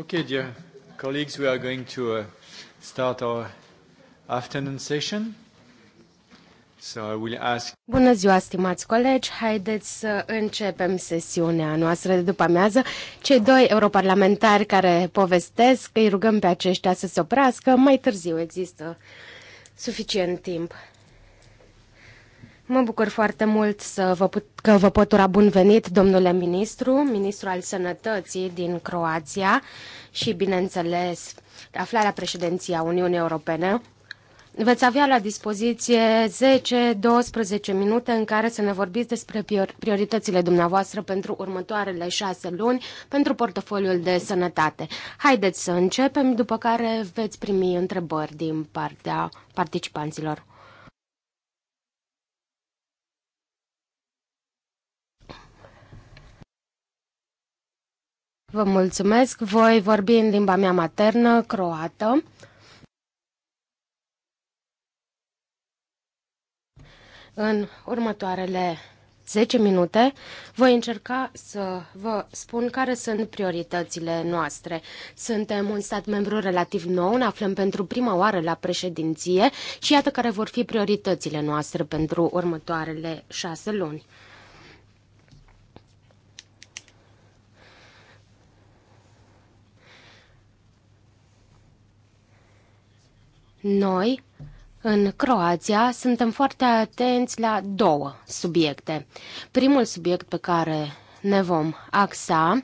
Okay, dear colleagues, we are going to uh, start our afternoon session. So I will ask... Bună ziua, stimați colegi! Haideți să începem sesiunea noastră de după amiază. Cei doi europarlamentari care povestesc, îi rugăm pe aceștia să se oprească. Mai târziu există suficient timp. Mă bucur foarte mult să vă put, că vă pot ura bun venit, domnule ministru, ministru al sănătății din Croația și, bineînțeles, aflarea a Uniunii Europene. Veți avea la dispoziție 10-12 minute în care să ne vorbiți despre prioritățile dumneavoastră pentru următoarele șase luni pentru portofoliul de sănătate. Haideți să începem, după care veți primi întrebări din partea participanților. Vă mulțumesc. Voi vorbi în limba mea maternă, croată. În următoarele 10 minute voi încerca să vă spun care sunt prioritățile noastre. Suntem un stat membru relativ nou, ne aflăm pentru prima oară la președinție și iată care vor fi prioritățile noastre pentru următoarele șase luni. Noi, în Croația, suntem foarte atenți la două subiecte. Primul subiect pe care ne vom axa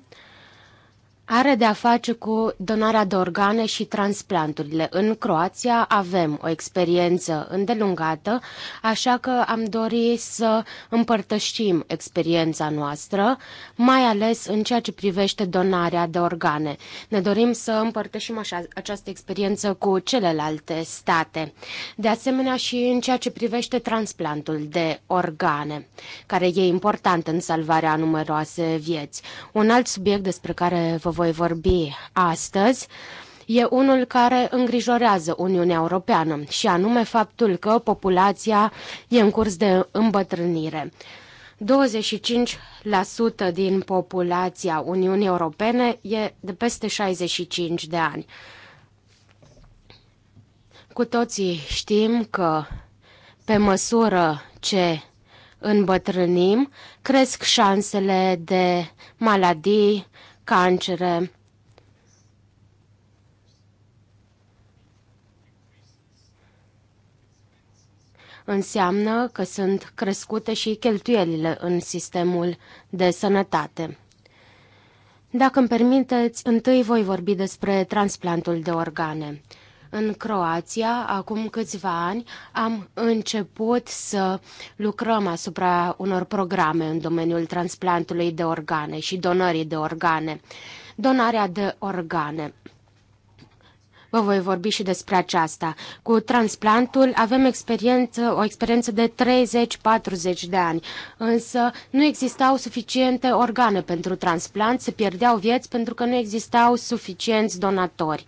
are de a face cu donarea de organe și transplanturile. În Croația avem o experiență îndelungată, așa că am dorit să împărtășim experiența noastră, mai ales în ceea ce privește donarea de organe. Ne dorim să împărtășim așa, această experiență cu celelalte state. De asemenea și în ceea ce privește transplantul de organe, care e important în salvarea numeroase vieți. Un alt subiect despre care vă voi vorbi astăzi e unul care îngrijorează Uniunea Europeană și anume faptul că populația e în curs de îmbătrânire. 25% din populația Uniunii Europene e de peste 65 de ani. Cu toții știm că pe măsură ce îmbătrânim, cresc șansele de maladii, cancere. Înseamnă că sunt crescute și cheltuielile în sistemul de sănătate. Dacă îmi permiteți, întâi voi vorbi despre transplantul de organe. În Croația, acum câțiva ani, am început să lucrăm asupra unor programe în domeniul transplantului de organe și donării de organe. Donarea de organe. Vă voi vorbi și despre aceasta. Cu transplantul avem experiență, o experiență de 30-40 de ani, însă nu existau suficiente organe pentru transplant, se pierdeau vieți pentru că nu existau suficienți donatori.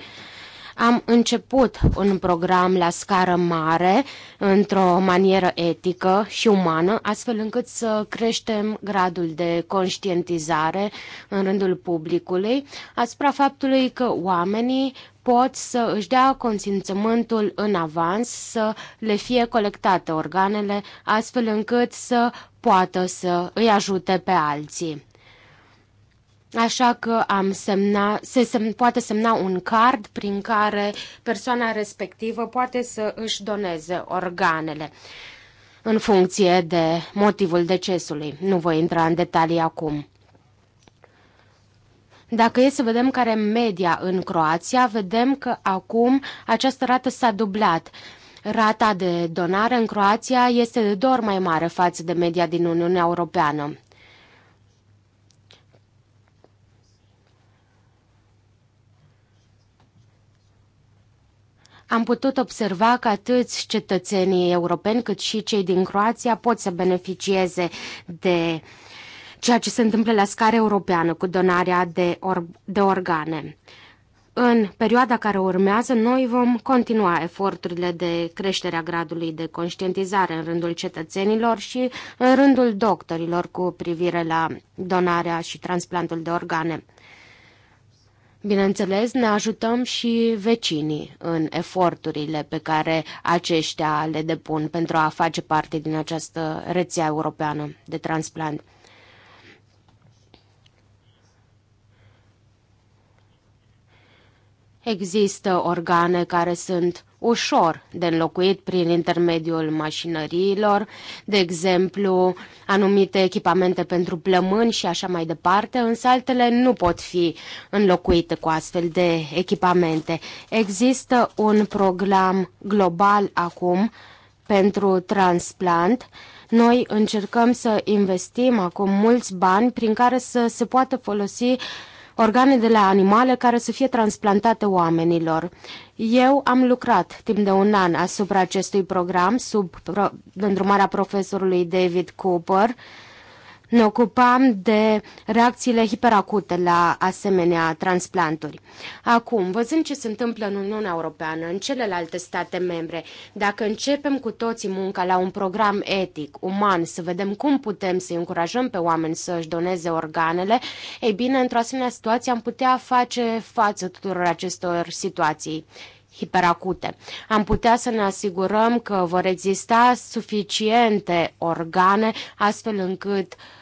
Am început un program la scară mare, într-o manieră etică și umană, astfel încât să creștem gradul de conștientizare în rândul publicului asupra faptului că oamenii pot să își dea consimțământul în avans, să le fie colectate organele, astfel încât să poată să îi ajute pe alții. Așa că am semna, se sem, poate semna un card prin care persoana respectivă poate să își doneze organele în funcție de motivul decesului. Nu voi intra în detalii acum. Dacă e să vedem care e media în Croația, vedem că acum această rată s-a dublat. Rata de donare în Croația este de două ori mai mare față de media din Uniunea Europeană. am putut observa că atât cetățenii europeni cât și cei din Croația pot să beneficieze de ceea ce se întâmplă la scară europeană cu donarea de, or- de organe. În perioada care urmează, noi vom continua eforturile de creștere a gradului de conștientizare în rândul cetățenilor și în rândul doctorilor cu privire la donarea și transplantul de organe. Bineînțeles, ne ajutăm și vecinii în eforturile pe care aceștia le depun pentru a face parte din această rețea europeană de transplant. Există organe care sunt ușor de înlocuit prin intermediul mașinăriilor, de exemplu anumite echipamente pentru plămâni și așa mai departe, însă altele nu pot fi înlocuite cu astfel de echipamente. Există un program global acum pentru transplant. Noi încercăm să investim acum mulți bani prin care să se poată folosi organe de la animale care să fie transplantate oamenilor. Eu am lucrat timp de un an asupra acestui program sub îndrumarea profesorului David Cooper ne ocupam de reacțiile hiperacute la asemenea transplanturi. Acum, văzând ce se întâmplă în Uniunea Europeană, în celelalte state membre, dacă începem cu toții munca la un program etic, uman, să vedem cum putem să încurajăm pe oameni să își doneze organele, ei bine, într-o asemenea situație am putea face față tuturor acestor situații hiperacute. Am putea să ne asigurăm că vor exista suficiente organe astfel încât uh,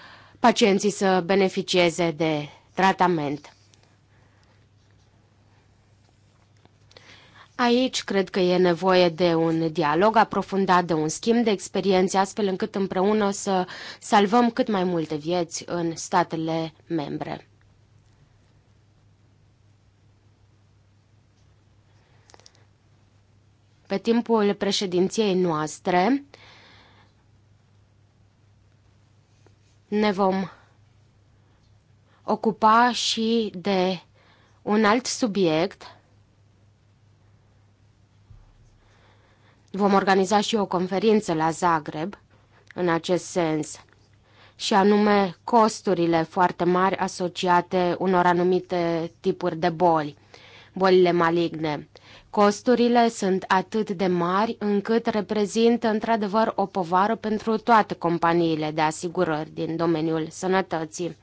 pacienții să beneficieze de tratament. Aici cred că e nevoie de un dialog aprofundat, de un schimb de experiențe, astfel încât împreună să salvăm cât mai multe vieți în statele membre. Pe timpul președinției noastre, ne vom ocupa și de un alt subiect. Vom organiza și o conferință la Zagreb în acest sens, și anume costurile foarte mari asociate unor anumite tipuri de boli, bolile maligne. Costurile sunt atât de mari încât reprezintă într-adevăr o povară pentru toate companiile de asigurări din domeniul sănătății.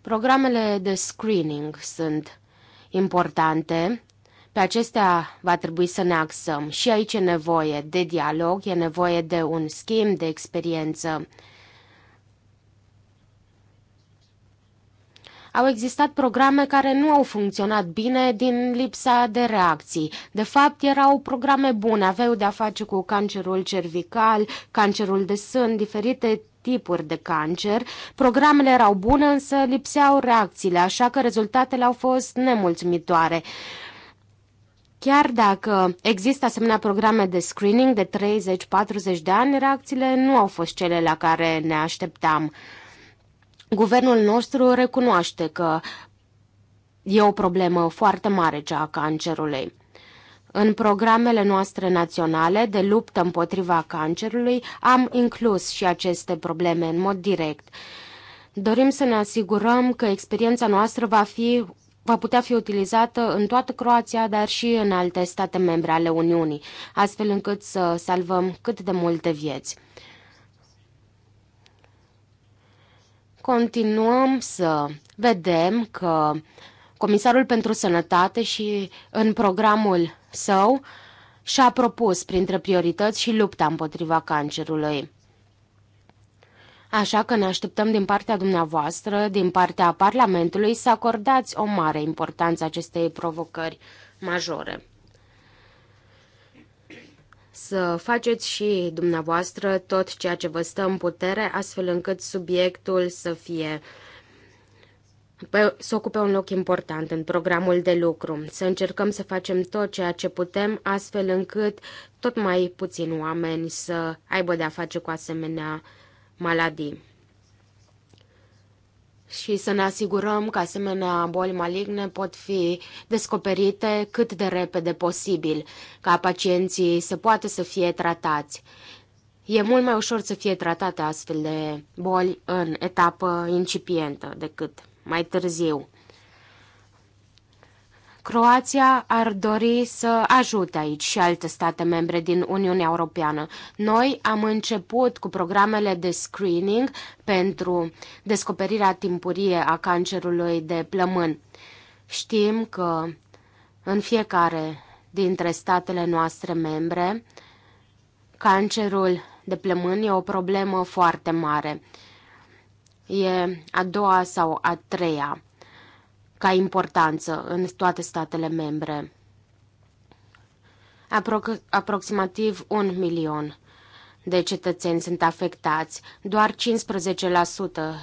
Programele de screening sunt importante. Pe acestea va trebui să ne axăm. Și aici e nevoie de dialog, e nevoie de un schimb de experiență. Au existat programe care nu au funcționat bine din lipsa de reacții. De fapt, erau programe bune, aveau de-a face cu cancerul cervical, cancerul de sân, diferite tipuri de cancer. Programele erau bune, însă lipseau reacțiile, așa că rezultatele au fost nemulțumitoare. Chiar dacă există asemenea programe de screening de 30-40 de ani, reacțiile nu au fost cele la care ne așteptam. Guvernul nostru recunoaște că e o problemă foarte mare cea a cancerului. În programele noastre naționale de luptă împotriva cancerului am inclus și aceste probleme în mod direct. Dorim să ne asigurăm că experiența noastră va fi va putea fi utilizată în toată Croația, dar și în alte state membre ale Uniunii, astfel încât să salvăm cât de multe vieți. Continuăm să vedem că Comisarul pentru Sănătate și în programul său și-a propus printre priorități și lupta împotriva cancerului. Așa că ne așteptăm din partea dumneavoastră, din partea Parlamentului, să acordați o mare importanță acestei provocări majore să faceți și dumneavoastră tot ceea ce vă stă în putere, astfel încât subiectul să fie să ocupe un loc important în programul de lucru, să încercăm să facem tot ceea ce putem, astfel încât tot mai puțin oameni să aibă de-a face cu asemenea maladii și să ne asigurăm că asemenea boli maligne pot fi descoperite cât de repede posibil, ca pacienții să poată să fie tratați. E mult mai ușor să fie tratate astfel de boli în etapă incipientă decât mai târziu. Croația ar dori să ajute aici și alte state membre din Uniunea Europeană. Noi am început cu programele de screening pentru descoperirea timpurie a cancerului de plămân. Știm că în fiecare dintre statele noastre membre, cancerul de plămân e o problemă foarte mare. E a doua sau a treia ca importanță în toate statele membre. Apro- aproximativ un milion de cetățeni sunt afectați. Doar 15%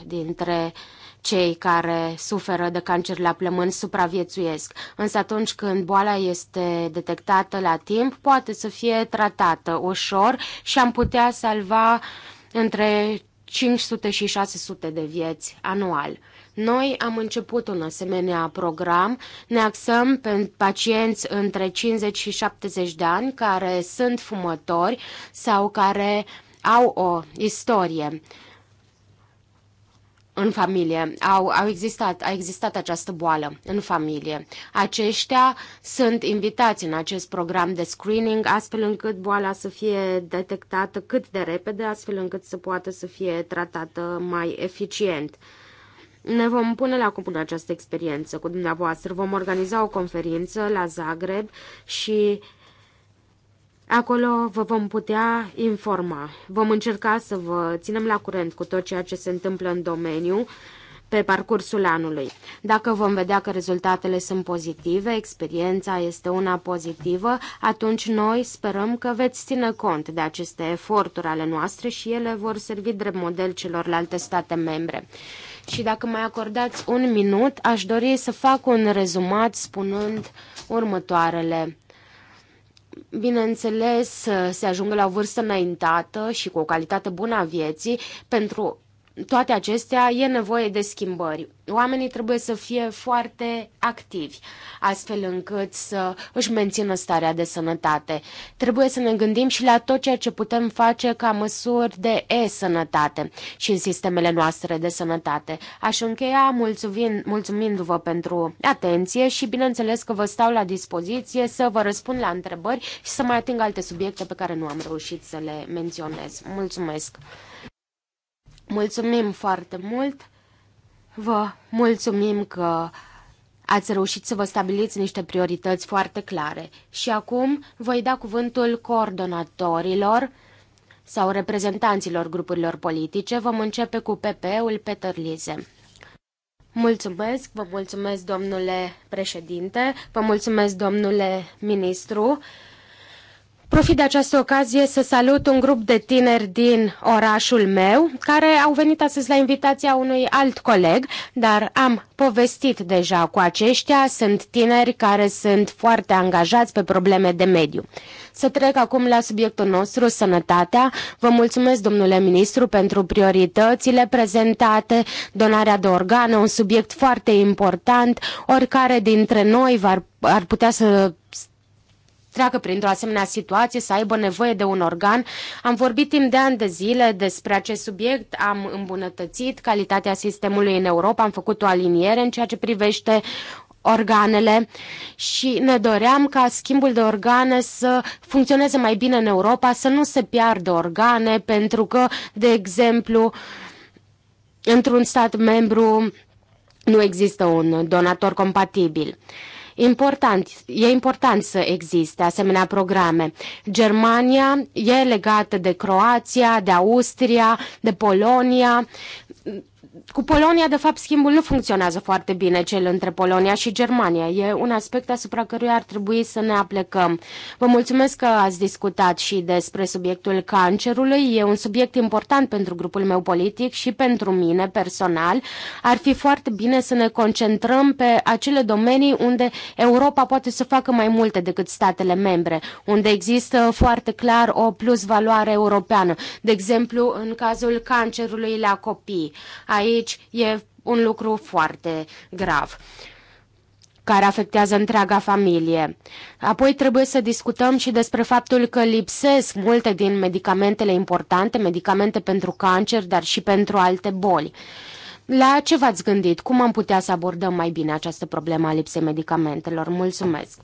dintre cei care suferă de cancer la plămâni supraviețuiesc, însă atunci când boala este detectată la timp, poate să fie tratată ușor și am putea salva între 500 și 600 de vieți anual. Noi am început un asemenea program, ne axăm pe pacienți între 50 și 70 de ani care sunt fumători sau care au o istorie în familie, au, au existat, a existat această boală în familie. Aceștia sunt invitați în acest program de screening, astfel încât boala să fie detectată cât de repede, astfel încât să poată să fie tratată mai eficient. Ne vom pune la comun această experiență cu dumneavoastră. Vom organiza o conferință la Zagreb și acolo vă vom putea informa. Vom încerca să vă ținem la curent cu tot ceea ce se întâmplă în domeniu pe parcursul anului. Dacă vom vedea că rezultatele sunt pozitive, experiența este una pozitivă, atunci noi sperăm că veți ține cont de aceste eforturi ale noastre și ele vor servi drept model celorlalte state membre. Și dacă mai acordați un minut, aș dori să fac un rezumat spunând următoarele. Bineînțeles, se ajunge la o vârstă înaintată și cu o calitate bună a vieții pentru toate acestea e nevoie de schimbări. Oamenii trebuie să fie foarte activi, astfel încât să își mențină starea de sănătate. Trebuie să ne gândim și la tot ceea ce putem face ca măsuri de e-sănătate și în sistemele noastre de sănătate. Aș încheia mulțumind, mulțumindu-vă pentru atenție și bineînțeles că vă stau la dispoziție să vă răspund la întrebări și să mai ating alte subiecte pe care nu am reușit să le menționez. Mulțumesc! Mulțumim foarte mult! Vă mulțumim că ați reușit să vă stabiliți niște priorități foarte clare. Și acum voi da cuvântul coordonatorilor sau reprezentanților grupurilor politice. Vom începe cu PP-ul Peter Lize. Mulțumesc, vă mulțumesc domnule președinte, vă mulțumesc domnule ministru. Profit de această ocazie să salut un grup de tineri din orașul meu care au venit astăzi la invitația unui alt coleg, dar am povestit deja cu aceștia. Sunt tineri care sunt foarte angajați pe probleme de mediu. Să trec acum la subiectul nostru, sănătatea. Vă mulțumesc, domnule ministru, pentru prioritățile prezentate, donarea de organe, un subiect foarte important. Oricare dintre noi ar, ar putea să treacă printr-o asemenea situație, să aibă nevoie de un organ. Am vorbit timp de ani de zile despre acest subiect, am îmbunătățit calitatea sistemului în Europa, am făcut o aliniere în ceea ce privește organele și ne doream ca schimbul de organe să funcționeze mai bine în Europa, să nu se piardă organe, pentru că, de exemplu, într-un stat membru nu există un donator compatibil. Uh, Important, e important să existe asemenea programe. Germania e legată de Croația, de Austria, de Polonia cu Polonia, de fapt, schimbul nu funcționează foarte bine, cel între Polonia și Germania. E un aspect asupra căruia ar trebui să ne aplecăm. Vă mulțumesc că ați discutat și despre subiectul cancerului. E un subiect important pentru grupul meu politic și pentru mine personal. Ar fi foarte bine să ne concentrăm pe acele domenii unde Europa poate să facă mai multe decât statele membre, unde există foarte clar o plus valoare europeană. De exemplu, în cazul cancerului la copii. Aici aici e un lucru foarte grav care afectează întreaga familie. Apoi trebuie să discutăm și despre faptul că lipsesc multe din medicamentele importante, medicamente pentru cancer, dar și pentru alte boli. La ce v-ați gândit? Cum am putea să abordăm mai bine această problemă a lipsei medicamentelor? Mulțumesc!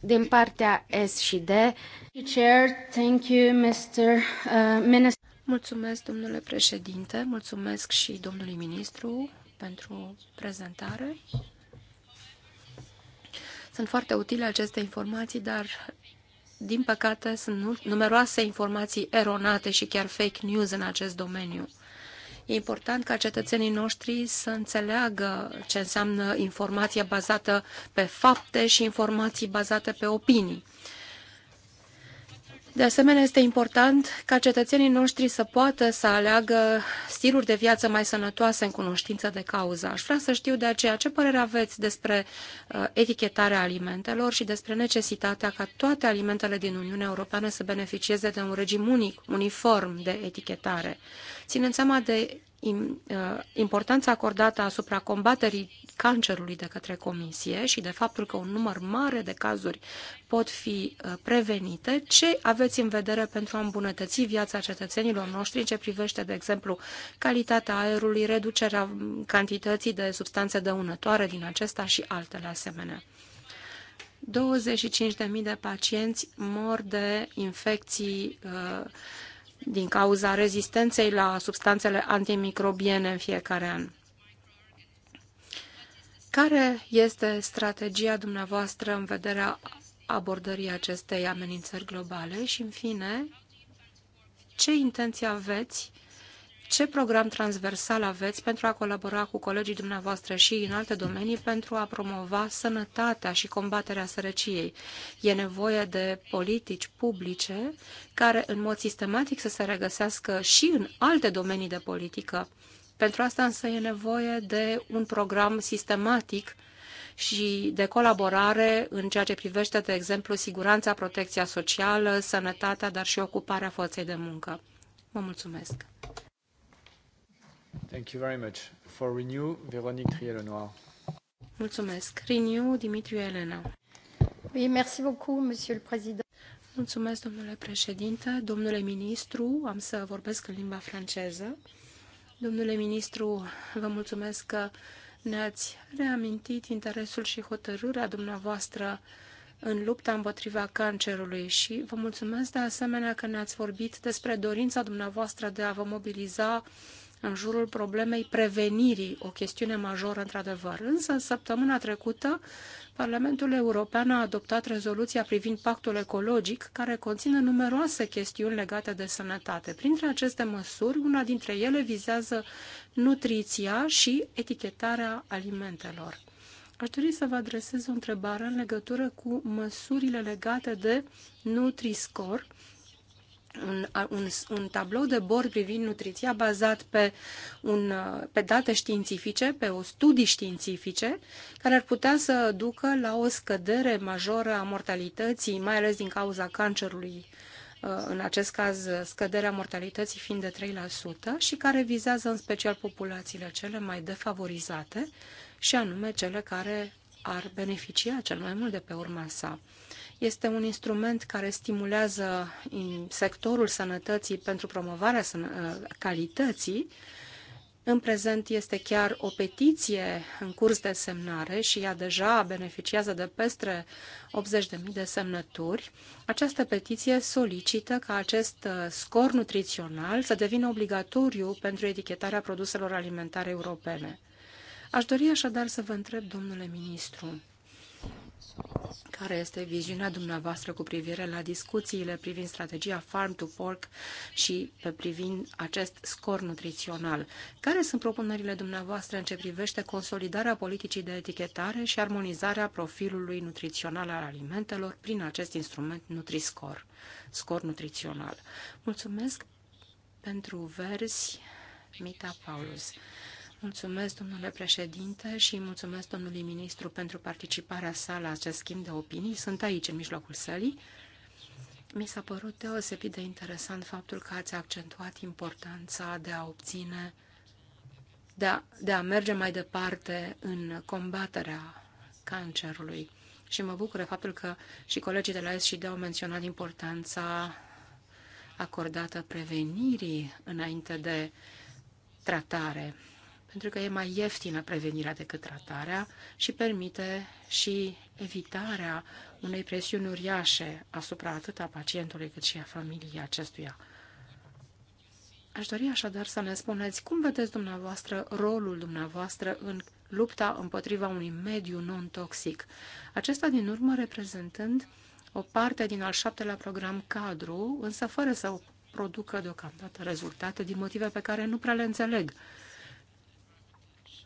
Din partea S și D, Uh, mulțumesc, domnule președinte, mulțumesc și domnului ministru pentru prezentare. Sunt foarte utile aceste informații, dar din păcate sunt numeroase informații eronate și chiar fake news în acest domeniu. E important ca cetățenii noștri să înțeleagă ce înseamnă informația bazată pe fapte și informații bazate pe opinii. De asemenea, este important ca cetățenii noștri să poată să aleagă stiluri de viață mai sănătoase în cunoștință de cauză. Aș vrea să știu de aceea ce părere aveți despre uh, etichetarea alimentelor și despre necesitatea ca toate alimentele din Uniunea Europeană să beneficieze de un regim unic, uniform de etichetare. Ținând seama de Uh, importanța acordată asupra combaterii cancerului de către comisie și de faptul că un număr mare de cazuri pot fi uh, prevenite, ce aveți în vedere pentru a îmbunătăți viața cetățenilor noștri în ce privește, de exemplu, calitatea aerului, reducerea um, cantității de substanțe dăunătoare din acesta și altele asemenea. 25.000 de pacienți mor de infecții uh, din cauza rezistenței la substanțele antimicrobiene în fiecare an. Care este strategia dumneavoastră în vederea abordării acestei amenințări globale și, în fine, ce intenții aveți ce program transversal aveți pentru a colabora cu colegii dumneavoastră și în alte domenii pentru a promova sănătatea și combaterea sărăciei. E nevoie de politici publice care în mod sistematic să se regăsească și în alte domenii de politică. Pentru asta însă e nevoie de un program sistematic și de colaborare în ceea ce privește, de exemplu, siguranța, protecția socială, sănătatea, dar și ocuparea forței de muncă. Vă mulțumesc! Thank you very much. For Renew, Véronique Trier-Lenoir. Mulțumesc. Renew, Dimitriu Elena. Oui, merci beaucoup, monsieur le président. Mulțumesc, domnule președinte, domnule ministru, am să vorbesc în limba franceză. Domnule ministru, vă mulțumesc că ne-ați reamintit interesul și hotărârea dumneavoastră în lupta împotriva cancerului și vă mulțumesc de asemenea că ne-ați vorbit despre dorința dumneavoastră de a vă mobiliza uh, în jurul problemei prevenirii, o chestiune majoră într-adevăr. Însă, în săptămâna trecută, Parlamentul European a adoptat rezoluția privind pactul ecologic, care conține numeroase chestiuni legate de sănătate. Printre aceste măsuri, una dintre ele vizează nutriția și etichetarea alimentelor. Aș dori să vă adresez o întrebare în legătură cu măsurile legate de NutriScore, un, un, un tablou de bord privind nutriția bazat pe, un, uh, pe date științifice, pe o studii științifice, care ar putea să ducă la o scădere majoră a mortalității, mai ales din cauza cancerului, uh, în acest caz scăderea mortalității fiind de 3%, și care vizează în special populațiile cele mai defavorizate, și anume cele care ar beneficia cel mai mult de pe urma sa. Este un instrument care stimulează sectorul sănătății pentru promovarea calității. În prezent este chiar o petiție în curs de semnare și ea deja beneficiază de peste 80.000 de semnături. Această petiție solicită ca acest uh, scor nutrițional să devină obligatoriu pentru etichetarea produselor alimentare europene. Aș dori așadar să vă întreb, domnule ministru, care este viziunea dumneavoastră cu privire la discuțiile privind strategia Farm to Fork și privind acest scor nutrițional. Care sunt propunerile dumneavoastră în ce privește consolidarea politicii de etichetare și armonizarea profilului nutrițional al alimentelor prin acest instrument NutriScore, scor nutrițional? Mulțumesc pentru verzi, Mita Paulus. Mulțumesc, domnule președinte, și mulțumesc domnului ministru pentru participarea sa la acest schimb de opinii. Sunt aici, în mijlocul sălii. Mi s-a părut deosebit de interesant faptul că ați accentuat importanța de a obține, de a, de a merge mai departe în combaterea cancerului. Și mă bucură faptul că și colegii de la SCD au menționat importanța acordată prevenirii înainte de tratare pentru că e mai ieftină prevenirea decât tratarea și permite și evitarea unei presiuni uriașe asupra atât a pacientului cât și a familiei acestuia. Aș dori așadar să ne spuneți cum vedeți dumneavoastră rolul dumneavoastră în lupta împotriva unui mediu non-toxic, acesta din urmă reprezentând o parte din al șaptelea program cadru, însă fără să o producă deocamdată rezultate din motive pe care nu prea le înțeleg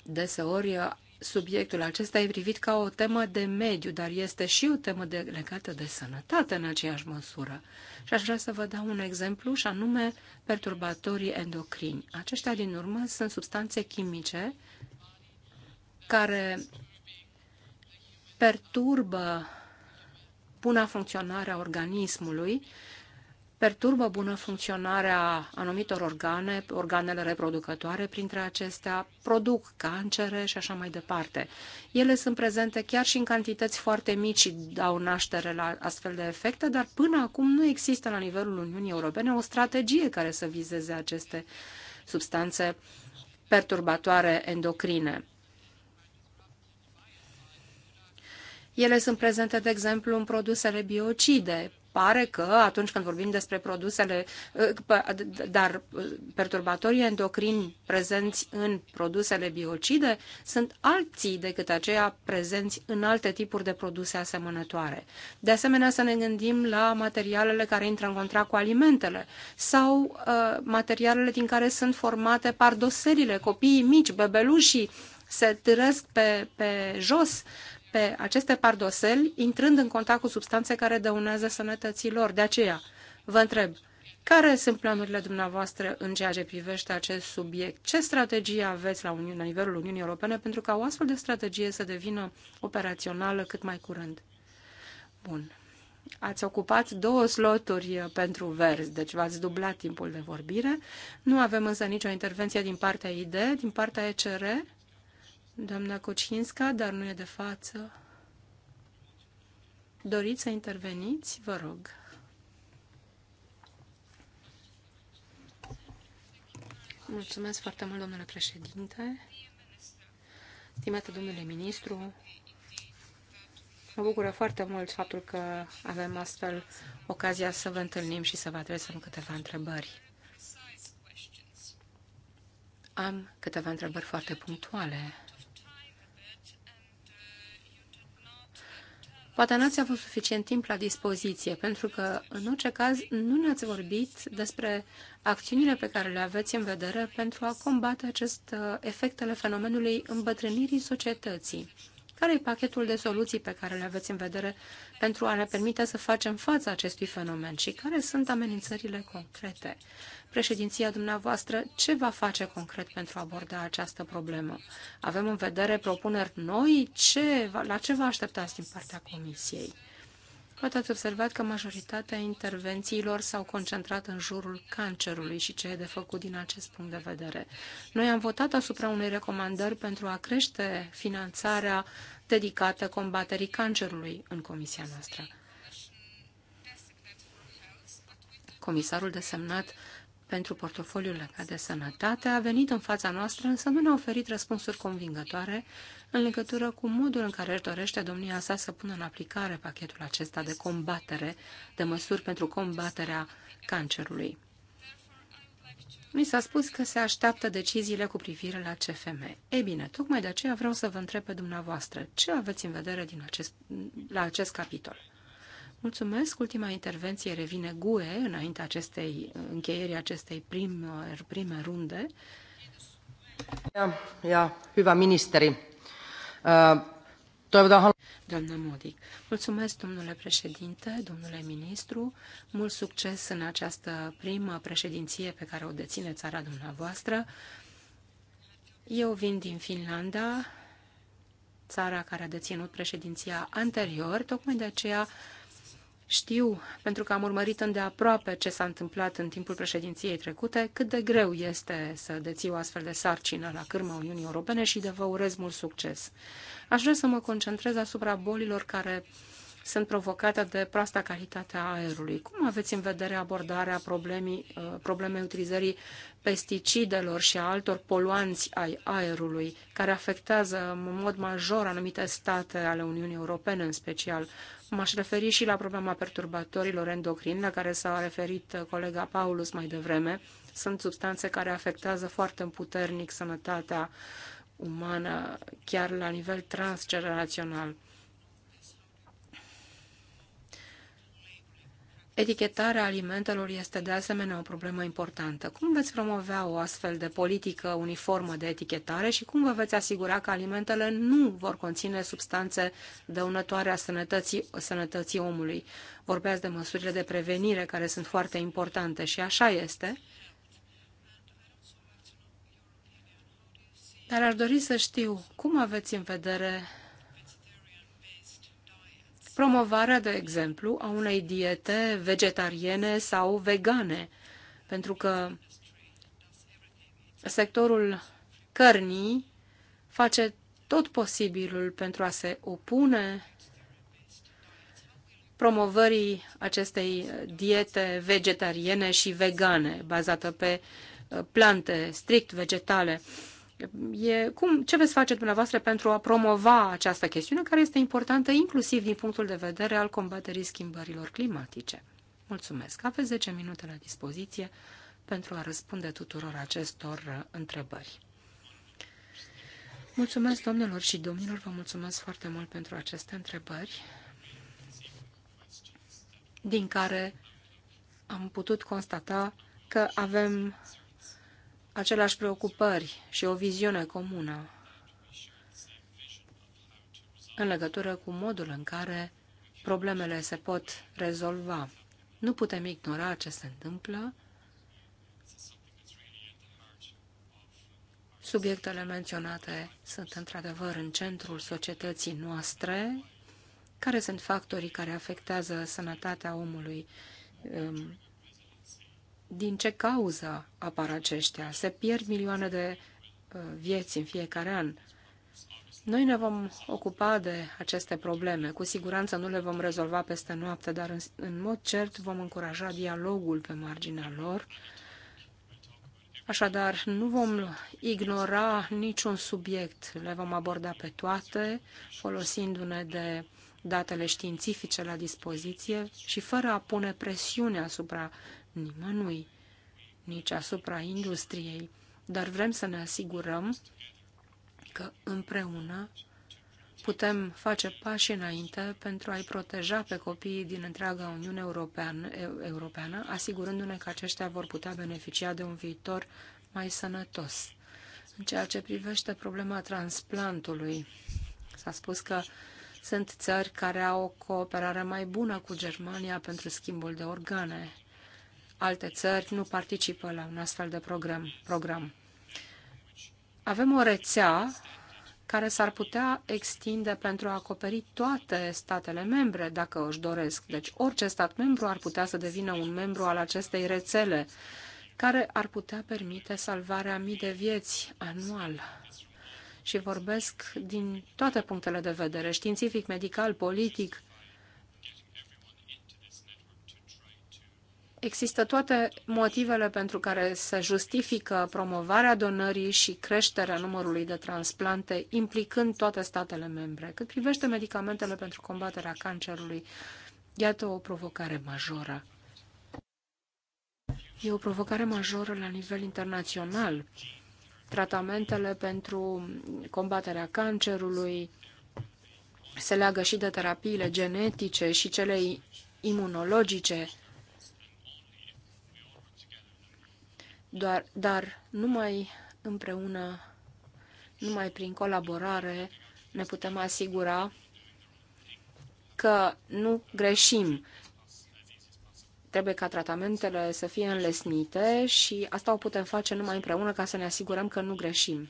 deseori uh, subiectul acesta e privit ca o temă de mediu, dar este și o temă de, legată de sănătate în aceeași măsură. Și aș vrea să vă dau un exemplu, și anume perturbatorii endocrini. Aceștia, din urmă, sunt substanțe chimice care perturbă buna funcționare a organismului perturbă bună funcționarea anumitor organe, organele reproducătoare printre acestea, produc cancere și așa mai departe. Ele sunt prezente chiar și în cantități foarte mici și dau naștere la astfel de efecte, dar până acum nu există la nivelul Uniunii Europene o strategie care să vizeze aceste substanțe perturbatoare endocrine. Ele sunt prezente, de exemplu, în produsele biocide, pare că atunci când vorbim despre produsele, uh, dar uh, perturbatorii endocrini prezenți în produsele biocide sunt alții decât aceia prezenți în alte tipuri de produse asemănătoare. De asemenea, să ne gândim la materialele care intră în contract cu alimentele sau uh, materialele din care sunt formate pardoserile, copiii mici, bebelușii, se târăsc pe, pe jos, uh, pe aceste pardoseli, intrând în contact cu substanțe care dăunează sănătății lor. De aceea, vă întreb, care sunt planurile dumneavoastră în ceea ce privește acest subiect? Ce strategie aveți la, Uniune, la nivelul Uniunii Europene pentru ca o astfel de strategie să devină operațională cât mai curând? Bun. Ați ocupat două sloturi pentru vers, deci v-ați dublat timpul de vorbire. Nu avem însă nicio intervenție din partea ID, din partea ECR. Doamna Kocinska, dar nu e de față. Doriți să interveniți? Vă rog. Mulțumesc foarte mult, domnule președinte. Stimate domnule ministru, mă bucură foarte mult faptul că avem astfel ocazia să vă întâlnim și să vă adresăm câteva întrebări. Am câteva întrebări foarte punctuale. Poate n-ați avut suficient timp la dispoziție, pentru că, în orice caz, nu ne-ați vorbit despre acțiunile pe care le aveți în vedere pentru a combate acest uh, efectele fenomenului îmbătrânirii societății. Care e pachetul de soluții pe care le aveți în vedere pentru a ne permite să facem față acestui fenomen și care sunt amenințările concrete? Președinția dumneavoastră ce va face concret pentru a aborda această problemă? Avem în vedere propuneri noi? Ce, la ce vă așteptați din partea Comisiei? Poate ați observat că majoritatea intervențiilor s-au concentrat în jurul cancerului și ce e de făcut din acest punct de vedere. Noi am votat asupra unei recomandări pentru a crește finanțarea dedicată combaterii cancerului în comisia noastră. Comisarul desemnat pentru portofoliul legat de sănătate a venit în fața noastră, însă nu ne-a oferit răspunsuri convingătoare în legătură cu modul în care își dorește domnia sa să pună în aplicare pachetul acesta de combatere, de măsuri pentru combaterea cancerului. Mi s-a spus că se așteaptă deciziile cu privire la CFM. Ei bine, tocmai de aceea vreau să vă întreb pe dumneavoastră, ce aveți în vedere din acest, la acest capitol? Mulțumesc. Ultima intervenție revine GUE înainte acestei încheierii acestei prime, prime runde. Ja, ja, hyvä ministeri. Uh, Doamna Modic, mulțumesc, domnule președinte, domnule ministru, mult succes în această primă președinție pe care o deține țara dumneavoastră. Eu vin din Finlanda, țara care a deținut președinția anterior, tocmai de aceea știu, pentru că am urmărit îndeaproape ce s-a întâmplat în timpul președinției trecute, cât de greu este să deții o astfel de sarcină la cârma Uniunii Europene și de vă urez mult succes. Aș vrea să mă concentrez asupra bolilor care sunt provocate de proasta calitate a aerului. Cum aveți în vedere abordarea problemii, uh, problemei utilizării pesticidelor și a altor poluanți ai aerului, care afectează în mod major anumite state ale Uniunii Europene în special? M-aș referi și la problema perturbatorilor endocrini, la care s-a referit uh, colega Paulus mai devreme. Sunt substanțe care afectează foarte puternic sănătatea umană, chiar la nivel transgenerațional. Etichetarea alimentelor este de asemenea o problemă importantă. Cum veți promovea o astfel de politică uniformă de etichetare și cum vă veți asigura că alimentele nu vor conține substanțe dăunătoare a sănătății, sănătății omului? Vorbeați de măsurile de prevenire care sunt foarte importante și așa este. Dar aș dori să știu cum aveți în vedere promovarea, de exemplu, a unei diete vegetariene sau vegane, pentru că sectorul cărnii face tot posibilul pentru a se opune promovării acestei diete vegetariene și vegane, bazată pe uh, plante strict vegetale. E, cum, ce veți face dumneavoastră pentru a promova această chestiune care este importantă inclusiv din punctul de vedere al combaterii schimbărilor climatice? Mulțumesc. Aveți 10 minute la dispoziție pentru a răspunde tuturor acestor uh, întrebări. Mulțumesc, domnilor și domnilor, vă mulțumesc foarte mult pentru aceste întrebări, din care am putut constata că avem aceleași preocupări și o viziune comună în legătură cu modul în care problemele se pot rezolva. Nu putem ignora ce se întâmplă. Subiectele menționate sunt într-adevăr în centrul societății noastre, care sunt factorii care afectează sănătatea omului um, din ce cauză apar aceștia. Se pierd milioane de uh, vieți în fiecare an. Noi ne vom ocupa de aceste probleme. Cu siguranță nu le vom rezolva peste noapte, dar în, în mod cert vom încuraja dialogul pe marginea lor. Așadar, nu vom ignora niciun subiect, le vom aborda pe toate, folosindu-ne de datele științifice la dispoziție și fără a pune presiune asupra nimănui, nici asupra industriei, dar vrem să ne asigurăm că împreună putem face pași înainte pentru a-i proteja pe copiii din întreaga Uniune Europeană, Europeană, asigurându-ne că aceștia vor putea beneficia de un viitor mai sănătos. În ceea ce privește problema transplantului, s-a spus că sunt țări care au o cooperare mai bună cu Germania pentru schimbul de organe alte țări nu participă la un astfel de program. program. Avem o rețea care s-ar putea extinde pentru a acoperi toate statele membre, dacă își doresc. Deci orice stat membru ar putea să devină un membru al acestei rețele, care ar putea permite salvarea mii de vieți anual. Și vorbesc din toate punctele de vedere, științific, medical, politic, există toate motivele pentru care se justifică promovarea donării și creșterea numărului de transplante, implicând toate statele membre. Cât privește medicamentele pentru combaterea cancerului, iată o provocare majoră. E o provocare majoră la nivel internațional. Tratamentele pentru combaterea cancerului se leagă și de terapiile genetice și cele imunologice, doar, dar numai împreună, numai prin colaborare ne putem asigura că nu greșim. Trebuie ca tratamentele să fie înlesnite și asta o putem face numai împreună ca să ne asigurăm că nu greșim.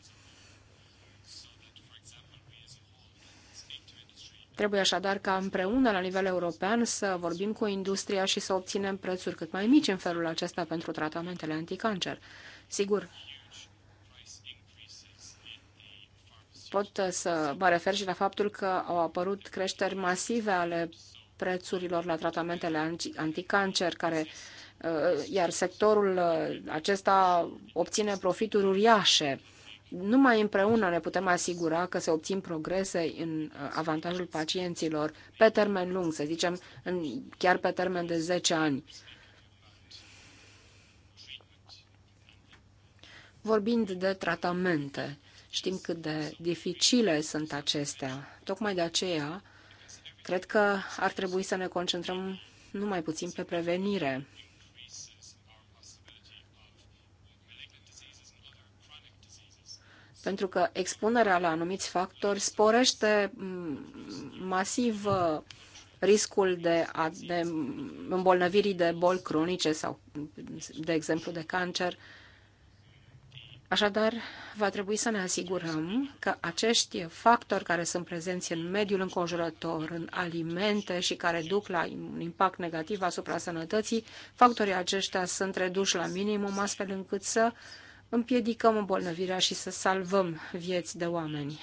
Trebuie așadar ca împreună la nivel european să vorbim cu industria și să obținem prețuri cât mai mici în felul acesta pentru tratamentele anticancer. Sigur, pot să mă refer și la faptul că au apărut creșteri masive ale prețurilor la tratamentele anticancer, care, uh, iar sectorul uh, acesta obține profituri uriașe numai împreună ne putem asigura că se obțin progrese în uh, avantajul pacienților pe termen lung, să zicem în, chiar pe termen de 10 ani. Vorbind de tratamente, știm cât de dificile sunt acestea. Tocmai de aceea, cred că ar trebui să ne concentrăm numai puțin pe prevenire. pentru că expunerea la anumiți factori sporește mm, masiv uh, riscul de, a, de îmbolnăvirii de boli cronice sau, de exemplu, de cancer. Așadar, va trebui să ne asigurăm că acești factori care sunt prezenți în mediul înconjurător, în alimente și care duc la un impact negativ asupra sănătății, factorii aceștia sunt reduși la minimum, astfel încât să uh, împiedicăm îmbolnăvirea și să salvăm vieți de oameni.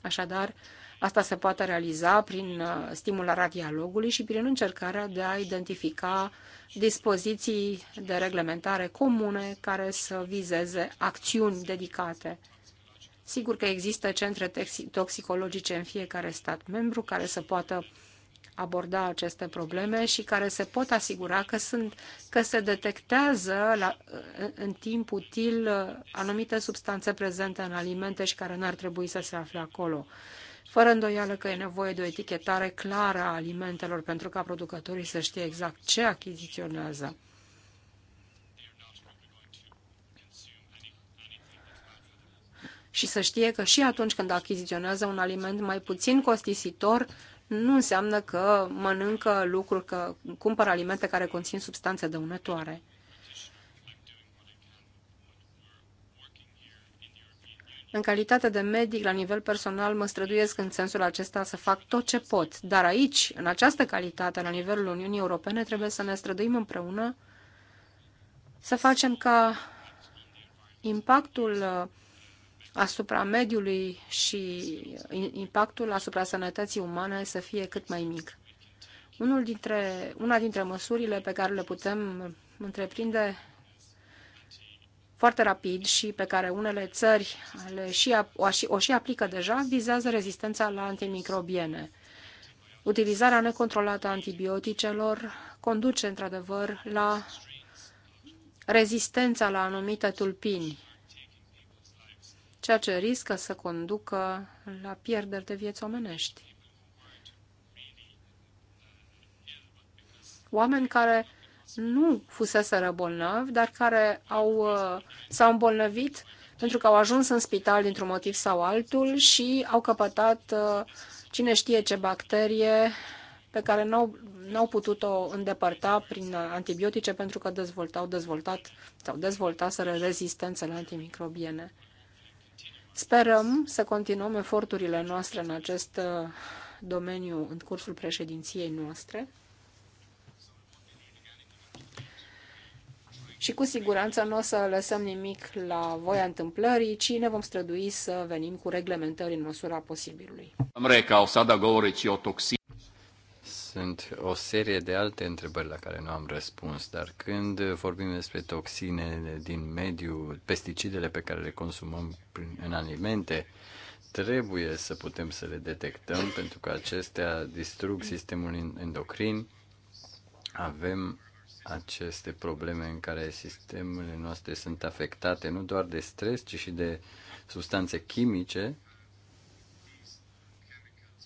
Așadar, asta se poate realiza prin uh, stimularea dialogului și prin încercarea de a identifica dispoziții de reglementare comune care să vizeze acțiuni dedicate. Sigur că există centre toxicologice în fiecare stat membru care să poată aborda aceste probleme și care se pot asigura că, sunt, că se detectează la, în timp util uh, anumite substanțe prezente în alimente și care nu ar trebui să se afle acolo. Fără îndoială că e nevoie de o etichetare clară a alimentelor pentru ca producătorii să știe exact ce achiziționează. și să știe că și atunci când achiziționează un aliment mai puțin costisitor, nu înseamnă că mănâncă lucruri, că cumpără alimente care conțin substanțe dăunătoare. În calitate de medic, la nivel personal, mă străduiesc în sensul acesta să fac tot ce pot. Dar aici, în această calitate, la nivelul Uniunii Europene, trebuie să ne străduim împreună să facem ca impactul asupra mediului și impactul asupra sănătății umane să fie cât mai mic. Unul dintre, una dintre măsurile pe care le putem întreprinde foarte rapid și pe care unele țări le și, o, și, o și aplică deja, vizează rezistența la antimicrobiene. Utilizarea necontrolată a antibioticelor conduce, într-adevăr, la rezistența la anumite tulpini, ceea ce riscă să conducă la pierderi de vieți omenești. Oameni care nu fusese bolnavi, dar care au, uh, s-au îmbolnăvit pentru că au ajuns în spital dintr-un motiv sau altul și au căpătat uh, cine știe ce bacterie pe care n-au, putut-o îndepărta prin antibiotice pentru că dezvoltau, dezvoltat sau dezvoltaseră rezistențe la antimicrobiene. Sperăm să continuăm eforturile noastre în acest uh, domeniu în cursul președinției noastre. Și cu siguranță nu o să lăsăm nimic la voia întâmplării, ci ne vom strădui să venim cu reglementări în măsura posibilului. Am o sunt o serie de alte întrebări la care nu am răspuns, dar când vorbim despre toxine din mediu, pesticidele pe care le consumăm în alimente, trebuie să putem să le detectăm pentru că acestea distrug sistemul endocrin. Avem aceste probleme în care sistemele noastre sunt afectate nu doar de stres, ci și de substanțe chimice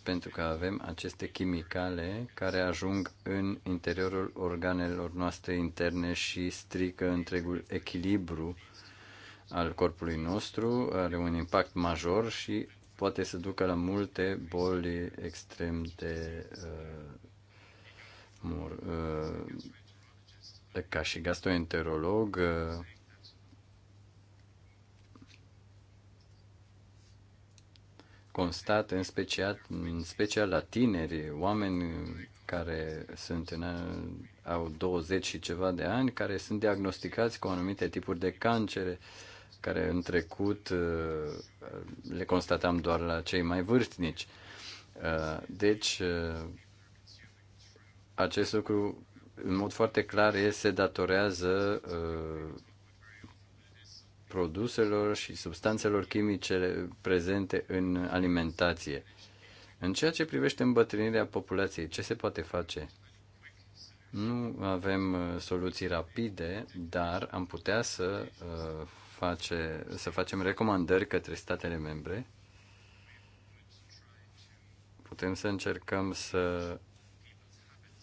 pentru că avem aceste chimicale care ajung în interiorul organelor noastre interne și strică întregul echilibru al corpului nostru, are un impact major și poate să ducă la multe boli extrem de uh, mur, uh, ca și gastroenterolog uh, constat în special, în special la tineri, oameni care sunt în, au 20 și ceva de ani, care sunt diagnosticați cu anumite tipuri de cancere, care în trecut uh, le constatam doar la cei mai vârstnici. Uh, deci, uh, acest lucru, în mod foarte clar, se datorează produselor și substanțelor chimice prezente în alimentație. În ceea ce privește îmbătrânirea populației, ce se poate face? Nu avem uh, soluții rapide, dar am putea să, uh, face, să facem recomandări către statele membre. Putem să încercăm să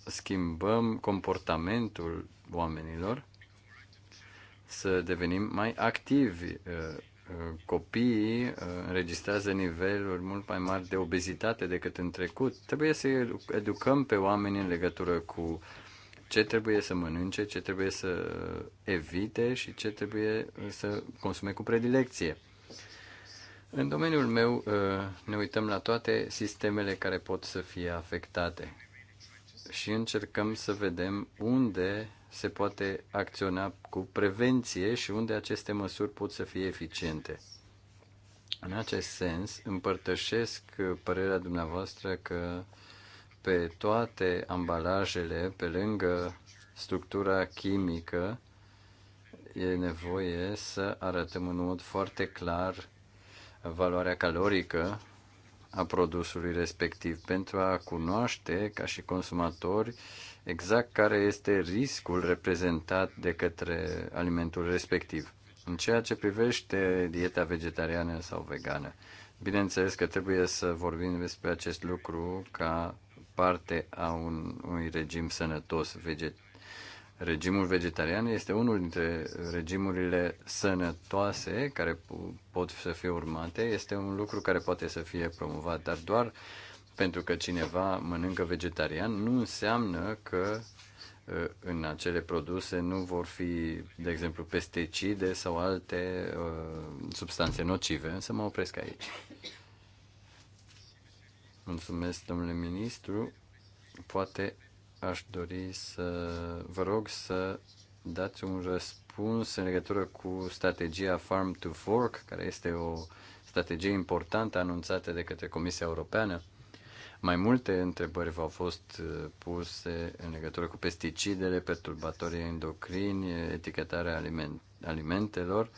schimbăm comportamentul oamenilor să devenim mai activi. Uh, uh, copiii uh, înregistrează niveluri mult mai mari de obezitate decât în trecut. Trebuie să educăm pe oameni în legătură cu ce trebuie să mănânce, ce trebuie să evite și ce trebuie să consume cu predilecție. În domeniul meu ne uităm la toate sistemele care pot să fie afectate și încercăm să vedem unde se poate acționa cu prevenție și unde aceste măsuri pot să fie eficiente. În acest sens, împărtășesc părerea dumneavoastră că pe toate ambalajele, pe lângă structura chimică, e nevoie să arătăm în mod foarte clar valoarea calorică a produsului respectiv pentru a cunoaște ca și consumatori exact care este riscul reprezentat de către alimentul respectiv. În ceea ce privește dieta vegetariană sau vegană, bineînțeles că trebuie să vorbim despre acest lucru ca parte a un, unui regim sănătos. Vege- regimul vegetarian este unul dintre regimurile sănătoase care pot să fie urmate. Este un lucru care poate să fie promovat, dar doar uh, pentru că cineva mănâncă vegetarian nu înseamnă că uh, în acele produse nu vor fi, de exemplu, pesticide sau alte uh, substanțe nocive, însă mă opresc aici. Mulțumesc, domnule ministru. Poate aș dori să vă rog să dați un răspuns în legătură cu strategia Farm to Fork, care este o strategie importantă anunțată de către Comisia Europeană mai multe întrebări v-au fost uh, puse în legătură cu pesticidele, perturbatorii endocrini, etichetarea alimentelor,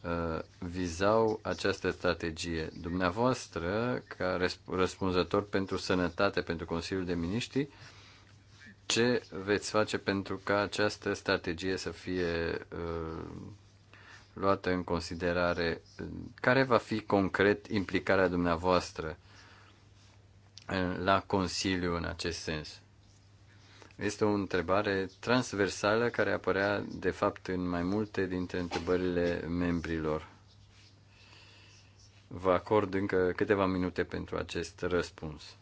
uh, vizau această strategie. Dumneavoastră, ca răspunzător pentru sănătate, pentru Consiliul de Miniștri, ce veți face pentru ca această strategie să fie uh, luată în considerare? Care va fi concret implicarea dumneavoastră? la Consiliu în acest sens. Este o întrebare transversală care apărea, de fapt, în mai multe dintre întrebările membrilor. Vă acord încă câteva minute pentru acest răspuns.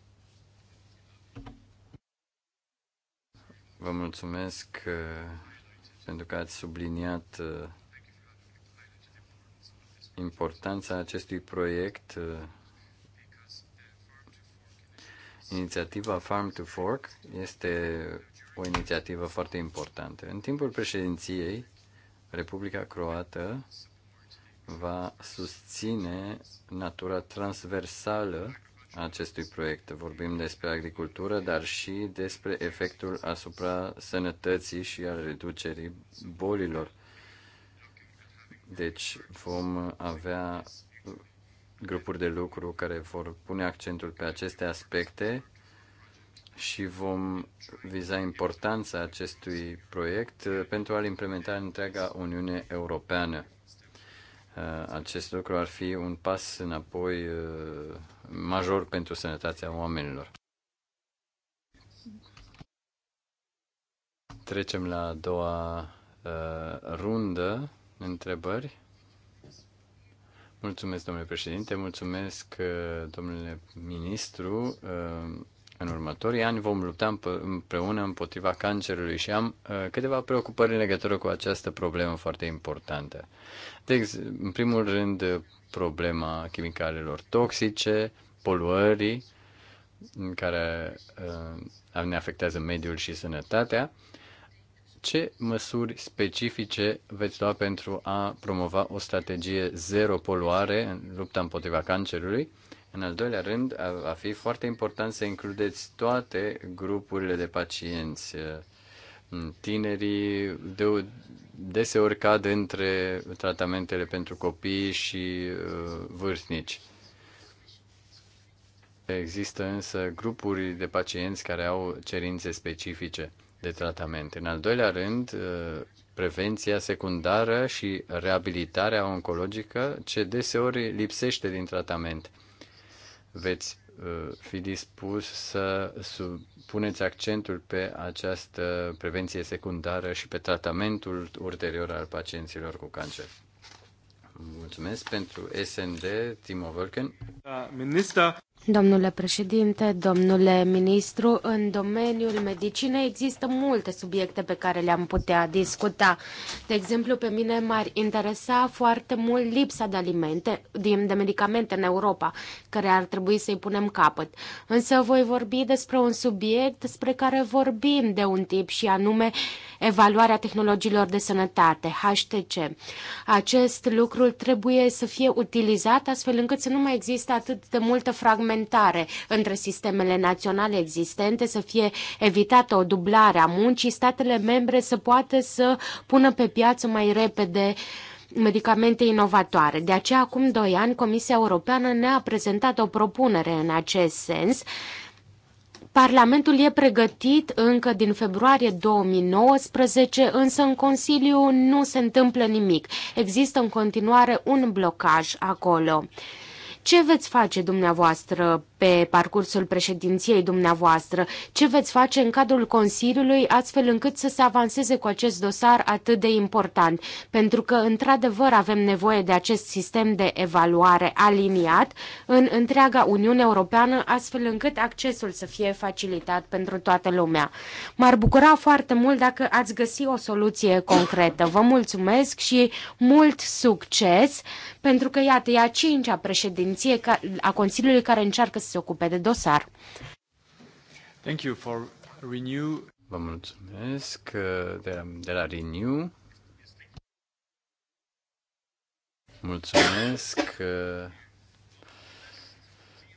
Vă mulțumesc uh, pentru că ați subliniat uh, importanța acestui proiect uh, Inițiativa Farm to Fork este o inițiativă foarte importantă. În timpul președinției, Republica Croată va susține natura transversală a acestui proiect. Vorbim despre agricultură, dar și despre efectul asupra sănătății și al reducerii bolilor. Deci vom avea grupuri de lucru care vor pune accentul pe aceste aspecte și vom viza importanța acestui proiect pentru a-l implementa în întreaga Uniune Europeană. Uh, acest lucru ar fi un pas înapoi uh, major pentru sănătatea oamenilor. Trecem la a doua uh, rundă întrebări. Mulțumesc, domnule președinte, mulțumesc, uh, domnule ministru. Uh, în următorii ani vom lupta împreună împotriva cancerului și am uh, câteva preocupări în legătură cu această problemă foarte importantă. De în primul rând, problema chimicalelor toxice, poluării, care ne afectează mediul și sănătatea ce măsuri specifice veți lua pentru a promova o strategie zero poluare în lupta împotriva cancerului? În al doilea rând, va fi foarte important să includeți toate grupurile de pacienți. Mm, Tinerii de, deseori cad între tratamentele pentru copii și uh, vârstnici. Există însă grupuri de pacienți care au cerințe specifice de tratament. În al doilea rând, uh, prevenția secundară și reabilitarea oncologică, ce deseori lipsește din tratament. Veți uh, fi dispus să puneți accentul pe această prevenție secundară și pe tratamentul ulterior al pacienților cu cancer. Mulțumesc pentru SND, Timo Völken. Da, minister. Domnule președinte, domnule ministru, în domeniul medicinei există multe subiecte pe care le-am putea discuta. De exemplu, pe mine m-ar interesa foarte mult lipsa de alimente, de medicamente în Europa, care ar trebui să-i punem capăt. Însă voi vorbi despre un subiect despre care vorbim de un tip și anume evaluarea tehnologiilor de sănătate, HTC. Acest lucru trebuie să fie utilizat astfel încât să nu mai există atât de multă fragmentare complementare între sistemele naționale existente, să fie evitată o dublare a muncii, statele membre să poată să pună pe piață mai repede medicamente inovatoare. De aceea, acum doi ani, Comisia Europeană ne-a prezentat o propunere în acest sens. Parlamentul e pregătit încă din februarie 2019, însă în Consiliu nu se întâmplă nimic. Există în continuare un blocaj acolo. Ce veți face dumneavoastră pe parcursul președinției dumneavoastră? Ce veți face în cadrul Consiliului astfel încât să se avanseze cu acest dosar atât de important? Pentru că, într-adevăr, avem nevoie de acest sistem de evaluare aliniat în întreaga Uniune Europeană, astfel încât accesul să fie facilitat pentru toată lumea. M-ar bucura foarte mult dacă ați găsi o soluție concretă. Vă mulțumesc și mult succes! pentru că, iată, e a cincea președinție a Consiliului care încearcă să se ocupe de dosar. Thank you for renew. Vă mulțumesc uh, de la, de la Renew. Mulțumesc uh,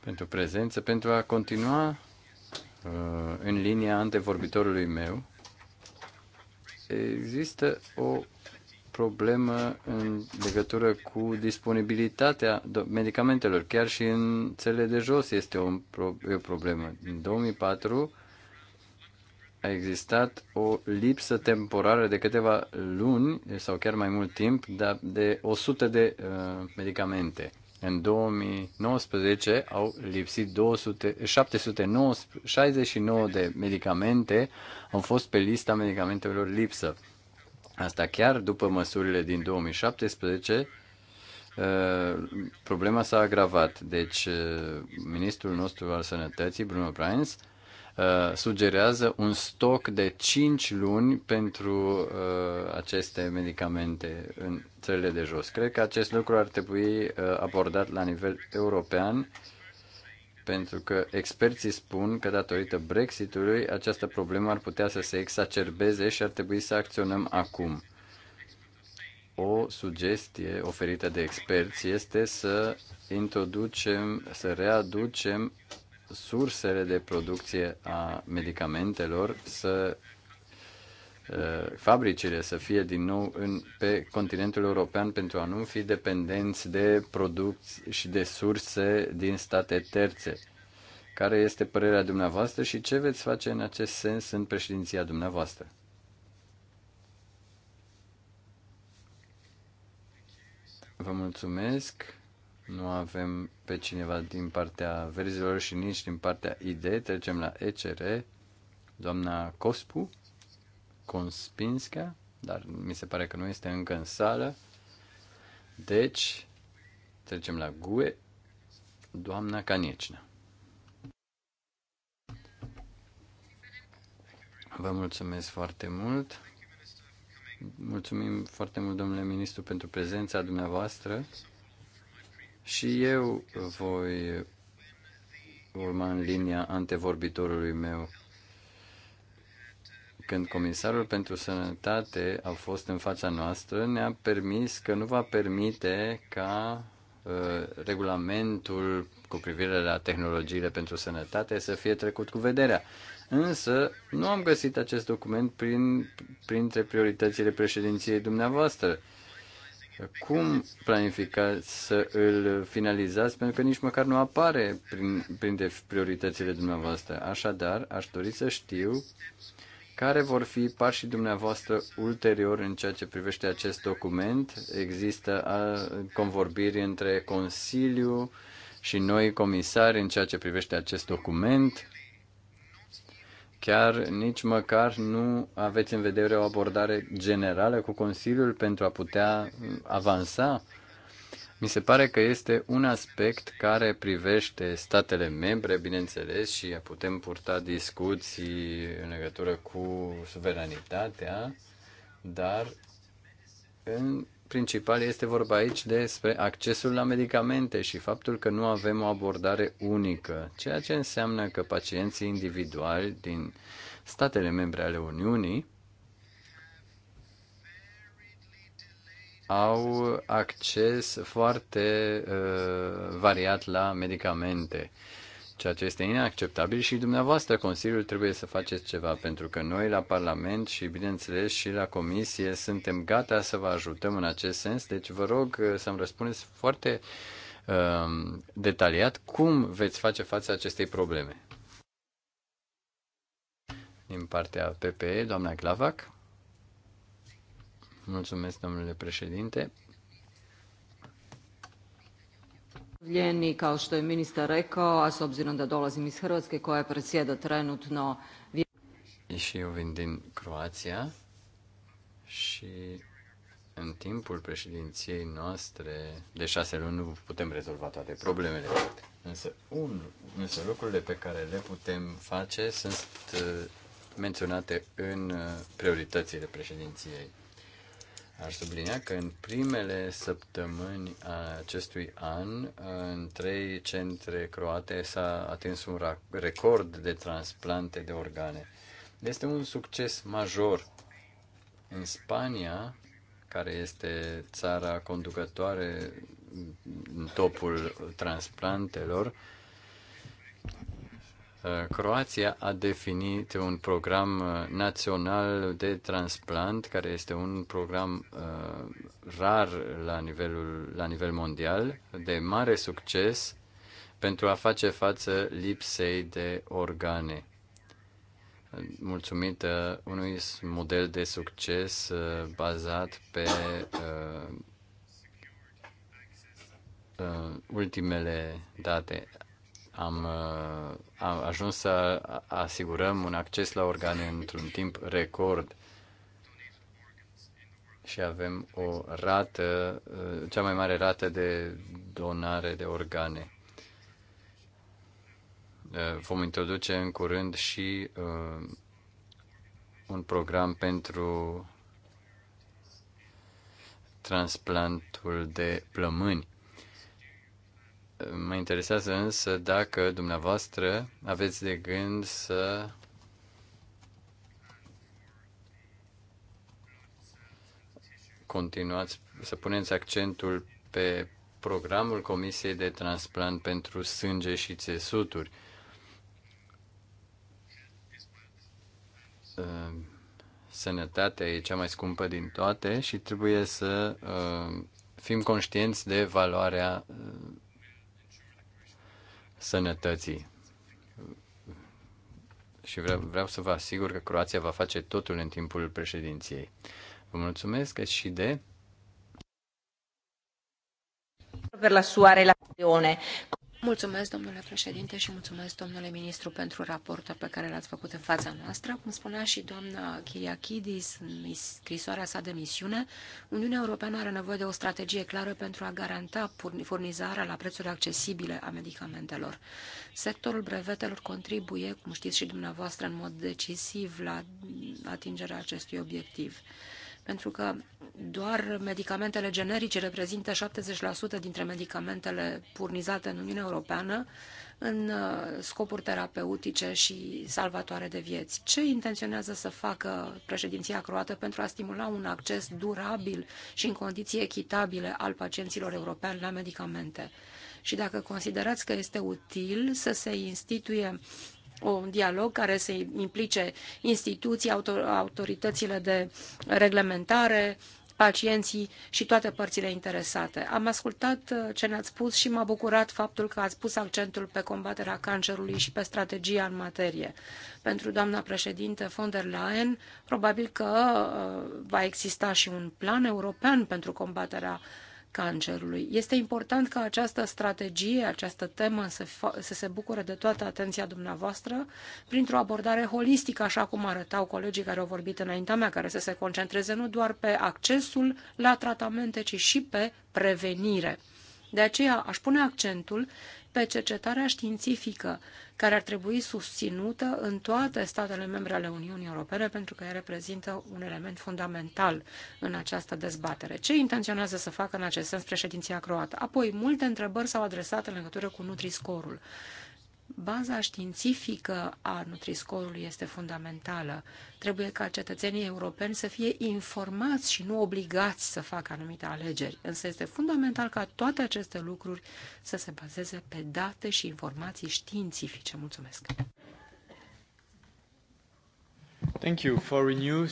pentru prezență, pentru a continua uh, în linia antevorbitorului meu. Există o problemă în legătură cu disponibilitatea medicamentelor. Chiar și în țele de jos este o, e o problemă. În 2004 a existat o lipsă temporară de câteva luni sau chiar mai mult timp de 100 de uh, medicamente. În 2019 au lipsit 200, 769 de medicamente, au fost pe lista medicamentelor lipsă. Asta chiar după măsurile din 2017, uh, problema s-a agravat. Deci, uh, ministrul nostru al sănătății, Bruno Brains, uh, sugerează un stoc de 5 luni pentru aceste medicamente în țările de jos. Cred că acest lucru ar trebui abordat la nivel european pentru că experții spun că datorită Brexitului această problemă ar putea să se exacerbeze și ar trebui să acționăm acum. O sugestie oferită de experți este să introducem, să readucem sursele de producție a medicamentelor, să Uh, fabricile să fie din nou în, pe continentul european pentru a nu fi dependenți de producți și de surse din state terțe. Care este părerea dumneavoastră și ce veți face în acest sens în președinția dumneavoastră? Vă mulțumesc. Nu avem pe cineva din partea verzilor și nici din partea ID. Trecem la ECR. Doamna Cospu. Conspinska, dar mi se pare că nu este încă în sală. Deci, trecem la GUE, doamna Caniecina. Vă mulțumesc foarte mult. Mulțumim foarte mult, domnule ministru, pentru prezența dumneavoastră. Și eu voi urma în linia antevorbitorului meu când Comisarul pentru Sănătate a fost în fața noastră, ne-a permis că nu va permite ca uh, regulamentul cu privire la tehnologiile pentru sănătate să fie trecut cu vederea. Însă, nu am găsit acest document prin, printre prioritățile președinției dumneavoastră. Cum planificați să îl finalizați? Pentru că nici măcar nu apare prin, printre prioritățile dumneavoastră. Așadar, aș dori să știu care vor fi pașii dumneavoastră ulterior în ceea ce privește acest document? Există convorbiri între Consiliu și noi comisari în ceea ce privește acest document? Chiar nici măcar nu aveți în vedere o abordare generală cu Consiliul pentru a putea avansa? Mi se pare că este un aspect care privește statele membre, bineînțeles, și putem purta discuții în legătură cu suveranitatea, dar în principal este vorba aici despre accesul la medicamente și faptul că nu avem o abordare unică, ceea ce înseamnă că pacienții individuali din statele membre ale Uniunii au acces foarte uh, variat la medicamente, ceea ce este inacceptabil și dumneavoastră Consiliul trebuie să faceți ceva, pentru că noi la Parlament și bineînțeles și la Comisie suntem gata să vă ajutăm în acest sens, deci vă rog uh, să-mi răspundeți foarte uh, detaliat cum veți face față acestei probleme. Din partea PPE, doamna Glavac. Mulțumesc, domnule președinte. Ljeni, kao što je ministar rekao, a s obzirom da dolazim iz Hrvatske koja predsjeda trenutno... Și eu vin din Croația și în timpul președinției noastre de șase luni nu putem rezolva toate problemele. Însă, un, însă lucrurile pe care le putem face sunt uh, menționate în uh, prioritățile președinției. Ar sublinia că în primele săptămâni a acestui an, în trei centre croate s-a atins un record de transplante de organe. Este un succes major. În Spania, care este țara conducătoare în topul transplantelor, Uh, Croația a definit un program uh, național de transplant, care este un program uh, rar la, nivelul, la nivel mondial, de mare succes pentru a face față lipsei de organe. Mulțumită unui model de succes uh, bazat pe uh, uh, ultimele date am, uh, am ajuns să asigurăm un acces la organe într-un timp record și avem o rată, uh, cea mai mare rată de donare de organe. Uh, vom introduce în curând și un program pentru transplantul de plămâni Mă interesează însă dacă dumneavoastră aveți de gând să continuați, să puneți accentul pe programul Comisiei de Transplant pentru Sânge și Țesuturi. Ă, sănătatea e cea mai scumpă din toate și trebuie să ă, fim conștienți de valoarea ă, sănătății. Și vreau, vreau să vă asigur că Croația va face totul în timpul președinției. Vă mulțumesc și de per la sua relazione. Mulțumesc, domnule președinte, și mulțumesc, domnule ministru, pentru raportul pe care l-ați făcut în fața noastră. Cum spunea și doamna Chiriachidis în scrisoarea sa de misiune, Uniunea Europeană are nevoie de o strategie clară pentru a garanta furnizarea la prețuri accesibile a medicamentelor. Sectorul brevetelor contribuie, cum știți și dumneavoastră, în mod decisiv la atingerea acestui obiectiv pentru că doar medicamentele generice reprezintă 70% dintre medicamentele furnizate în Uniunea Europeană în uh, scopuri terapeutice și salvatoare de vieți. Ce intenționează să facă președinția croată pentru a stimula un acces durabil și în condiții echitabile al pacienților europeni la medicamente? Și dacă considerați că este util să se instituie un dialog care să implice instituții, autoritățile de reglementare, pacienții și toate părțile interesate. Am ascultat uh, ce ne-ați spus și m-a bucurat faptul că ați pus accentul pe combaterea cancerului și pe strategia în materie. Pentru doamna președinte von der Leyen, probabil că uh, va exista și un plan european pentru combaterea uh, cancerului. Este important ca această strategie, această temă să, să se bucure de toată atenția dumneavoastră printr-o abordare holistică, așa cum arătau colegii care au vorbit înaintea mea, care să se concentreze nu doar pe accesul la tratamente, ci și pe prevenire. De aceea aș pune accentul pe cercetarea științifică, care ar trebui susținută în toate statele membre ale Uniunii Europene, pentru că ea reprezintă un element fundamental în această dezbatere. Ce intenționează să facă în acest sens președinția croată? Apoi, multe întrebări s-au adresat în legătură cu Nutri-Scorul. Baza științifică a Nutriscorului este fundamentală. Trebuie ca cetățenii europeni să fie informați și nu obligați să facă anumite alegeri. Însă este fundamental ca toate aceste lucruri să se bazeze pe date și informații științifice. Mulțumesc! Thank you for Renew.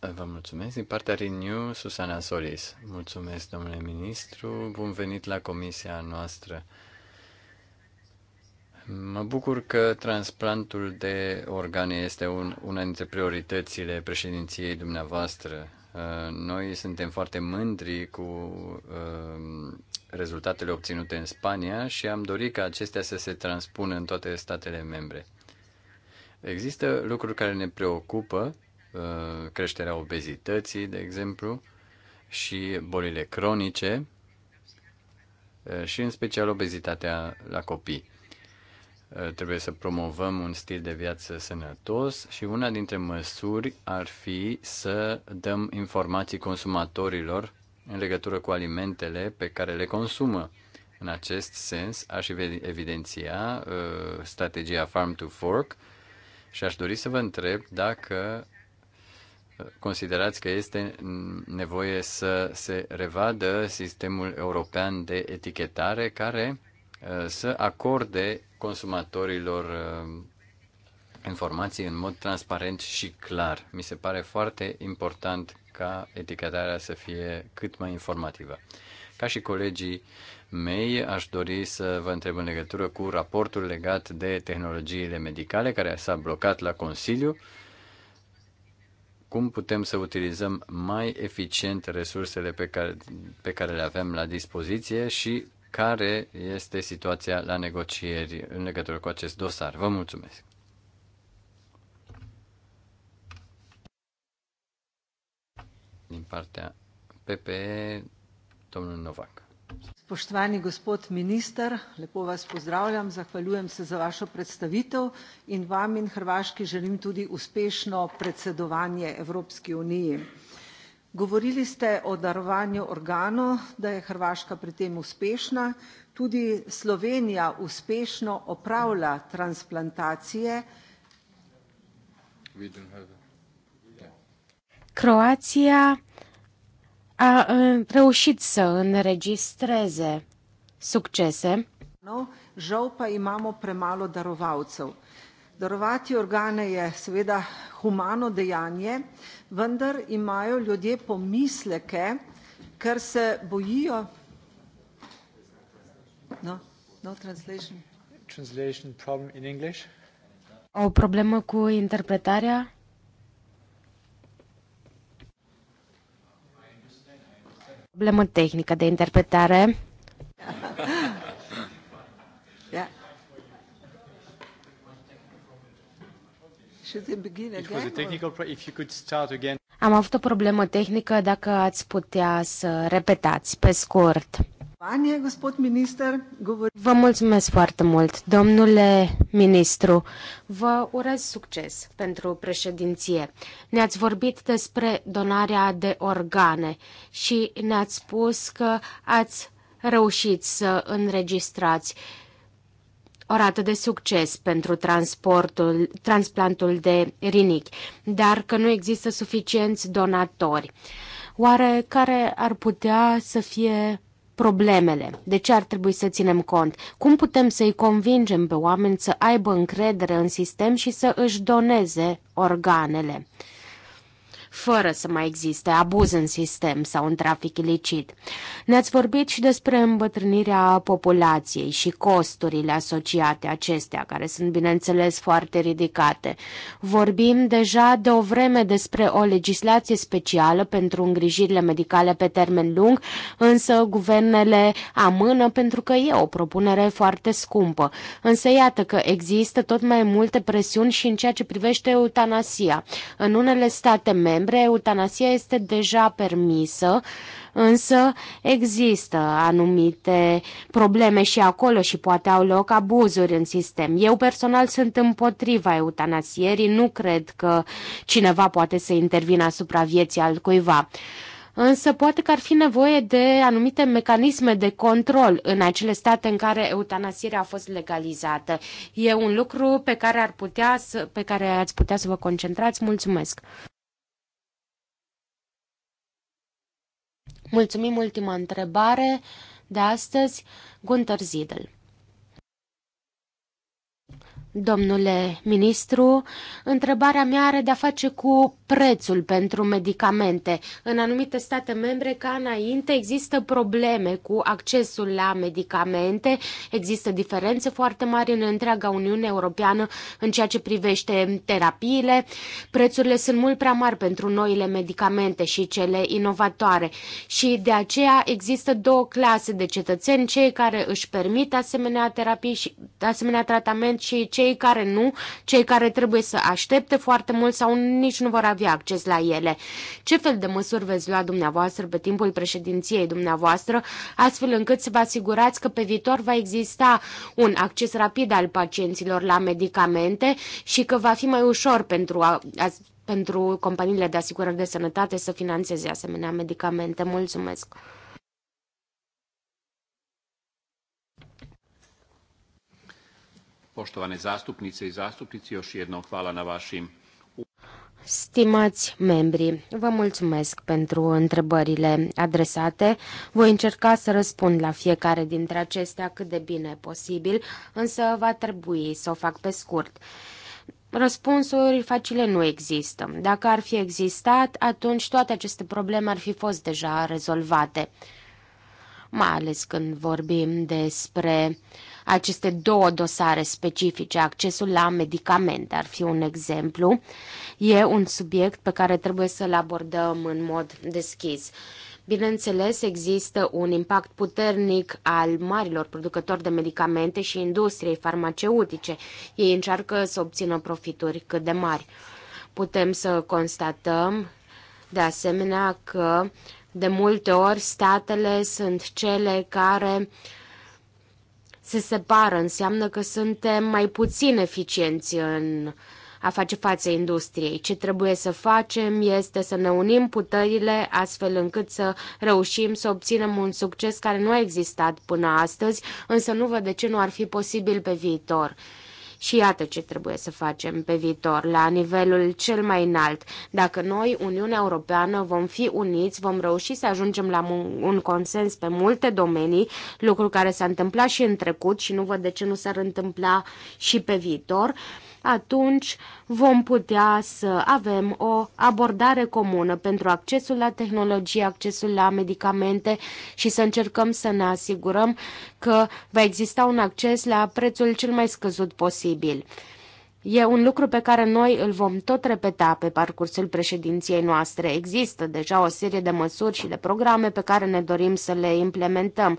Vă mulțumesc. Din partea Renew, Susana Solis. Mulțumesc, domnule ministru. Bun venit la comisia noastră. Mă bucur că transplantul de organe este un, una dintre prioritățile președinției dumneavoastră. Uh, noi suntem foarte mândri cu uh, rezultatele obținute în Spania și am dorit ca acestea să se transpună în toate statele membre. Există lucruri care ne preocupă, uh, creșterea obezității, de exemplu, și bolile cronice, și în special obezitatea la copii. Eh, trebuie să promovăm un stil de viață sănătos și una dintre măsuri ar fi să dăm informații consumatorilor în legătură cu alimentele pe care le consumă. În acest sens, aș evidenția uh, strategia Farm to Fork și aș dori să vă întreb dacă eh, considerați că este nevoie să se revadă sistemul european de etichetare care Uh, să acorde consumatorilor uh, informații în mod transparent și clar. Mi se pare foarte important ca etichetarea să fie cât mai informativă. Ca și colegii mei, aș dori să vă întreb în legătură cu raportul legat de tehnologiile medicale care s-a blocat la Consiliu. Cum putem să utilizăm mai eficient resursele pe care, pe care le avem la dispoziție și care este situația la negocieri în legătură cu acest dosar. Vă mulțumesc! Din partea PPE, domnul Novak. Spoštovani gospod minister, lepo vas pozdravljam, zahvaljujem se za vašo predstavitev in vam in Hrvaški želim tudi uspešno predsedovanje Evropski uniji govorili ste o darovanju organov da je hrvaška pri tem uspešna tudi slovenija uspešno opravlja transplantacije Croația a reușit să înregistreze succese. No, Žal pa imamo premalo darovalcev Darovati organe je seveda humano dejanje, vendar imajo ljudje pomisleke, ker se bojijo. No, no translation. Translation problem in English. O problemă cu interpretarea? Problemă tehnică de interpretare. Am avut o problemă tehnică, dacă ați putea să repetați pe scurt. Vă mulțumesc foarte mult, domnule ministru. Vă urez succes pentru președinție. Ne-ați vorbit despre donarea de organe și ne-ați spus că ați reușit să înregistrați o rată de succes pentru transportul, transplantul de rinichi, dar că nu există suficienți donatori. Oare care ar putea să fie problemele? De ce ar trebui să ținem cont? Cum putem să-i convingem pe oameni să aibă încredere în sistem și să își doneze organele? fără să mai existe abuz în sistem sau un trafic ilicit. Ne-ați vorbit și despre îmbătrânirea populației și costurile asociate acestea, care sunt, bineînțeles, foarte ridicate. Vorbim deja de o vreme despre o legislație specială pentru îngrijirile medicale pe termen lung, însă guvernele amână pentru că e o propunere foarte scumpă. Însă iată că există tot mai multe presiuni și în ceea ce privește eutanasia. În unele state membre, membre, eutanasia este deja permisă, însă există anumite probleme și acolo și poate au loc abuzuri în sistem. Eu personal sunt împotriva eutanasierii, nu cred că cineva poate să intervină asupra vieții altcuiva însă poate că ar fi nevoie de anumite mecanisme de control în acele state în care eutanasierea a fost legalizată. E un lucru pe care, ar putea să, pe care ați putea să vă concentrați. Mulțumesc! Mulțumim, ultima întrebare de astăzi, Gunter Zidel. Domnule ministru, întrebarea mea are de-a face cu prețul pentru medicamente. În anumite state membre, ca înainte, există probleme cu accesul la medicamente, există diferențe foarte mari în întreaga Uniune Europeană în ceea ce privește terapiile. Prețurile sunt mult prea mari pentru noile medicamente și cele inovatoare și de aceea există două clase de cetățeni, cei care își permit asemenea terapii și asemenea tratament și cei cei care nu, cei care trebuie să aștepte foarte mult sau nici nu vor avea acces la ele. Ce fel de măsuri veți lua dumneavoastră pe timpul președinției dumneavoastră, astfel încât să vă asigurați că pe viitor va exista un acces rapid al pacienților la medicamente și că va fi mai ușor pentru a, a pentru companiile de asigurări de sănătate să financeze asemenea medicamente. Mulțumesc! poštovane zastupnice i zastupnici, još jednom hvala na vašim Stimați membri, vă mulțumesc pentru întrebările adresate. Voi încerca să răspund la fiecare dintre acestea cât de bine posibil, însă va trebui să o fac pe scurt. Răspunsuri facile nu există. Dacă ar fi existat, atunci toate aceste probleme ar fi fost deja rezolvate mai ales când vorbim despre aceste două dosare specifice. Accesul la medicamente ar fi un exemplu. E un subiect pe care trebuie să-l abordăm în mod deschis. Bineînțeles, există un impact puternic al marilor producători de medicamente și industriei farmaceutice. Ei încearcă să obțină profituri cât de mari. Putem să constatăm, de asemenea, că uh, de multe ori, statele sunt cele care se separă. Înseamnă că suntem mai puțin eficienți în a face față industriei. Ce trebuie să facem este să ne unim puterile astfel încât să reușim să obținem un succes care nu a existat până astăzi, însă nu văd de ce nu ar fi posibil pe viitor. Și iată ce trebuie să facem pe viitor, la nivelul cel mai înalt. Dacă noi, Uniunea Europeană, vom fi uniți, vom reuși să ajungem la un consens pe multe domenii, lucru care s-a întâmplat și în trecut și nu văd de ce nu s-ar întâmpla și pe viitor, atunci vom putea să avem o abordare comună pentru accesul la tehnologie, accesul la medicamente și să încercăm să ne asigurăm că va exista un acces la prețul cel mai scăzut posibil. E un lucru pe care noi îl vom tot repeta pe parcursul președinției noastre. Există deja o serie de măsuri și de programe pe care ne dorim să le implementăm.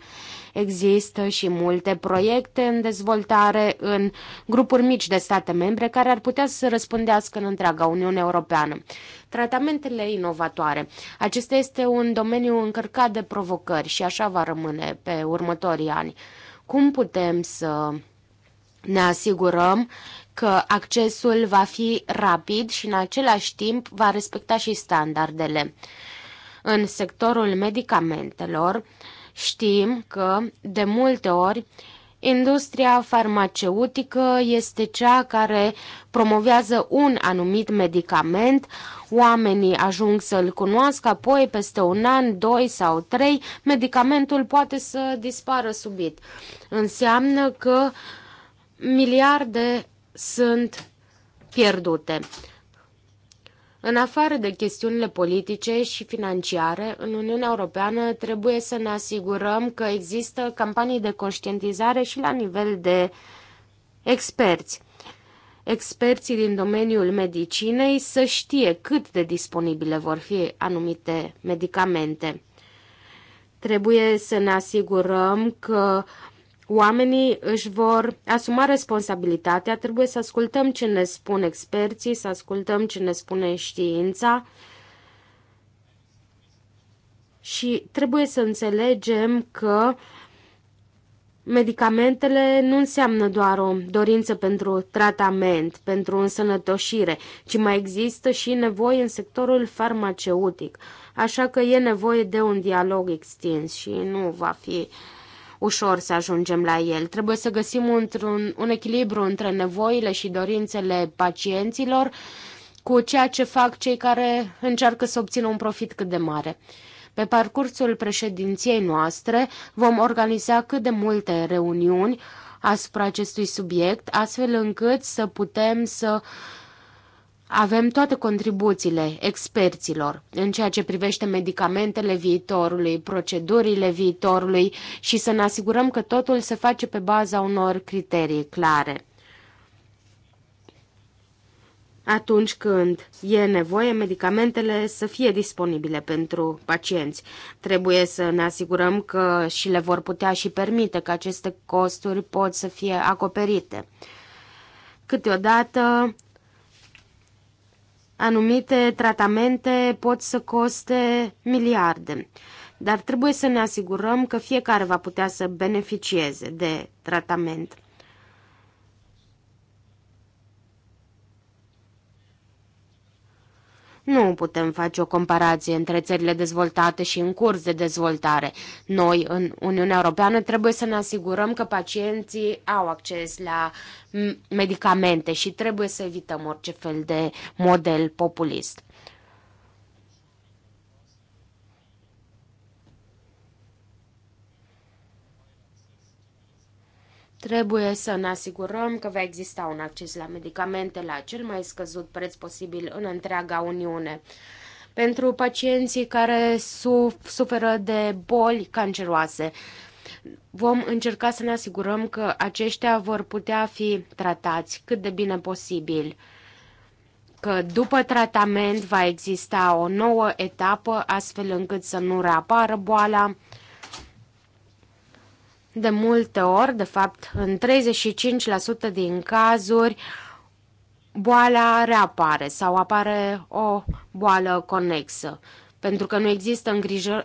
Există și multe proiecte în dezvoltare în grupuri mici de state membre care ar putea să răspundească în întreaga Uniune Europeană. Tratamentele inovatoare. Acesta este un domeniu încărcat de provocări și așa va rămâne pe următorii ani. Cum putem să ne asigurăm că accesul va fi rapid și în același timp va respecta și standardele. În sectorul medicamentelor știm că de multe ori Industria farmaceutică este cea care promovează un anumit medicament, oamenii ajung să-l cunoască, apoi peste un an, doi sau trei, medicamentul poate să dispară subit. Înseamnă că miliarde sunt pierdute. În afară de chestiunile politice și financiare, în Uniunea Europeană trebuie să ne asigurăm că există campanii de conștientizare și la nivel de experți. Experții din domeniul medicinei să știe cât de disponibile vor fi anumite medicamente. Trebuie să ne asigurăm că Oamenii își vor asuma responsabilitatea, trebuie să ascultăm ce ne spun experții, să ascultăm ce ne spune știința și trebuie să înțelegem că medicamentele nu înseamnă doar o dorință pentru tratament, pentru însănătoșire, ci mai există și nevoie în sectorul farmaceutic. Așa că e nevoie de un dialog extins și nu va fi uh, ușor să ajungem la el. Trebuie să găsim un, un echilibru între nevoile și dorințele pacienților cu ceea ce fac cei care încearcă să obțină un profit cât de mare. Pe parcursul președinției noastre vom organiza cât de multe reuniuni asupra acestui subiect, astfel încât să putem să uh, avem toate contribuțiile experților în ceea ce privește medicamentele viitorului, procedurile viitorului și să ne asigurăm că totul se face pe baza unor criterii clare. Atunci când e nevoie, medicamentele să fie disponibile pentru pacienți. Trebuie să ne asigurăm că și le vor putea și permite că aceste costuri pot să fie acoperite câteodată anumite tratamente pot să coste miliarde, dar trebuie să ne asigurăm că fiecare va putea să beneficieze de tratament. Nu putem face o comparație între țările dezvoltate și în curs de dezvoltare. Noi, în Uniunea Europeană, trebuie să ne asigurăm că pacienții au acces la medicamente și trebuie să evităm orice fel de model populist. Trebuie să ne asigurăm că va exista un acces la medicamente la cel mai scăzut preț posibil în întreaga Uniune. Pentru pacienții care suferă de boli canceroase, vom încerca să ne asigurăm că aceștia vor putea fi tratați cât de bine posibil că după tratament va exista o nouă etapă astfel încât să nu reapară boala de multe ori, de fapt, în 35% din cazuri, boala reapare sau apare o boală conexă pentru că nu există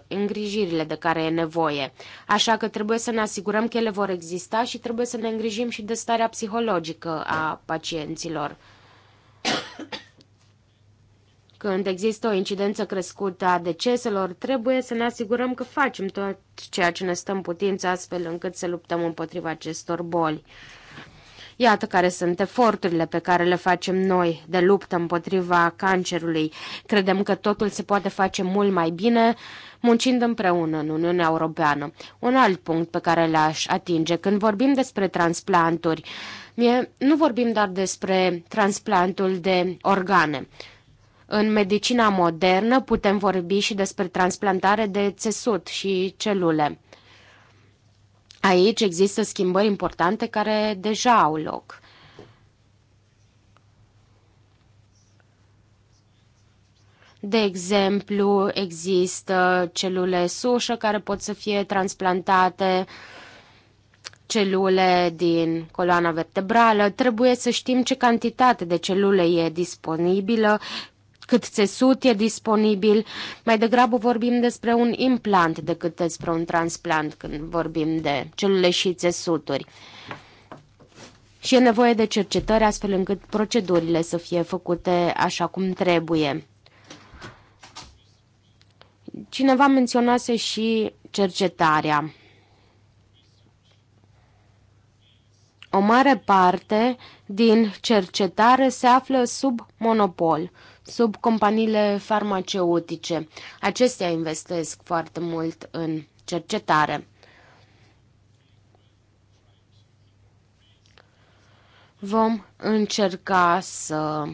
îngrijirile de care e nevoie. Așa că trebuie să ne asigurăm că ele vor exista și trebuie să ne îngrijim și de starea psihologică a pacienților. Când există o incidență crescută a deceselor, trebuie să ne asigurăm că facem tot ceea ce ne stă în putință astfel încât să luptăm împotriva acestor boli. Iată care sunt eforturile pe care le facem noi de luptă împotriva cancerului. Credem că totul se poate face mult mai bine muncind împreună în Uniunea Europeană. Un alt punct pe care l-aș atinge când vorbim despre transplanturi, mie nu vorbim doar despre transplantul de organe. În medicina modernă putem vorbi și despre transplantare de țesut și celule. Aici există schimbări importante care deja au loc. De exemplu, există celule sușă care pot să fie transplantate, celule din coloana vertebrală. Trebuie să știm ce cantitate de celule e disponibilă, cât țesut e disponibil. Mai degrabă vorbim despre un implant decât despre un transplant când vorbim de celule și țesuturi. Și e nevoie de cercetări astfel încât procedurile să fie făcute așa cum trebuie. Cineva menționase și cercetarea. O mare parte din cercetare se află sub monopol sub companiile farmaceutice. Acestea investesc foarte mult în cercetare. Vom încerca să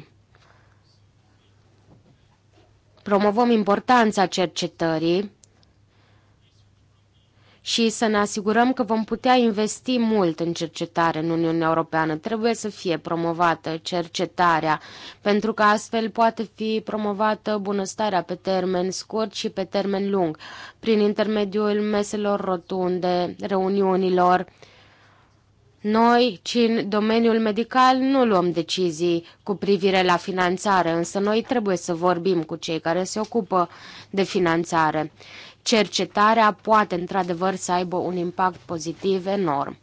promovăm importanța cercetării și să ne asigurăm că vom putea investi mult în cercetare în Uniunea Europeană. Trebuie să fie promovată cercetarea, pentru că astfel poate fi promovată bunăstarea pe termen scurt și pe termen lung, prin intermediul meselor rotunde, reuniunilor. Noi, ci în domeniul medical, nu luăm decizii cu privire la finanțare, însă noi trebuie să vorbim cu cei care se ocupă de finanțare cercetarea poate într-adevăr să aibă un impact pozitiv enorm.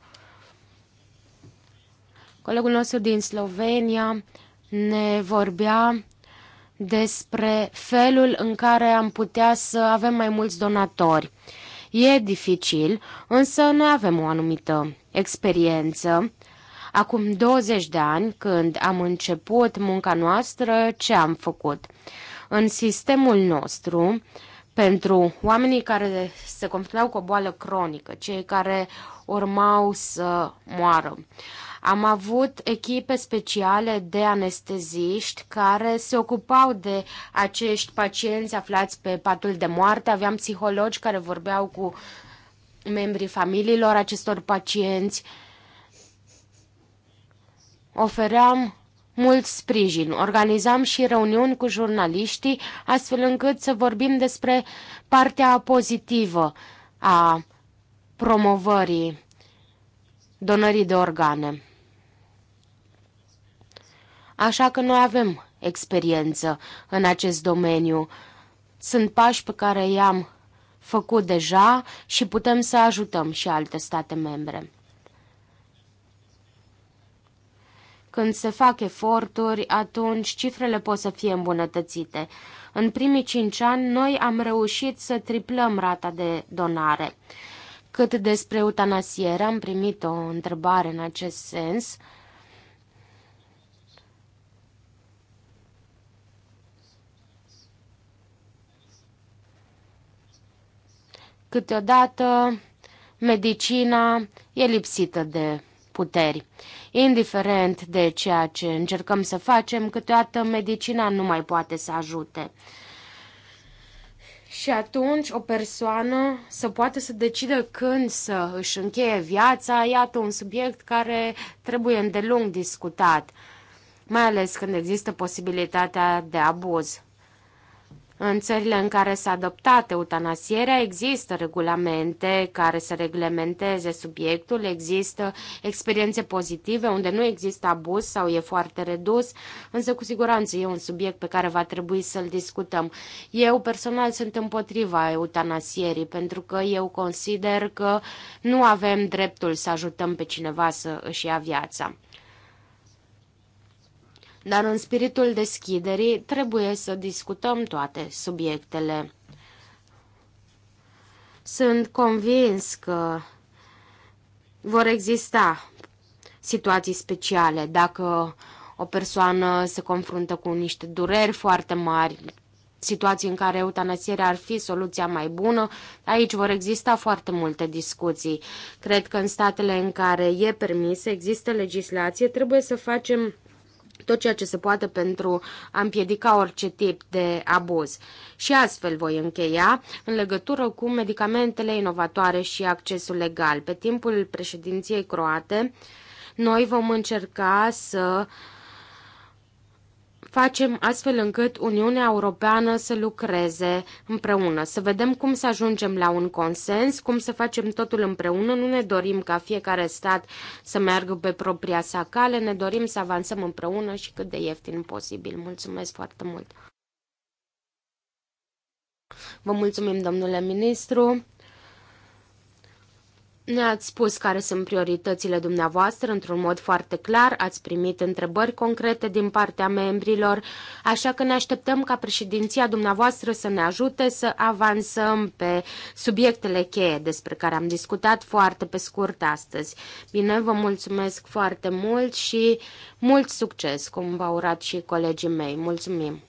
Colegul nostru din Slovenia ne vorbea despre felul în care am putea să avem mai mulți donatori. E dificil, însă noi avem o anumită experiență. Acum 20 de ani, când am început munca noastră, ce am făcut? În sistemul nostru, uh, pentru oamenii care se confruntau cu o boală cronică, cei care urmau să moară. Am avut echipe speciale de anesteziști care se ocupau de acești pacienți aflați pe patul de moarte. Aveam psihologi care vorbeau cu membrii familiilor acestor pacienți. Ofeream mult sprijin. Organizam și reuniuni cu jurnaliștii, astfel încât să vorbim despre partea pozitivă a promovării donării de organe. Așa că noi avem experiență în acest domeniu. Sunt pași pe care i-am făcut deja și putem să ajutăm și alte state membre. Când se fac eforturi, atunci cifrele pot să fie îmbunătățite. În primii cinci ani, noi am reușit să triplăm rata de donare. Cât despre eutanasiere, am primit o întrebare în acest sens. Câteodată medicina e lipsită de puteri. Indiferent de ceea ce încercăm să facem, câteodată medicina nu mai poate să ajute. Și atunci o persoană să poată să decidă când să își încheie viața, iată un subiect care trebuie îndelung discutat, mai ales când există posibilitatea de abuz. În țările în care s-a adoptat eutanasierea există regulamente care să reglementeze subiectul, există experiențe pozitive unde nu există abuz sau e foarte redus, însă cu siguranță e un subiect pe care va trebui să-l discutăm. Eu personal sunt împotriva eutanasierii pentru că eu consider că nu avem dreptul să ajutăm pe cineva să își ia viața dar în spiritul deschiderii trebuie să discutăm toate subiectele. Sunt convins că vor exista situații speciale dacă o persoană se confruntă cu niște dureri foarte mari, situații în care eutanasierea ar fi soluția mai bună. Aici vor exista foarte multe discuții. Cred că în statele în care e permis există legislație, trebuie să facem tot ceea ce se poate pentru a împiedica orice tip de abuz. Și astfel voi încheia în legătură cu medicamentele inovatoare și accesul legal. Pe timpul președinției croate, noi vom încerca să uh, facem astfel încât Uniunea Europeană să lucreze împreună, să vedem cum să ajungem la un consens, cum să facem totul împreună. Nu ne dorim ca fiecare stat să meargă pe propria sa cale, ne dorim să avansăm împreună și cât de ieftin posibil. Mulțumesc foarte mult! Vă mulțumim, domnule ministru! Ne-ați spus care sunt prioritățile dumneavoastră într-un mod foarte clar, ați primit întrebări concrete din partea membrilor, așa că ne așteptăm ca președinția dumneavoastră să ne ajute să avansăm pe subiectele cheie despre care am discutat foarte pe scurt astăzi. Bine, vă mulțumesc foarte mult și mult succes, cum v-au urat și colegii mei. Mulțumim!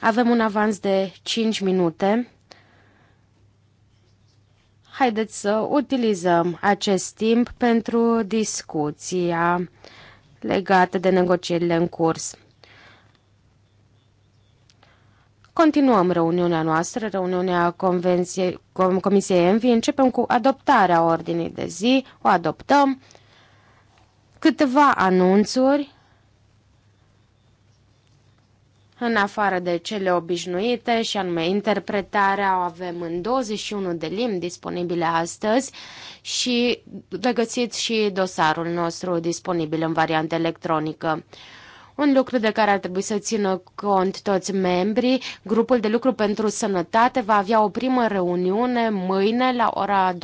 Avem un avans de 5 minute. Haideți să utilizăm acest timp pentru discuția legată de negocierile în curs. Continuăm reuniunea noastră, reuniunea Comisiei Envi. Începem cu adoptarea ordinii de zi, o adoptăm. Câteva anunțuri în afară de cele obișnuite, și anume interpretarea o avem în 21 de limbi disponibile astăzi și regăsiți și dosarul nostru disponibil în variantă electronică. Un lucru de care ar trebui să țină cont toți membrii, grupul de lucru pentru sănătate va avea o primă reuniune mâine la ora 12.30.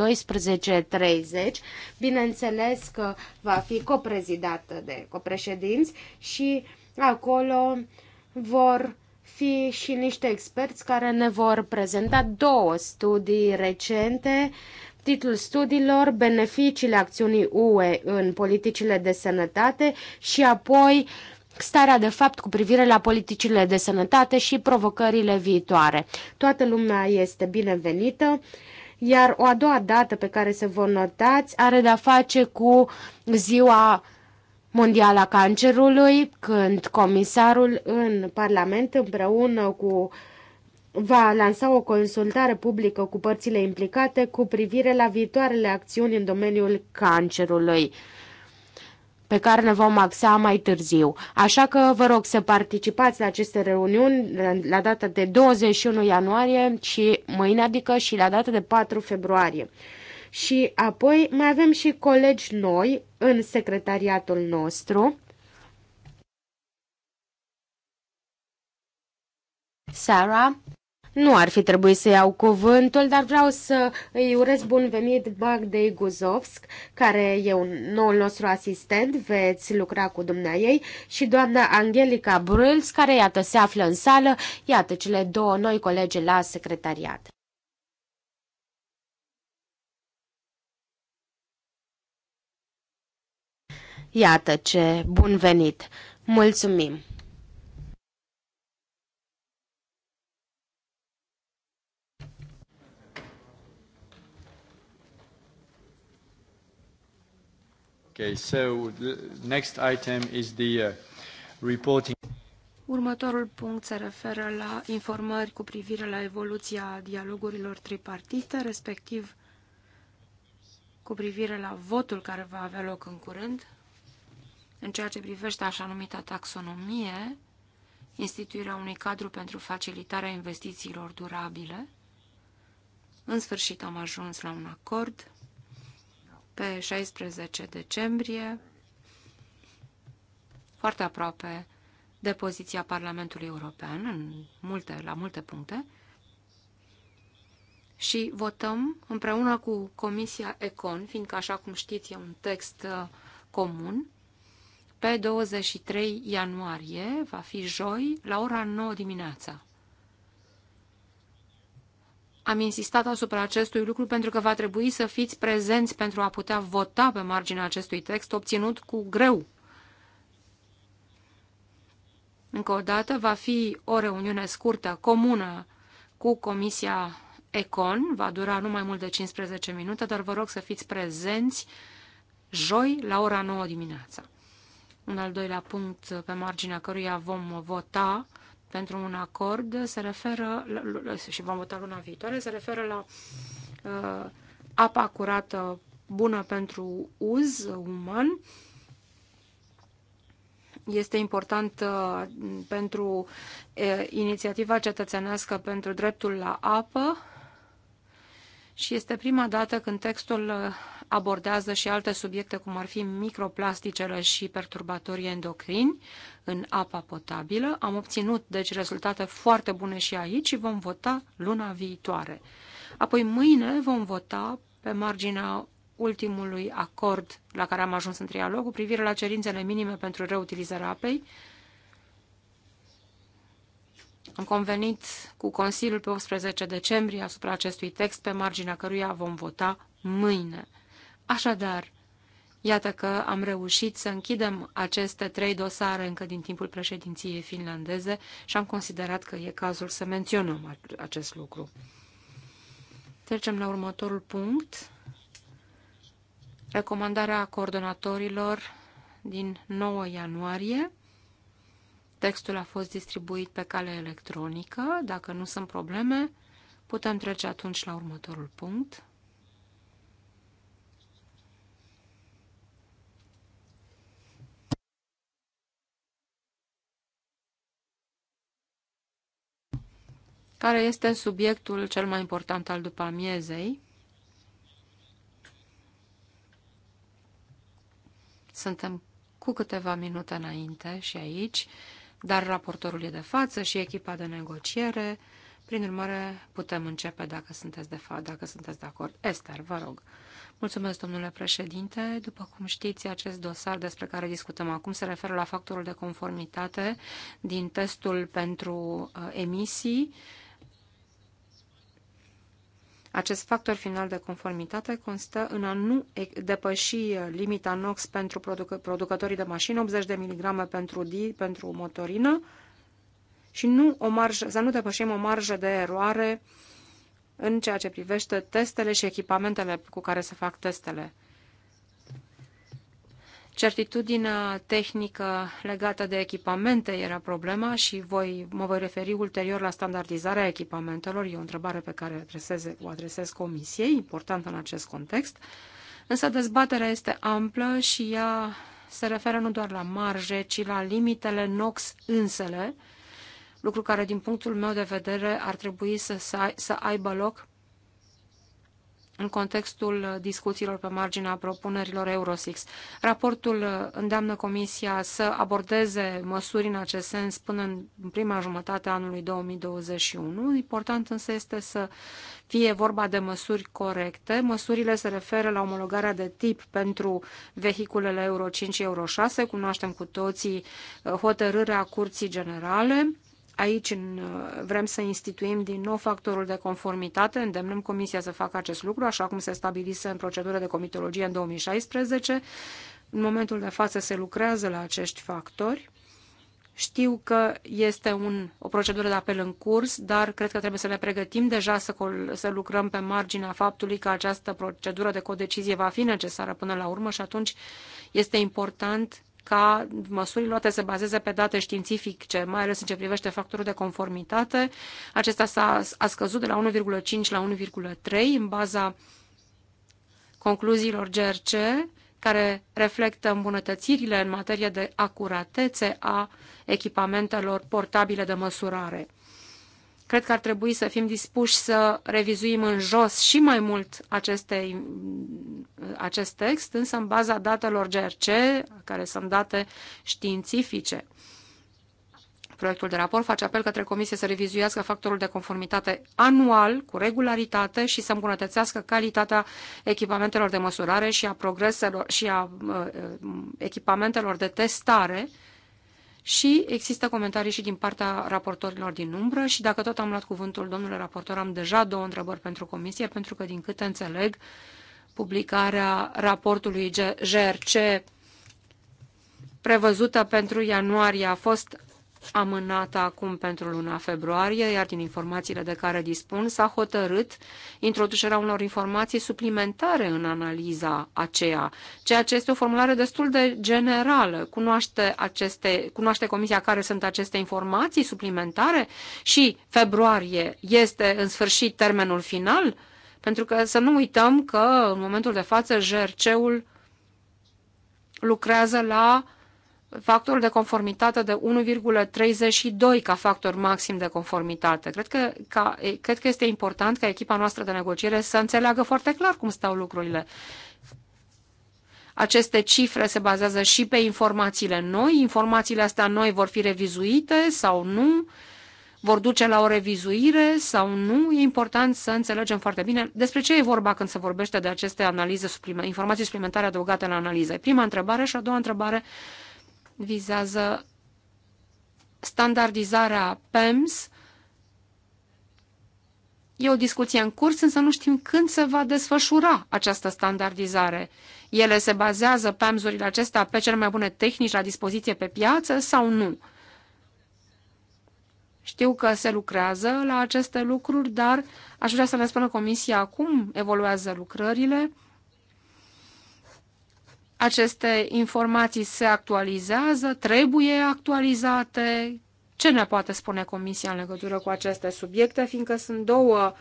Bineînțeles că va fi coprezidată de copreședinți și acolo uh, vor fi și niște experți care ne vor prezenta două studii recente titlul studiilor Beneficiile acțiunii UE în politicile de sănătate și apoi starea de fapt cu privire la politicile de sănătate și provocările viitoare. Toată lumea este binevenită, iar o a doua dată pe care se vor notați are de-a face cu ziua Mondiala a Cancerului, când comisarul în Parlament împreună cu va lansa o consultare publică cu părțile implicate cu privire la viitoarele acțiuni în domeniul cancerului pe care ne vom axa mai târziu. Așa că vă rog să participați la aceste reuniuni la data de 21 ianuarie și mâine, adică și la data de 4 februarie. Și apoi mai avem și colegi noi în secretariatul nostru. Sarah, nu ar fi trebuit să iau cuvântul, dar vreau să îi urez bun venit Bagdei Guzovsk, care e un nou nostru asistent, veți lucra cu dumneaei, și doamna Angelica Bruls, care iată se află în sală, iată cele două noi colegi la secretariat. Iată ce bun venit! Mulțumim! Okay, so the next item is the uh, reporting. Următorul punct se referă la informări cu privire la evoluția dialogurilor tripartite, respectiv cu privire la votul care va avea loc în curând. În ceea ce privește așa numita taxonomie, instituirea unui cadru pentru facilitarea investițiilor durabile, în sfârșit am ajuns la un acord pe 16 decembrie, foarte aproape de poziția Parlamentului European, în multe, la multe puncte, și votăm împreună cu Comisia Econ, fiindcă, așa cum știți, e un text uh, comun, pe 23 ianuarie, va fi joi, la ora 9 dimineața. Am insistat asupra acestui lucru pentru că va trebui să fiți prezenți pentru a putea vota pe marginea acestui text obținut cu greu. Încă o dată, va fi o reuniune scurtă, comună, cu Comisia Econ. Va dura nu mai mult de 15 minute, dar vă rog să fiți prezenți joi la ora 9 dimineața un al doilea punct pe marginea căruia vom vota pentru un acord se referă, și vom vota luna viitoare, se referă la uh, apa curată bună pentru uz uman. Este important uh, pentru uh, inițiativa cetățenească pentru dreptul la apă, și este prima dată când textul uh, abordează și alte subiecte, cum ar fi microplasticele și perturbatorii endocrini în apa potabilă. Am obținut, deci, rezultate foarte bune și aici și vom vota luna viitoare. Apoi, mâine vom vota pe marginea ultimului acord la care am ajuns în trialog cu privire la cerințele minime pentru reutilizarea apei, am convenit cu Consiliul pe 18 decembrie asupra acestui text, pe marginea căruia vom vota mâine. Așadar, iată că am reușit să închidem aceste trei dosare încă din timpul președinției finlandeze și am considerat că e cazul să menționăm acest lucru. Trecem la următorul punct. Recomandarea coordonatorilor din 9 ianuarie Textul a fost distribuit pe cale electronică. Dacă nu sunt probleme, putem trece atunci la următorul punct. care este subiectul cel mai important al după amiezei. Suntem cu câteva minute înainte și aici dar raportorul e de față și echipa de negociere. Prin urmare, putem începe dacă sunteți de, fa dacă sunteți de acord. Esther, vă rog. Mulțumesc, domnule președinte. După cum știți, acest dosar despre care discutăm acum se referă la factorul de conformitate din testul pentru uh, emisii acest factor final de conformitate constă în a nu depăși uh, limita NOx pentru produc producătorii de mașini, 80 de mg pentru, di, pentru motorină, și nu o marjă, să nu depășim o marjă de eroare în ceea ce privește testele și echipamentele cu care se fac testele. Certitudinea tehnică legată de echipamente era problema și voi, mă voi referi ulterior la standardizarea echipamentelor. E o întrebare pe care adresez, o adresez Comisiei, importantă în acest context. Însă dezbaterea este amplă și ea se referă nu doar la marge, ci la limitele NOx însele, lucru care, din punctul meu de vedere, ar trebui să, să aibă loc în contextul discuțiilor pe marginea propunerilor Eurosix. Raportul îndeamnă Comisia să abordeze măsuri în acest sens până în prima jumătate a anului 2021. Important însă este să fie vorba de măsuri corecte. Măsurile se referă la omologarea de tip pentru vehiculele Euro 5 și Euro 6. Cunoaștem cu toții uh, hotărârea Curții Generale Aici vrem să instituim din nou factorul de conformitate, îndemnăm Comisia să facă acest lucru, așa cum se stabilise în procedura de comitologie în 2016. În momentul de față se lucrează la acești factori. Știu că este un, o procedură de apel în curs, dar cred că trebuie să ne pregătim deja să, să lucrăm pe marginea faptului că această procedură de codecizie va fi necesară până la urmă și atunci este important ca măsurile luate să bazeze pe date științifice, mai ales în ce privește factorul de conformitate. Acesta s-a a scăzut de la 1,5 la 1,3 în baza concluziilor GRC, care reflectă îmbunătățirile în materie de acuratețe a echipamentelor portabile de măsurare. Cred că ar trebui să fim dispuși să revizuim în jos și mai mult aceste, acest text, însă în baza datelor GRC, care sunt date științifice. Proiectul de raport face apel către Comisie să revizuiască factorul de conformitate anual, cu regularitate și să îmbunătățească calitatea echipamentelor de măsurare și a progreselor și a uh, uh echipamentelor de testare și există comentarii și din partea raportorilor din umbră și dacă tot am luat cuvântul, domnule raportor, am deja două întrebări pentru comisie, pentru că, din câte înțeleg, publicarea raportului GRC prevăzută pentru ianuarie a fost amânată acum pentru luna februarie, iar din informațiile de care dispun s-a hotărât introducerea unor informații suplimentare în analiza aceea, ceea ce este o formulare destul de generală. Cunoaște, aceste, cunoaște Comisia care sunt aceste informații suplimentare și februarie este în sfârșit termenul final, pentru că să nu uităm că în momentul de față JRC-ul lucrează la factorul de conformitate de 1,32 ca factor maxim de conformitate. Cred că, ca, cred că este important ca echipa noastră de negociere să înțeleagă foarte clar cum stau lucrurile. Aceste cifre se bazează și pe informațiile noi. Informațiile astea noi vor fi revizuite sau nu, vor duce la o revizuire sau nu. E important să înțelegem foarte bine despre ce e vorba când se vorbește de aceste analize, informații suplimentare adăugate la analize. Prima întrebare și a doua întrebare vizează standardizarea PEMS. E o discuție în curs, însă nu știm când se va desfășura această standardizare. Ele se bazează, PEMS-urile acestea, pe cele mai bune tehnici la dispoziție pe piață sau nu? Știu că se lucrează la aceste lucruri, dar aș vrea să ne spună Comisia cum evoluează lucrările aceste informații se actualizează, trebuie actualizate. Ce ne poate spune Comisia în legătură cu aceste subiecte, fiindcă sunt două,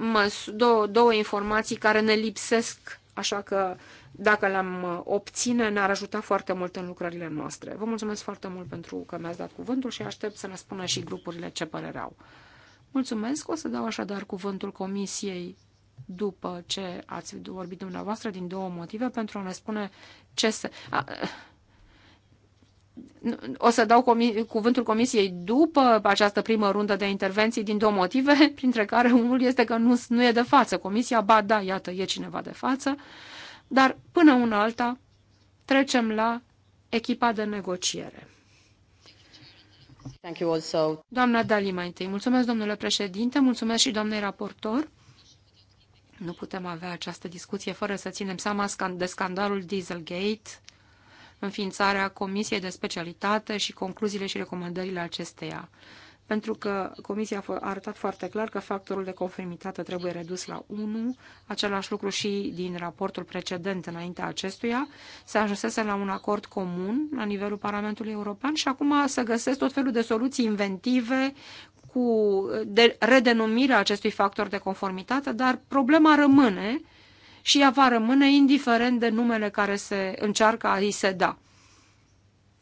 um, două, două informații care ne lipsesc, așa că dacă le-am uh, obține, ne-ar ajuta foarte mult în lucrările noastre. Vă mulțumesc foarte mult pentru că mi-ați dat cuvântul și aștept să ne spună și grupurile ce părere au. Mulțumesc, o să dau așadar cuvântul Comisiei după ce ați vorbit dumneavoastră din două motive pentru a ne spune ce se... A, o să dau comi cuvântul comisiei după această primă rundă de intervenții din două motive, printre care unul este că nu, nu e de față comisia, ba da, iată, e cineva de față, dar până una alta trecem la echipa de negociere. Thank you also. Doamna Dali, mai întâi, mulțumesc domnule președinte, mulțumesc și doamnei raportor. Nu putem avea această discuție fără să ținem seama de scandalul Dieselgate, înființarea Comisiei de Specialitate și concluziile și recomandările acesteia. Pentru că Comisia a arătat foarte clar că factorul de conformitate trebuie redus la 1, același lucru și din raportul precedent înaintea acestuia, se ajunsese la un acord comun la nivelul Parlamentului European și acum se găsesc tot felul de soluții inventive cu de redenumirea acestui factor de conformitate, dar problema rămâne și ea va rămâne indiferent de numele care se încearcă a îi se da.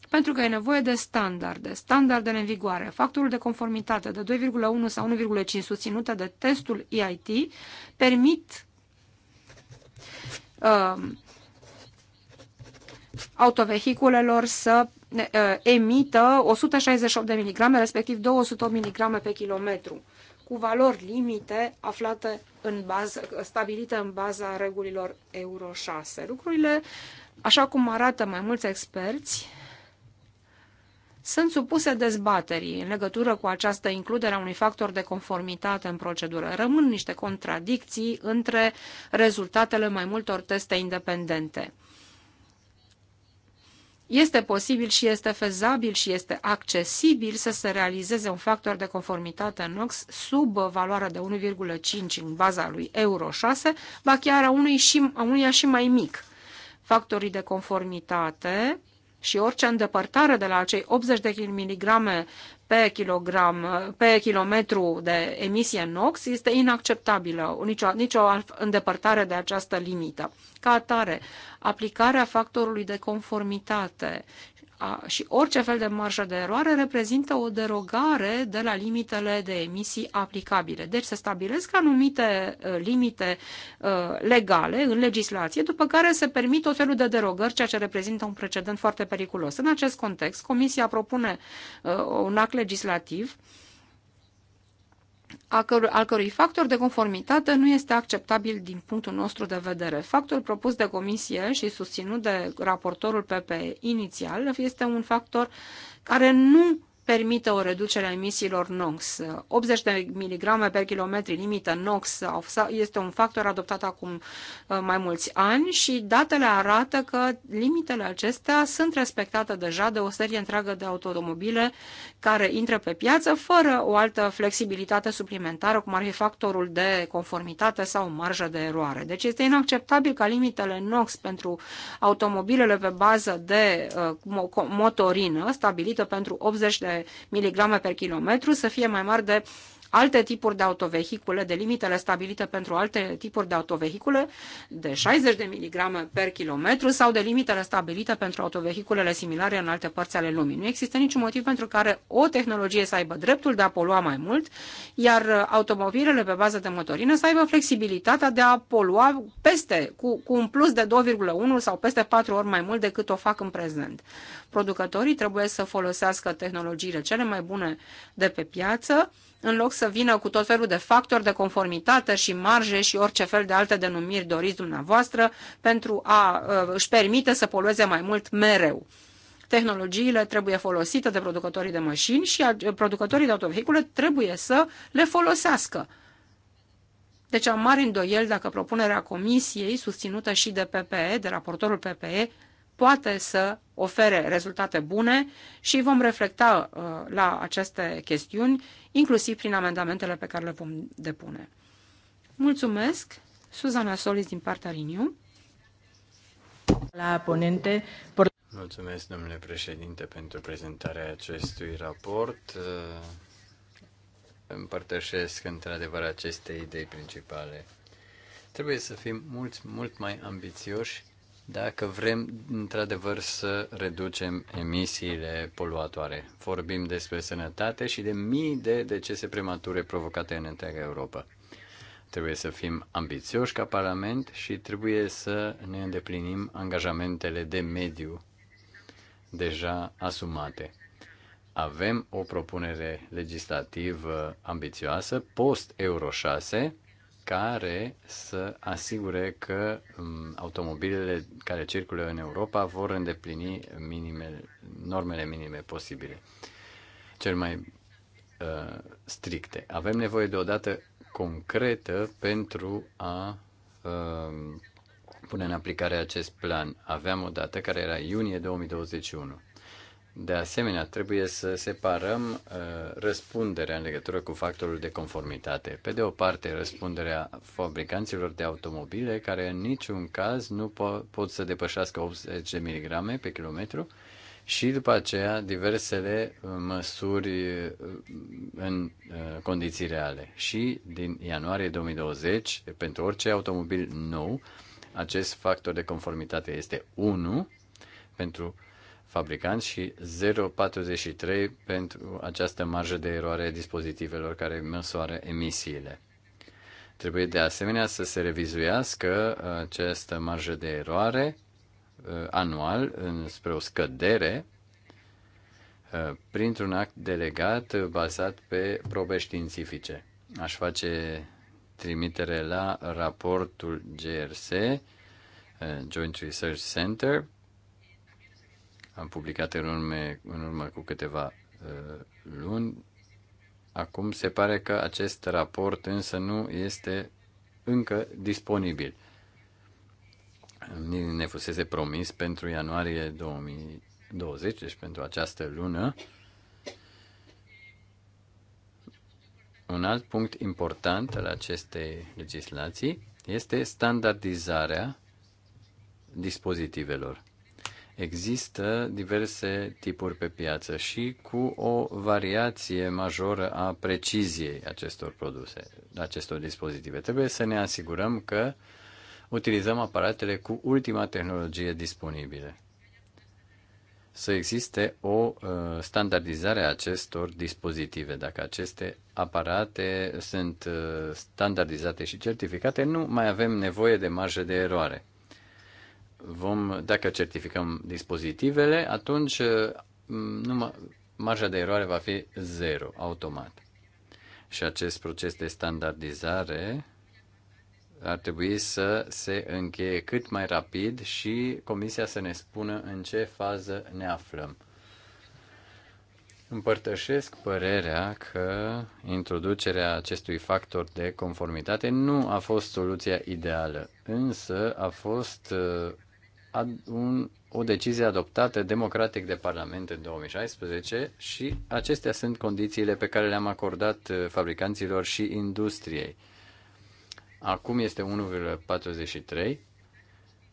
Pentru că e nevoie de standarde, standardele în vigoare, factorul de conformitate de 2,1 sau 1,5 susținută de testul EIT permit uh, autovehiculelor să Uh, emită 168 de miligrame, respectiv 208 miligrame pe kilometru, cu valori limite aflate în bază, stabilite în baza regulilor Euro 6. Lucrurile, așa cum arată mai mulți experți, sunt supuse dezbaterii în legătură cu această includere a unui factor de conformitate în procedură. Rămân niște contradicții între rezultatele mai multor teste independente este posibil și este fezabil și este accesibil să se realizeze un factor de conformitate în NOx sub valoarea de 1,5 în baza lui Euro 6, ba chiar a, unui și, a unuia și mai mic. Factorii de conformitate și orice îndepărtare de la acei 80 de mg pe, kilogram, pe kilometru de emisie NOx este inacceptabilă, nicio, nicio îndepărtare de această limită. Ca atare, aplicarea factorului de conformitate a, și orice fel de marjă de eroare reprezintă o derogare de la limitele de emisii aplicabile. Deci se stabilesc anumite uh, limite uh, legale în legislație, după care se permit tot felul de derogări, ceea ce reprezintă un precedent foarte periculos. În acest context, Comisia propune uh, un act legislativ uh, al cărui factor de conformitate nu este acceptabil din punctul nostru de vedere. Factorul propus de comisie și susținut de raportorul PP inițial este un factor care nu permite o reducere a emisiilor NOx. 80 de miligrame per kilometri limită NOx este un factor adoptat acum uh, mai mulți ani și datele arată că limitele acestea sunt respectate deja de o serie întreagă de automobile care intră pe piață fără o altă flexibilitate suplimentară, cum ar fi factorul de conformitate sau marjă de eroare. Deci este inacceptabil ca limitele NOx pentru automobilele pe bază de uh, motorină stabilită pentru 80 de mg per kilometru să fie mai mari de alte tipuri de autovehicule, de limitele stabilite pentru alte tipuri de autovehicule de 60 de mg per kilometru sau de limitele stabilite pentru autovehiculele similare în alte părți ale lumii. Nu există niciun motiv pentru care o tehnologie să aibă dreptul de a polua mai mult, iar automobilele pe bază de motorină să aibă flexibilitatea de a polua peste, cu, cu un plus de 2,1 sau peste 4 ori mai mult decât o fac în prezent. Producătorii trebuie să folosească tehnologiile cele mai bune de pe piață, în loc să vină cu tot felul de factori de conformitate și marje și orice fel de alte denumiri doriți dumneavoastră pentru a uh, își permite să polueze mai mult mereu. Tehnologiile trebuie folosite de producătorii de mașini și uh, producătorii de autovehicule trebuie să le folosească. Deci am mari îndoiel dacă propunerea comisiei, susținută și de PPE, de raportorul PPE, poate să ofere rezultate bune și vom reflecta uh, la aceste chestiuni, inclusiv prin amendamentele pe care le vom depune. Mulțumesc, Suzana Solis din partea Riniu. La ponente. Por... Mulțumesc, domnule președinte, pentru prezentarea acestui raport. Uh, împărtășesc într-adevăr aceste idei principale. Trebuie să fim mult, mult mai ambițioși dacă vrem într-adevăr să reducem emisiile poluatoare. Vorbim despre sănătate și de mii de decese premature provocate în întreaga Europa. Trebuie să fim ambițioși ca Parlament și trebuie să ne îndeplinim angajamentele de mediu deja asumate. Avem o propunere legislativă ambițioasă post-Euro 6 care să asigure că mm, automobilele care circulă în Europa vor îndeplini minime, normele minime posibile, cel mai uh, stricte. Avem nevoie de o dată concretă pentru a uh, pune în aplicare acest plan. Aveam o dată care era iunie 2021. De asemenea, trebuie să separăm uh, răspunderea în legătură cu factorul de conformitate. Pe de o parte, răspunderea fabricanților de automobile, care în niciun caz nu po- pot să depășească 80 de mg pe kilometru, și după aceea diversele uh, măsuri uh, în uh, condiții reale. Și din ianuarie 2020, pentru orice automobil nou, acest factor de conformitate este 1 pentru fabricanți și 0,43 pentru această marjă de eroare a dispozitivelor care măsoară emisiile. Trebuie de asemenea să se revizuiască această marjă de eroare uh, anual spre o scădere uh, printr-un act delegat bazat pe probe științifice. Aș face trimitere la raportul GRC, uh, Joint Research Center, am publicat în, urme, în urmă cu câteva uh, luni. Acum se pare că acest raport însă nu este încă disponibil. Ne fusese promis pentru ianuarie 2020, deci pentru această lună. Un alt punct important al acestei legislații este standardizarea dispozitivelor. Există diverse tipuri pe piață și cu o variație majoră a preciziei acestor produse, acestor dispozitive. Trebuie să ne asigurăm că utilizăm aparatele cu ultima tehnologie disponibilă. Să existe o uh, standardizare a acestor dispozitive. Dacă aceste aparate sunt uh, standardizate și certificate, nu mai avem nevoie de marjă de eroare vom, dacă certificăm dispozitivele, atunci mm, numai, marja de eroare va fi zero, automat. Și acest proces de standardizare ar trebui să se încheie cât mai rapid și comisia să ne spună în ce fază ne aflăm. Împărtășesc părerea că introducerea acestui factor de conformitate nu a fost soluția ideală, însă a fost un, o decizie adoptată democratic de Parlament în 2016 și acestea sunt condițiile pe care le-am acordat uh, fabricanților și industriei. Acum este 1,43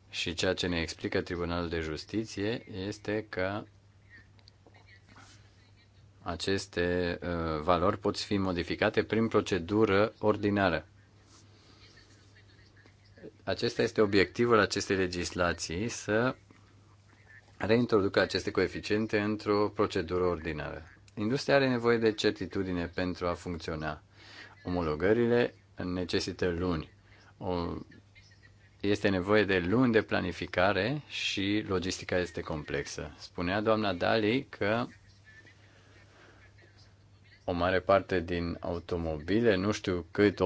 și ceea ce ne explică Tribunalul de Justiție este că aceste uh, valori pot fi modificate prin procedură ordinară. Acesta este obiectivul acestei legislații, să reintroducă aceste coeficiente într-o procedură ordinară. Industria are nevoie de certitudine pentru a funcționa. Omologările necesită luni. O, este nevoie de luni de planificare și logistica este complexă. Spunea doamna Dali că o mare parte din automobile, nu știu cât,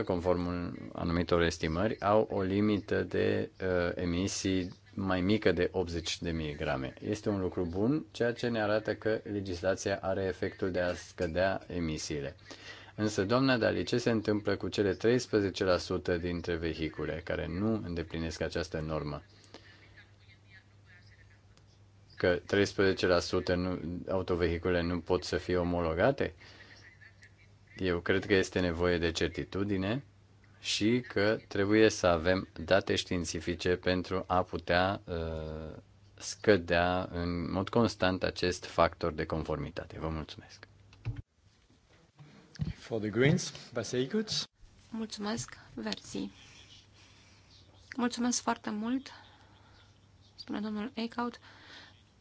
87%, conform anumitor estimări, au o limită de uh, emisii mai mică de 80 de miligrame. Este un lucru bun, ceea ce ne arată că legislația are efectul de a scădea emisiile. Însă, doamna Dali, ce se întâmplă cu cele 13% dintre vehicule care nu îndeplinesc această normă? că 13% nu, autovehicule nu pot să fie omologate? Eu cred că este nevoie de certitudine și că trebuie să avem date științifice pentru a putea uh, scădea în mod constant acest factor de conformitate. Vă mulțumesc. For the Greens, Mulțumesc, Verzi. Mulțumesc foarte mult, spune domnul Eichhout.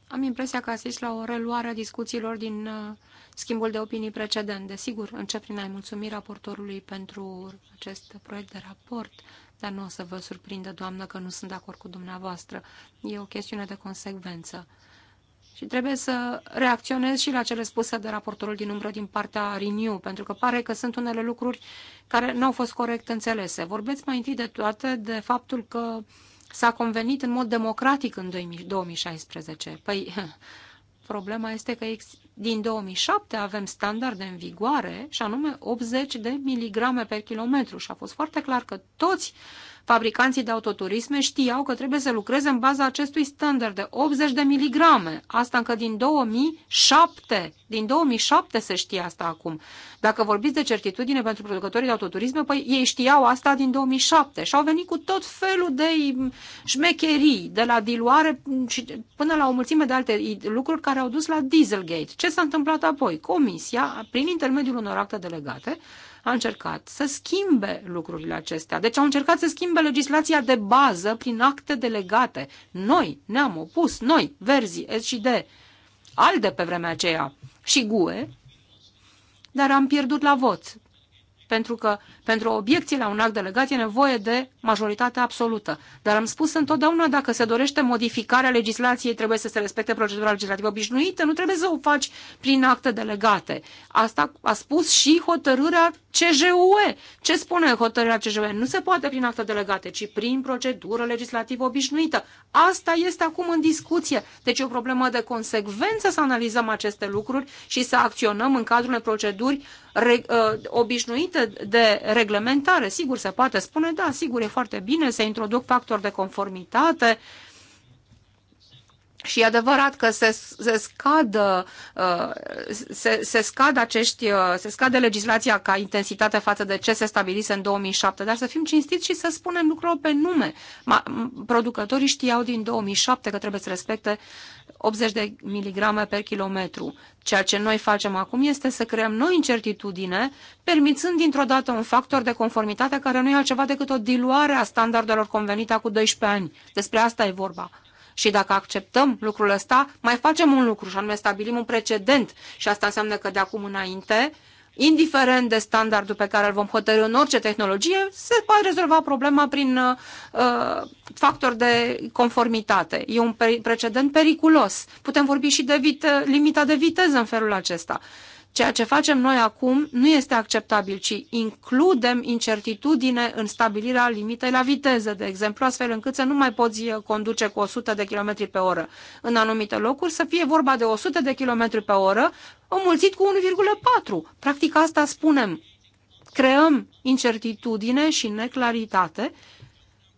Am impresia că asist la o reluare a discuțiilor din uh, schimbul de opinii precedent. Desigur, încep prin a-i mulțumi raportorului pentru acest proiect de raport, dar nu o să vă surprindă, doamnă, că nu sunt de acord cu dumneavoastră. E o chestiune de consecvență. Și trebuie să reacționez și la cele spuse de raportorul din umbră din partea Renew, pentru că pare că sunt unele lucruri care nu au fost corect înțelese. Vorbeți mai întâi de toate de faptul că uh, s-a convenit în mod democratic în 2016. Păi, problema este că ex din 2007 avem standarde în vigoare și anume 80 de miligrame per kilometru și a fost foarte clar că toți fabricanții de autoturisme știau că trebuie să lucreze în baza acestui standard de 80 de miligrame. Asta încă din 2007. Din 2007 se știe asta acum. Dacă vorbiți de certitudine pentru producătorii de autoturisme, păi ei știau asta din 2007 și au venit cu tot felul de șmecherii, de la diluare și până la o mulțime de alte lucruri care au dus la Dieselgate. Ce ce s-a întâmplat apoi? Comisia, prin intermediul unor acte delegate, a încercat să schimbe lucrurile acestea. Deci au încercat să schimbe legislația de bază prin acte delegate. Noi ne-am opus, noi, Verzi, SD, ALDE pe vremea aceea și GUE, dar am pierdut la vot. Pentru că pentru obiecții la un act delegat e nevoie de majoritate absolută. Dar am spus întotdeauna, dacă se dorește modificarea legislației, trebuie să se respecte procedura legislativă obișnuită, nu trebuie să o faci prin acte delegate. Asta a spus și hotărârea CJUE. Ce spune hotărârea CJUE? Nu se poate prin acte delegate, ci prin procedură legislativă obișnuită. Asta este acum în discuție. Deci e o problemă de consecvență să analizăm aceste lucruri și să acționăm în cadrul unei proceduri re, uh, obișnuite de reglementare. Sigur, se poate spune, da, sigur, e foarte bine să introduc factori de conformitate, și e adevărat că se, se scadă, uh, se, se scad acești, uh, se scade legislația ca intensitate față de ce se stabilise în 2007, dar să fim cinstiți și să spunem lucrurile pe nume. Ma, producătorii știau din 2007 că trebuie să respecte 80 de miligrame per kilometru. Ceea ce noi facem acum este să creăm noi incertitudine, permițând dintr-o dată un factor de conformitate care nu e altceva decât o diluare a standardelor convenite cu 12 ani. Despre asta e vorba. Și dacă acceptăm lucrul ăsta, mai facem un lucru și anume stabilim un precedent. Și asta înseamnă că de acum înainte, indiferent de standardul pe care îl vom hotărâ în orice tehnologie, se poate rezolva problema prin uh, uh factor de conformitate. E un precedent periculos. Putem vorbi și de vite, limita de viteză în felul acesta. Ceea ce facem noi acum nu este acceptabil, ci includem incertitudine în stabilirea limitei la viteză, de exemplu, astfel încât să nu mai poți uh, conduce cu 100 de km pe oră. În anumite locuri să fie vorba de 100 de km pe oră înmulțit cu 1,4. Practic asta spunem. Creăm incertitudine și neclaritate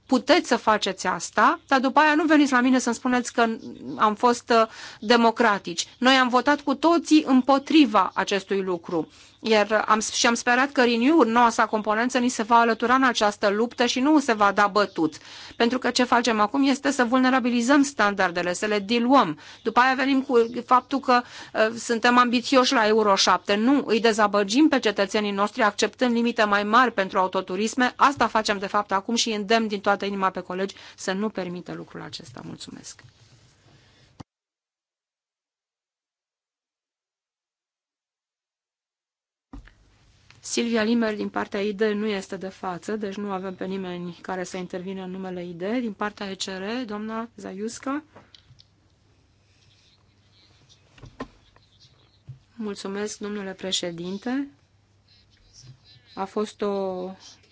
puteți să faceți asta, dar după aia nu veniți la mine să-mi spuneți că am fost uh, democratici. Noi am votat cu toții împotriva acestui lucru. Iar am, și am sperat că Renew, noua sa componență, ni se va alătura în această luptă și nu se va da bătut. Pentru că ce facem acum este să vulnerabilizăm standardele, să le diluăm. După aia venim cu faptul că uh, suntem ambițioși la Euro 7. Nu, îi dezabăgim pe cetățenii noștri acceptând limite mai mari pentru autoturisme. Asta facem de fapt acum și îndemn din toată inima pe colegi să nu permită lucrul acesta. Mulțumesc! Silvia Limer din partea ID nu este de față, deci nu avem pe nimeni care să intervină în numele ID. Din partea ECR, doamna Zaiusca. Mulțumesc, domnule președinte. A fost o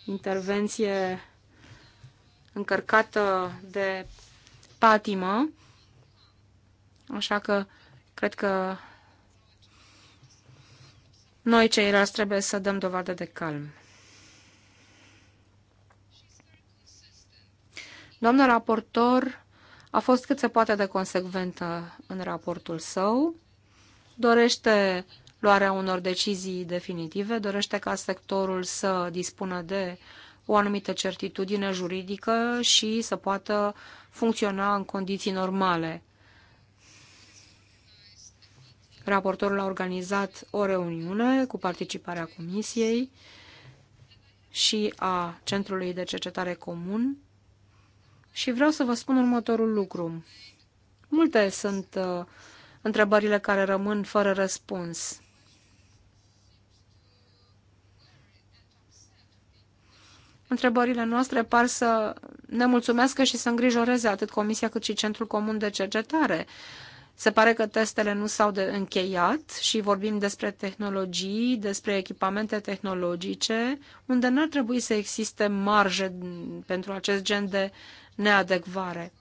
intervenție încărcată de patimă, așa că cred că noi ceilalți trebuie să dăm dovadă de calm. Doamna raportor a fost cât se poate de consecventă în raportul său, dorește luarea unor decizii definitive, dorește ca sectorul să dispună de o anumită certitudine juridică și să poată funcționa în condiții normale. Raportorul a organizat o reuniune cu participarea Comisiei și a Centrului de Cercetare Comun și vreau să vă spun următorul lucru. Multe sunt uh, întrebările care rămân fără răspuns. Întrebările noastre par să ne mulțumească și să îngrijoreze atât Comisia cât și Centrul Comun de Cercetare. Se pare că testele nu s-au încheiat și vorbim despre tehnologii, despre echipamente tehnologice, unde n-ar trebui să existe marje pentru acest gen de neadecvare.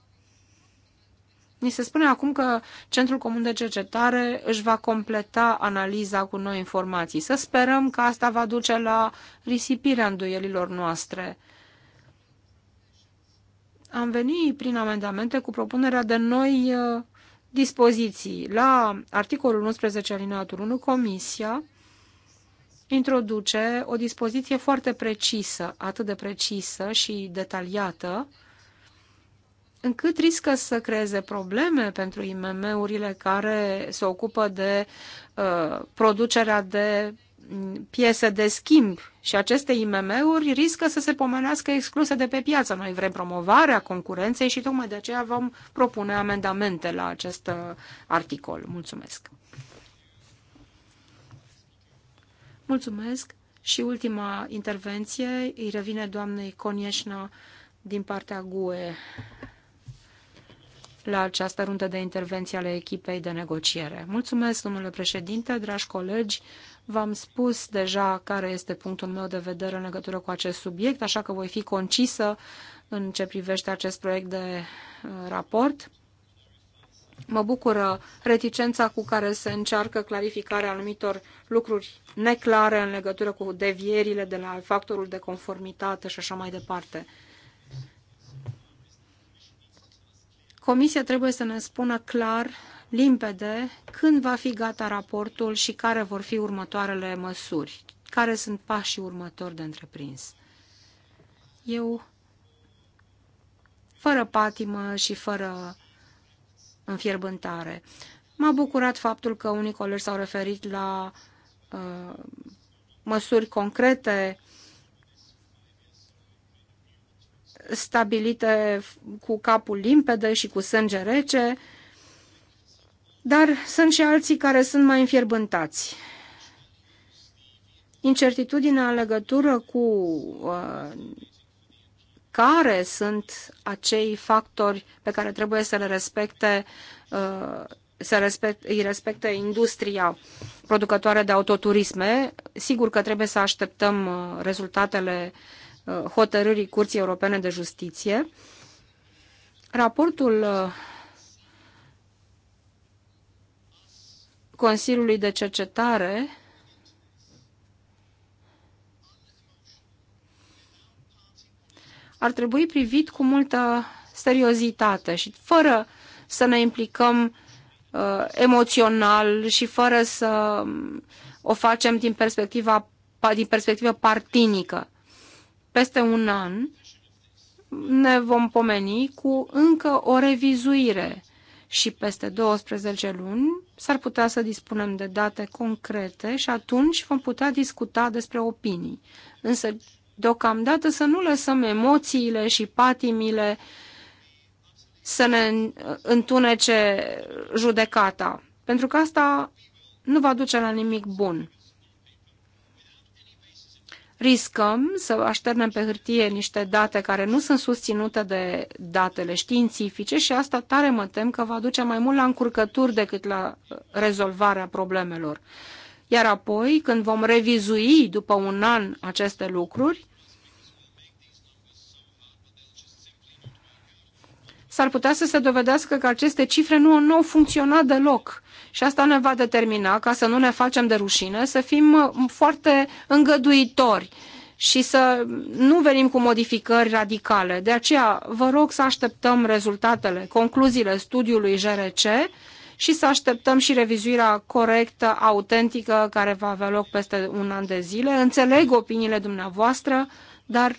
Ni se spune acum că Centrul Comun de Cercetare își va completa analiza cu noi informații. Să sperăm că asta va duce la risipirea îndoielilor noastre. Am venit prin amendamente cu propunerea de noi uh, dispoziții. La articolul 11 alineatul 1, Comisia introduce o dispoziție foarte precisă, atât de precisă și detaliată, încât riscă să creeze probleme pentru IMM-urile care se ocupă de uh, producerea de piese de schimb și aceste IMM-uri riscă să se pomenească excluse de pe piață. Noi vrem promovarea concurenței și tocmai de aceea vom propune amendamente la acest uh, articol. Mulțumesc! Mulțumesc și ultima intervenție îi revine doamnei Conieșna din partea GUE la această rundă de intervenții ale echipei de negociere. Mulțumesc, domnule președinte, dragi colegi, V-am spus deja care este punctul meu de vedere în legătură cu acest subiect, așa că voi fi concisă în ce privește acest proiect de uh, raport. Mă bucură reticența cu care se încearcă clarificarea anumitor lucruri neclare în legătură cu devierile de la factorul de conformitate și așa mai departe. Comisia trebuie să ne spună clar limpede când va fi gata raportul și care vor fi următoarele măsuri, care sunt pașii următori de întreprins. Eu, fără patimă și fără înfierbântare, m-a bucurat faptul că unii colegi s-au referit la uh, măsuri concrete stabilite cu capul limpede și cu sânge rece, dar sunt și alții care sunt mai înfierbântați. Incertitudinea în legătură cu uh, care sunt acei factori pe care trebuie să le respecte uh, să respect, îi respecte industria producătoare de autoturisme. Sigur că trebuie să așteptăm uh, rezultatele uh, hotărârii Curții Europene de Justiție. Raportul uh, Consiliului de Cercetare ar trebui privit cu multă seriozitate și fără să ne implicăm uh, emoțional și fără să um, o facem din perspectiva, din perspectiva partinică. Peste un an ne vom pomeni cu încă o revizuire și peste 12 luni s-ar putea să dispunem de date concrete și atunci vom putea discuta despre opinii. Însă, deocamdată să nu lăsăm emoțiile și patimile să ne întunece judecata, pentru că asta nu va duce la nimic bun riscăm să așternem pe hârtie niște date care nu sunt susținute de datele științifice și asta tare mă tem că va duce mai mult la încurcături decât la uh, rezolvarea problemelor. Iar apoi, când vom revizui după un an aceste lucruri, s-ar putea să se dovedească că aceste cifre nu, nu au funcționat deloc și asta ne va determina, ca să nu ne facem de rușine, să fim uh, foarte îngăduitori și să nu venim cu modificări radicale. De aceea vă rog să așteptăm rezultatele, concluziile studiului JRC și să așteptăm și revizuirea corectă, autentică, care va avea loc peste un an de zile. Înțeleg opiniile dumneavoastră, dar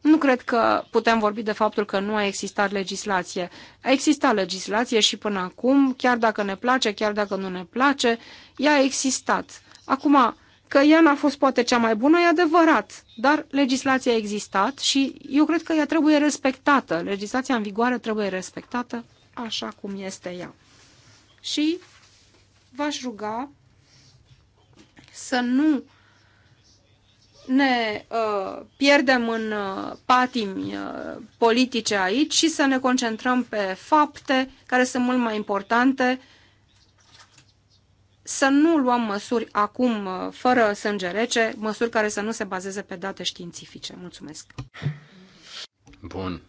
nu cred că putem vorbi de faptul că nu a existat legislație. A existat legislație și până acum, chiar dacă ne place, chiar dacă nu ne place, ea a existat. Acum, că ea n-a fost poate cea mai bună, e adevărat, dar legislația a existat și eu cred că ea trebuie respectată. Legislația în vigoare trebuie respectată așa cum este ea. Și v-aș ruga să nu ne uh, pierdem în uh, patimi uh, politice aici și să ne concentrăm pe fapte care sunt mult mai importante, să nu luăm măsuri acum uh, fără sânge rece, măsuri care să nu se bazeze pe date științifice. Mulțumesc! Bun.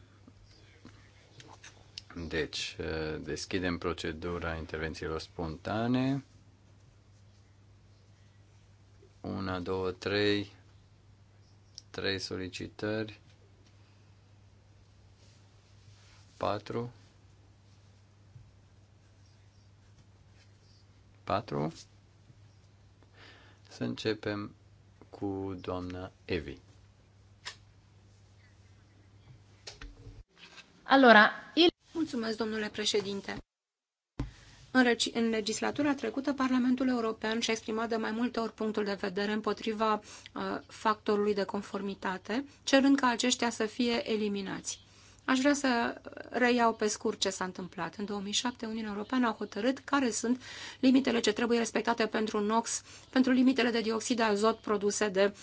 Deci, uh, deschidem procedura intervențiilor spontane. Una, două, trei. 3 solicitări, 4, 4. Să începem cu doamna Evi. Allora, il... Mulțumesc, domnule președinte. În, în legislatura trecută, Parlamentul European și-a exprimat de mai multe ori punctul de vedere împotriva uh, factorului de conformitate, cerând ca aceștia să fie eliminați. Aș vrea să reiau pe scurt ce s-a întâmplat. În 2007, Uniunea Europeană a hotărât care sunt limitele ce trebuie respectate pentru NOx, pentru limitele de dioxid de azot produse de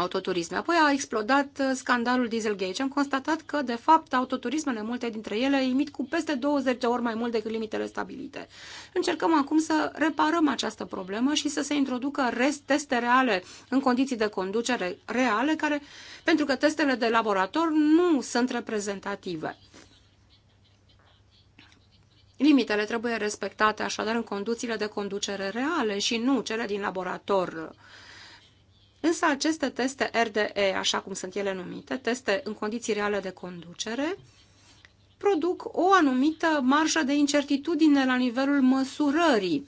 autoturisme. Apoi a explodat uh, scandalul Dieselgate și am constatat că, de fapt, autoturismele, multe dintre ele, emit cu peste 20 de ori mai mult decât limitele stabilite. Încercăm acum să reparăm această problemă și să se introducă rest teste reale în condiții de conducere reale, care, pentru că testele de laborator nu sunt reprezentative. Limitele trebuie respectate așadar în condițiile de conducere reale și nu cele din laborator Însă aceste teste RDE, așa cum sunt ele numite, teste în condiții reale de conducere, produc o anumită marjă de incertitudine la nivelul măsurării.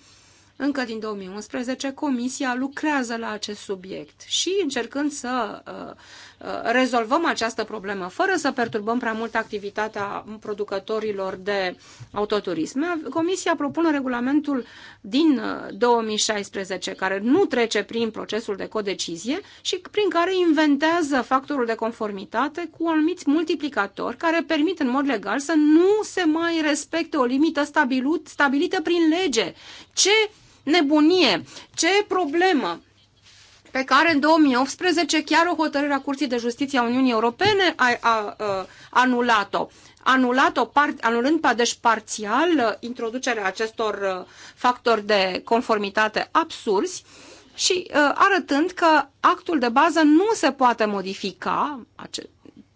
Încă din 2011, Comisia lucrează la acest subiect și încercând să uh, rezolvăm această problemă fără să perturbăm prea mult activitatea producătorilor de autoturisme, Comisia propune regulamentul din 2016, uh, care nu trece prin procesul de codecizie și prin care inventează factorul de conformitate cu anumiți multiplicatori care permit în mod legal să nu se mai respecte o limită stabilut, stabilită prin lege. Ce nebunie, ce problemă! pe care în 2018 chiar o hotărâre a Curții de Justiție a Uniunii Europene a, a, a anulat-o. Anulat-o, par, anulând deci parțial uh, introducerea acestor uh, factori de conformitate absurzi și uh, arătând că actul de bază nu se poate modifica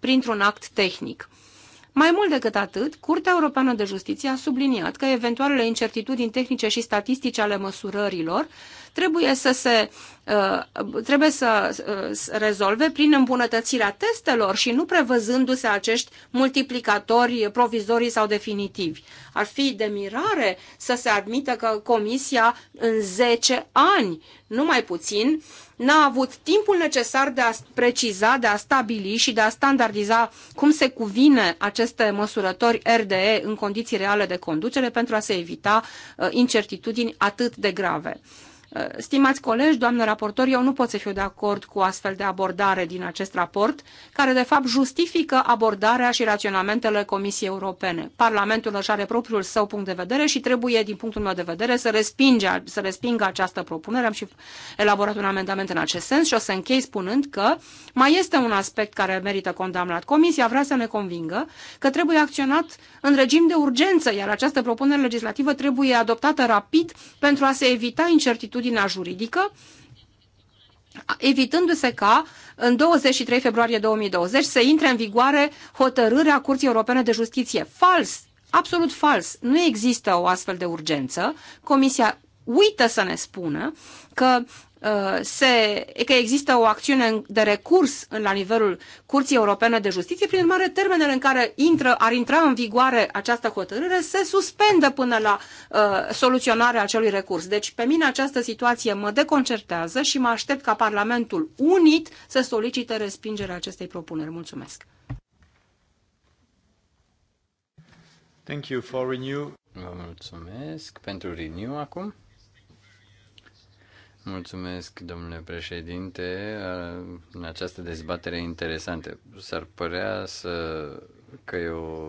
printr-un act tehnic. Mai mult decât atât, Curtea Europeană de Justiție a subliniat că eventualele incertitudini tehnice și statistice ale măsurărilor trebuie să se uh, trebuie uh, să rezolve prin îmbunătățirea testelor și nu prevăzându-se acești multiplicatori provizorii sau definitivi. Ar fi de mirare să se admită că Comisia în 10 ani, nu mai puțin, n-a avut timpul necesar de a preciza, de a stabili și de a standardiza cum se cuvine aceste măsurători RDE în condiții reale de conducere pentru a se evita uh, incertitudini atât de grave. Uh, stimați colegi, doamnă raportor, eu nu pot să fiu de acord cu astfel de abordare din acest raport, care de fapt justifică abordarea și raționamentele Comisiei Europene. Parlamentul își are propriul său punct de vedere și trebuie, din punctul meu de vedere, să, respinge, să respingă această propunere. Am și elaborat un amendament în acest sens și o să închei spunând că mai este un aspect care merită condamnat. Comisia vrea să ne convingă că trebuie acționat în regim de urgență, iar această propunere legislativă trebuie adoptată rapid pentru a se evita incertitudinile certitudinea juridică, evitându-se ca în 23 februarie 2020 să intre în vigoare hotărârea Curții Europene de Justiție. Fals! Absolut fals! Nu există o astfel de urgență. Comisia uită să ne spună că Uh, se, că există o acțiune de recurs la nivelul Curții Europene de Justiție, prin urmare termenele în care intră, ar intra în vigoare această hotărâre se suspendă până la uh, soluționarea acelui recurs. Deci pe mine această situație mă deconcertează și mă aștept ca Parlamentul unit să solicite respingerea acestei propuneri. Mulțumesc! Thank you for renew. Vă mulțumesc pentru renew acum. Mulțumesc, domnule președinte. În această dezbatere interesantă s-ar părea să, că e o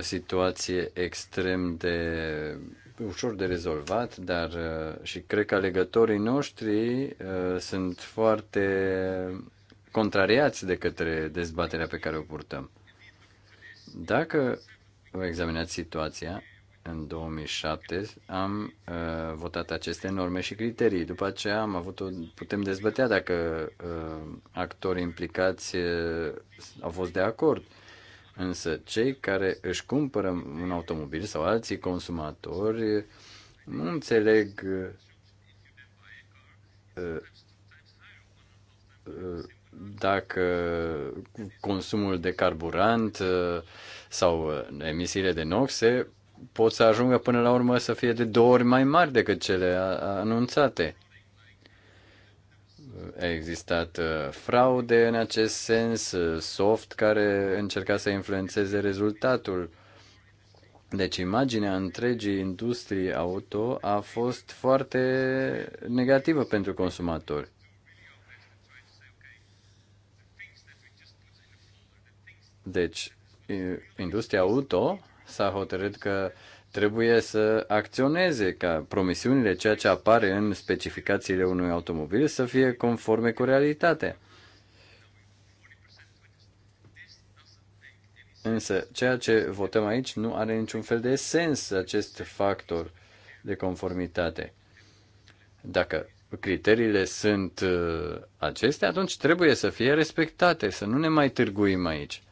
situație extrem de ușor de rezolvat, dar și cred că alegătorii noștri sunt foarte contrariați de către dezbaterea pe care o purtăm. Dacă examinați situația, în 2007 am uh, votat aceste norme și criterii. După aceea am avut o, putem dezbătea dacă uh, actorii implicați uh, au fost de acord. Însă cei care își cumpără un automobil sau alții consumatori nu înțeleg uh, uh, dacă consumul de carburant uh, sau uh, emisiile de noxe se pot să ajungă până la urmă să fie de două ori mai mari decât cele anunțate. A existat uh, fraude în acest sens, uh, soft care încerca să influențeze rezultatul. Deci imaginea întregii industrii auto a fost foarte negativă pentru consumatori. Deci, industria auto s-a hotărât că trebuie să acționeze ca promisiunile, ceea ce apare în specificațiile unui automobil, să fie conforme cu realitatea. Însă, ceea ce votăm aici nu are niciun fel de sens acest factor de conformitate. Dacă criteriile sunt uh, acestea, atunci trebuie să fie respectate, să nu ne mai târguim aici.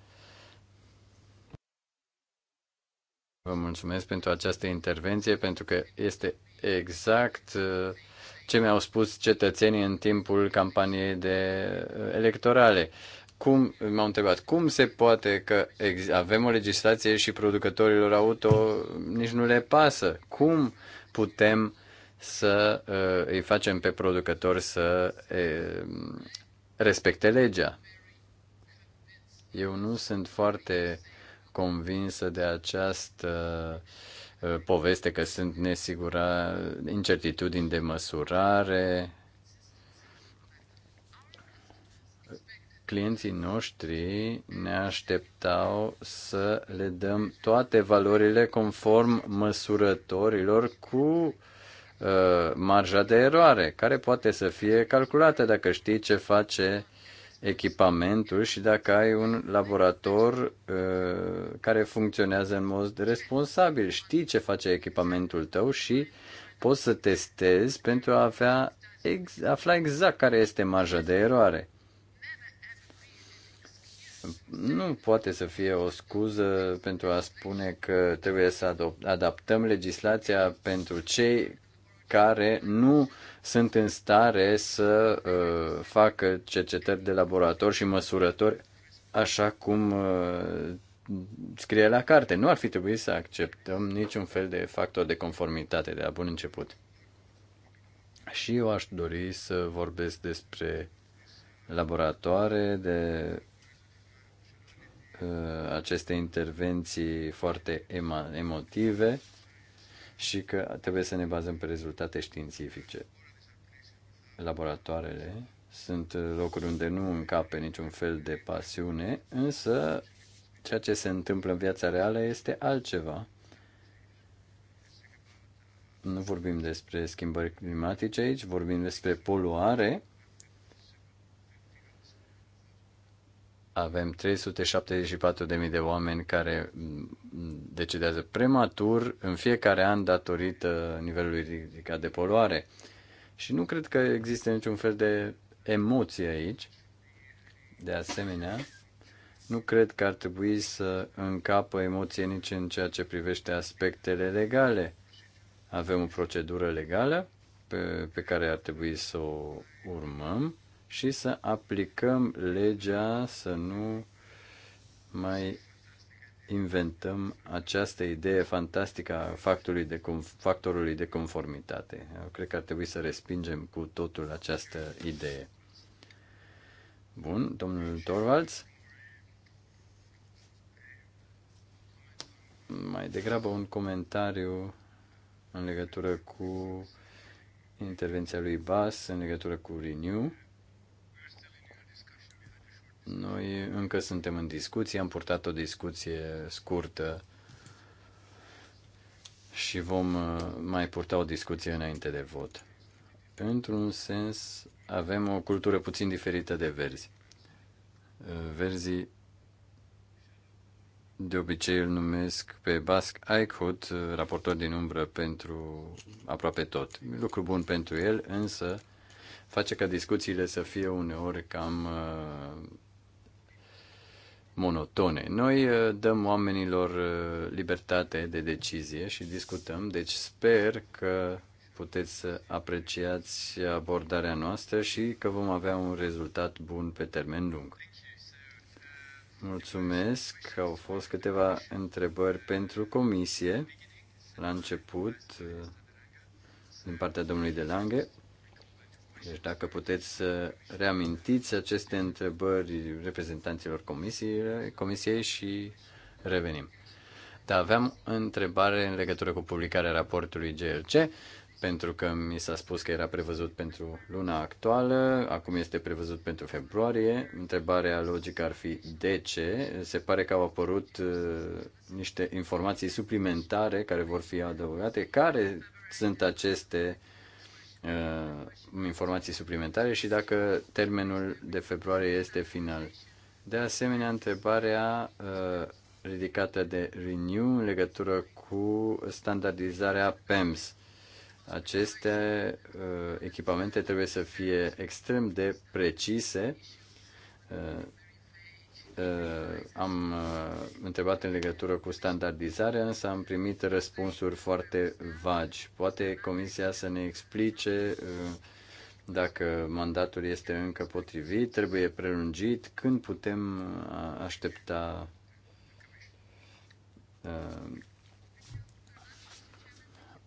Vă mulțumesc pentru această intervenție, pentru că este exact uh, ce mi-au spus cetățenii în timpul campaniei de uh, electorale. Cum, m-au întrebat, cum se poate că avem o legislație și producătorilor auto nici nu le pasă? Cum putem să uh, îi facem pe producători să uh, respecte legea? Eu nu sunt foarte uh, convinsă de această uh, poveste că sunt nesigura, incertitudini de măsurare. Clienții noștri ne așteptau să le dăm toate valorile conform măsurătorilor cu uh, marja de eroare, care poate să fie calculată dacă știi ce face echipamentul și dacă ai un laborator uh, care funcționează în mod responsabil, știi ce face echipamentul tău și poți să testezi pentru a avea ex- afla exact care este marja de eroare. Nu poate să fie o scuză pentru a spune că trebuie să adaptăm legislația pentru cei care nu sunt în stare să uh, facă cercetări de laborator și măsurători așa cum uh, scrie la carte. Nu ar fi trebuit să acceptăm niciun fel de factor de conformitate de la bun început. Și eu aș dori să vorbesc despre laboratoare, de uh, aceste intervenții foarte emo- emotive și că trebuie să ne bazăm pe rezultate științifice. Laboratoarele sunt locuri unde nu încape niciun fel de pasiune, însă ceea ce se întâmplă în viața reală este altceva. Nu vorbim despre schimbări climatice aici, vorbim despre poluare avem 374.000 de oameni care mm, decedează prematur în fiecare an datorită nivelului ridicat de poluare. Și nu cred că există niciun fel de emoție aici. De asemenea, nu cred că ar trebui să încapă emoție nici în ceea ce privește aspectele legale. Avem o procedură legală pe, pe care ar trebui să o urmăm și să aplicăm legea, să nu mai inventăm această idee fantastică a factorului de, factorului de conformitate. Eu cred că ar trebui să respingem cu totul această idee. Bun, domnul Torvalds. Mai degrabă un comentariu în legătură cu intervenția lui Bas, în legătură cu Renew. Noi încă suntem în discuție, am purtat o discuție scurtă și vom uh, mai purta o discuție înainte de vot. Într-un sens, avem o cultură puțin diferită de verzi. Uh, verzii de obicei îl numesc pe Basc Eichhut, uh, raportor din umbră pentru aproape tot. Lucru bun pentru el, însă face ca discuțiile să fie uneori cam uh, monotone. Noi uh, dăm oamenilor uh, libertate de decizie și discutăm, deci sper că puteți să apreciați abordarea noastră și că vom avea un rezultat bun pe termen lung. Mulțumesc. că Au fost câteva întrebări pentru comisie la început uh, din partea domnului de Lange. Deci dacă puteți să reamintiți aceste întrebări reprezentanților comisiei, comisiei și revenim. Dar aveam întrebare în legătură cu publicarea raportului GLC, pentru că mi s-a spus că era prevăzut pentru luna actuală, acum este prevăzut pentru februarie. Întrebarea logică ar fi de ce? Se pare că au apărut uh, niște informații suplimentare care vor fi adăugate. Care sunt aceste uh, Uh, informații suplimentare și dacă termenul de februarie este final. De asemenea, întrebarea uh, ridicată de Renew în legătură cu standardizarea PEMS. Aceste uh, echipamente trebuie să fie extrem de precise Uh, am uh, întrebat în legătură cu standardizarea, însă am primit răspunsuri foarte vagi. Poate Comisia să ne explice uh, dacă mandatul este încă potrivit, trebuie prelungit, când putem aștepta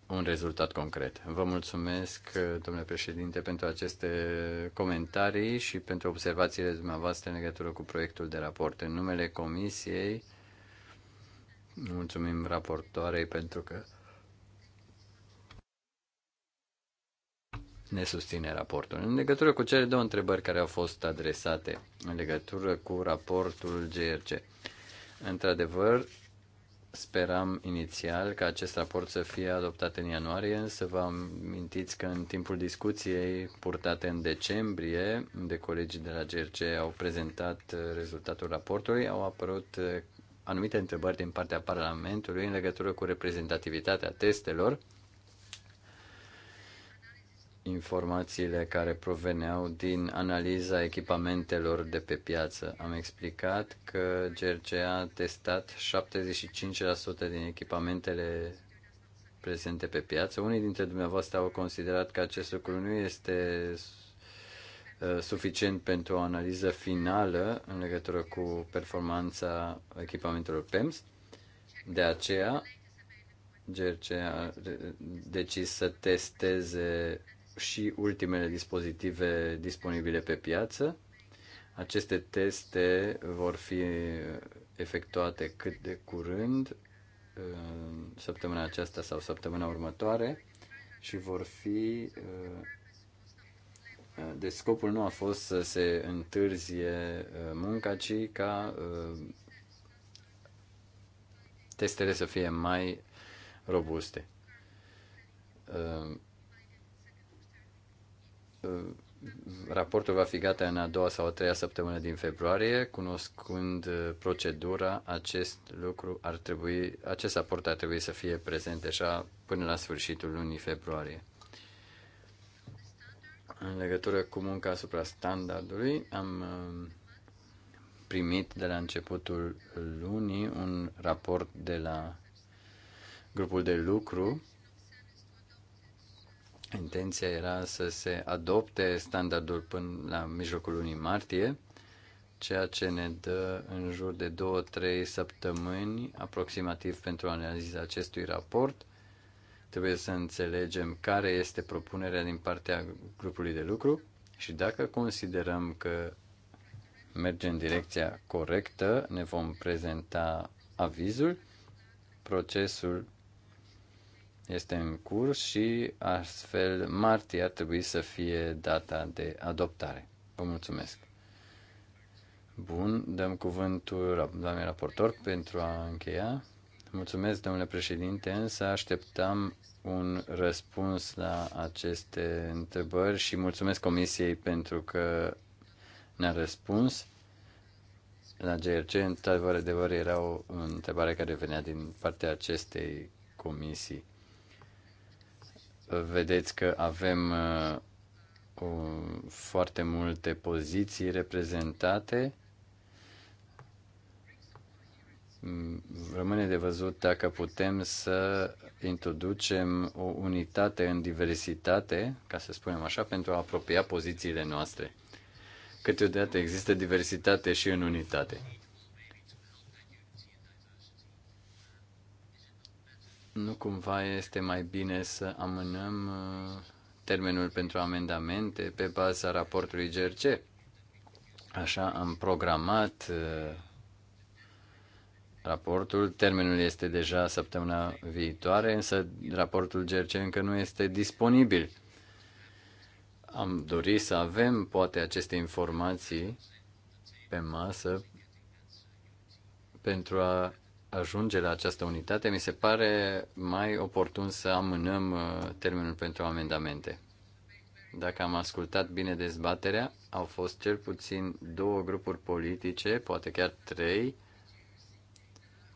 un rezultat concret. Vă mulțumesc, domnule președinte, pentru aceste comentarii și pentru observațiile dumneavoastră în legătură cu proiectul de raport. În numele Comisiei, mulțumim raportoarei pentru că ne susține raportul. În legătură cu cele două întrebări care au fost adresate în legătură cu raportul GRC. Într-adevăr, Speram inițial ca acest raport să fie adoptat în ianuarie, însă vă amintiți că în timpul discuției purtate în decembrie, unde colegii de la GRC au prezentat uh, rezultatul raportului, au apărut uh, anumite întrebări din partea Parlamentului în legătură cu reprezentativitatea testelor informațiile care proveneau din analiza echipamentelor de pe piață. Am explicat că GRCA a testat 75% din echipamentele prezente pe piață. Unii dintre dumneavoastră au considerat că acest lucru nu este uh, suficient pentru o analiză finală în legătură cu performanța echipamentelor PEMS. De aceea, GRC a decis să testeze și ultimele dispozitive disponibile pe piață. Aceste teste vor fi efectuate cât de curând, uh, săptămâna aceasta sau săptămâna următoare, și vor fi. Uh, uh, deci scopul nu a fost să se întârzie munca, ci ca testele să fie mai robuste Uh, raportul va fi gata în a doua sau a treia săptămână din februarie. Cunoscând uh, procedura, acest lucru ar trebui, acest raport ar trebui să fie prezent deja până la sfârșitul lunii februarie. În legătură cu munca asupra standardului, am uh, primit de la începutul lunii un raport de la grupul de lucru Intenția era să se adopte standardul până la mijlocul lunii martie, ceea ce ne dă în jur de 2-3 săptămâni aproximativ pentru analiza acestui raport. Trebuie să înțelegem care este propunerea din partea grupului de lucru și dacă considerăm că merge în direcția corectă, ne vom prezenta avizul. Procesul este în curs și astfel martie ar trebui să fie data de adoptare. Vă mulțumesc! Bun, dăm cuvântul doamnei raportor pentru a încheia. Mulțumesc, domnule președinte, însă așteptam un răspuns la aceste întrebări și mulțumesc comisiei pentru că ne-a răspuns. La GRC, într-adevăr, adevăr, era o întrebare care venea din partea acestei comisii vedeți că avem uh, foarte multe poziții reprezentate. Mm, rămâne de văzut dacă putem să introducem o unitate în diversitate, ca să spunem așa, pentru a apropia pozițiile noastre. Câteodată există diversitate și în unitate. Nu cumva este mai bine să amânăm uh, termenul pentru amendamente pe baza raportului GRC. Așa am programat uh, raportul. Termenul este deja săptămâna viitoare, însă raportul GRC încă nu este disponibil. Am dorit să avem poate aceste informații pe masă pentru a ajunge la această unitate, mi se pare mai oportun să amânăm uh, termenul pentru amendamente. Dacă am ascultat bine dezbaterea, au fost cel puțin două grupuri politice, poate chiar trei,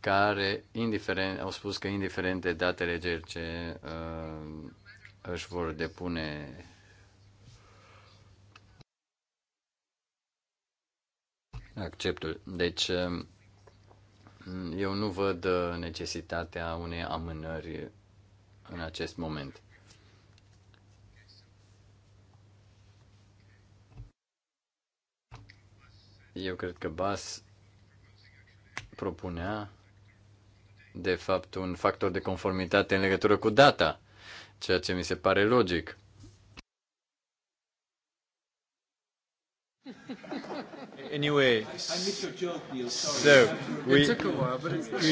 care indiferent, au spus că indiferent de datele GRC uh, își vor depune acceptul. Deci, uh, eu nu văd uh, necesitatea unei amânări în acest moment. Eu cred că Bas propunea, de fapt, un factor de conformitate în legătură cu data, ceea ce mi se pare logic anyway. So, we,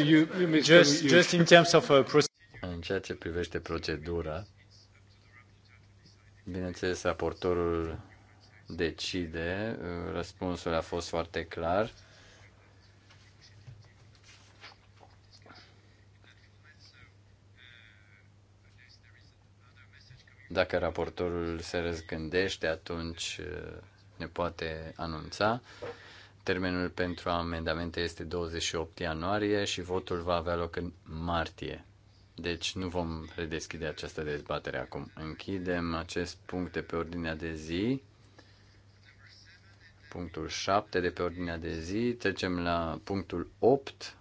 you, just, just in terms of a uh, procedure. În ceea ce privește procedura, bineînțeles, raportorul decide. Uh, răspunsul a fost foarte clar. Dacă raportorul se răzgândește, atunci uh, ne poate anunța. Termenul pentru amendamente este 28 ianuarie și votul va avea loc în martie. Deci nu vom redeschide această dezbatere acum. Închidem acest punct de pe ordinea de zi. Punctul 7 de pe ordinea de zi. Trecem la punctul 8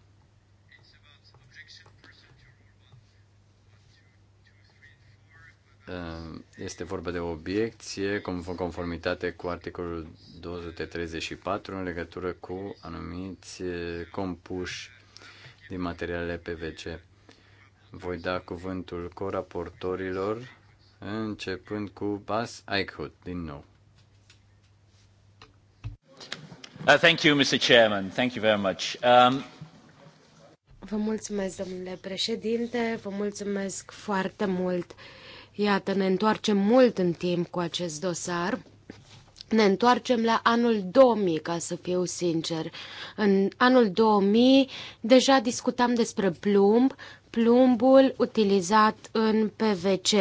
Uh, este vorba de o obiecție conformitate cu articolul 234 în legătură cu anumiți uh, compuși din materiale PVC. Voi da cuvântul coraportorilor, începând cu Bas Eichhut, din nou. Uh, thank you, Mr. Chairman. Thank you very much. Um... Vă mulțumesc, domnule președinte, vă mulțumesc foarte mult. Uh, Iată, ne întoarcem mult în timp cu acest dosar. Ne întoarcem la anul 2000, ca să fiu sincer. În anul 2000 deja discutam despre plumb, plumbul utilizat în PVC,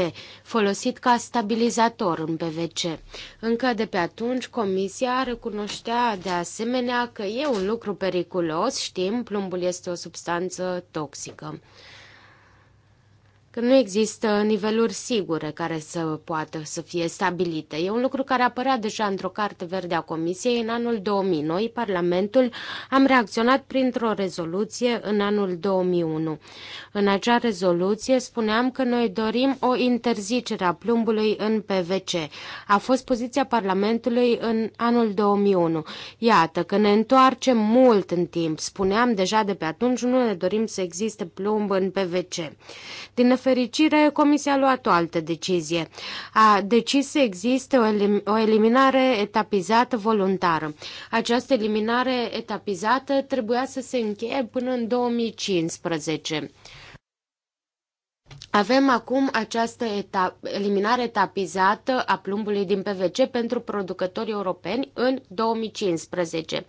folosit ca stabilizator în PVC. Încă de pe atunci, Comisia recunoștea de asemenea că e un lucru periculos, știm, plumbul este o substanță toxică că nu există niveluri sigure care să poată să fie stabilite. E un lucru care apărea deja într-o carte verde a Comisiei în anul 2000. Noi, Parlamentul, am reacționat printr-o rezoluție în anul 2001. În acea rezoluție spuneam că noi dorim o interzicere a plumbului în PVC. A fost poziția Parlamentului în anul 2001. Iată că ne întoarcem mult în timp. Spuneam deja de pe atunci, nu ne dorim să existe plumb în PVC. Din fericire, Comisia a luat o altă decizie. A decis să existe o, elim- o eliminare etapizată voluntară. Această eliminare etapizată trebuia să se încheie până în 2015. Avem acum această etap, eliminare etapizată a plumbului din PVC pentru producătorii europeni în 2015.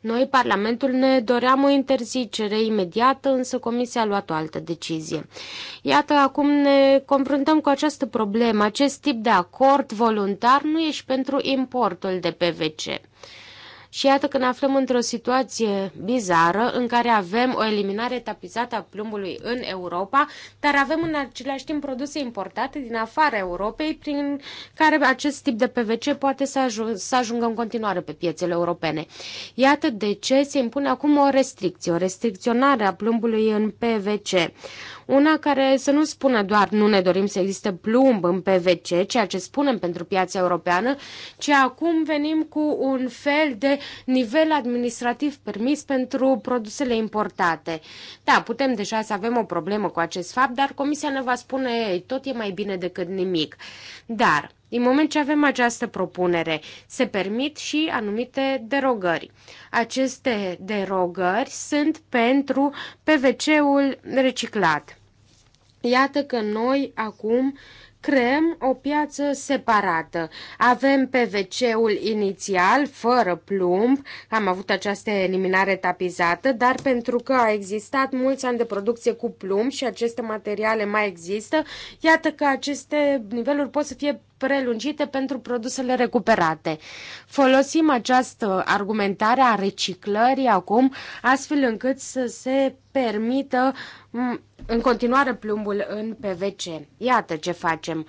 Noi, Parlamentul, ne doream o interzicere imediată, însă Comisia a luat o altă decizie. Iată, acum ne confruntăm cu această problemă. Acest tip de acord voluntar nu e și pentru importul de PVC. Și iată că ne aflăm într-o situație bizară în care avem o eliminare tapizată a plumbului în Europa, dar avem în același timp produse importate din afara Europei, prin care acest tip de PVC poate să, ajung, să ajungă în continuare pe piețele europene. Iată de ce se impune acum o restricție, o restricționare a plumbului în PVC. Una care să nu spună doar nu ne dorim să existe plumb în PVC, ceea ce spunem pentru piața europeană, ci acum venim cu un fel de nivel administrativ permis pentru produsele importate. Da, putem deja să avem o problemă cu acest fapt, dar Comisia ne va spune Ei, tot e mai bine decât nimic. Dar, din moment ce avem această propunere, se permit și anumite derogări. Aceste derogări sunt pentru PVC-ul reciclat. Iată că noi acum creăm o piață separată. Avem PVC-ul inițial, fără plumb, am avut această eliminare tapizată, dar pentru că a existat mulți ani de producție cu plumb și aceste materiale mai există, iată că aceste niveluri pot să fie prelungite pentru produsele recuperate. Folosim această argumentare a reciclării acum, astfel încât să se permită în continuare plumbul în PVC. Iată ce facem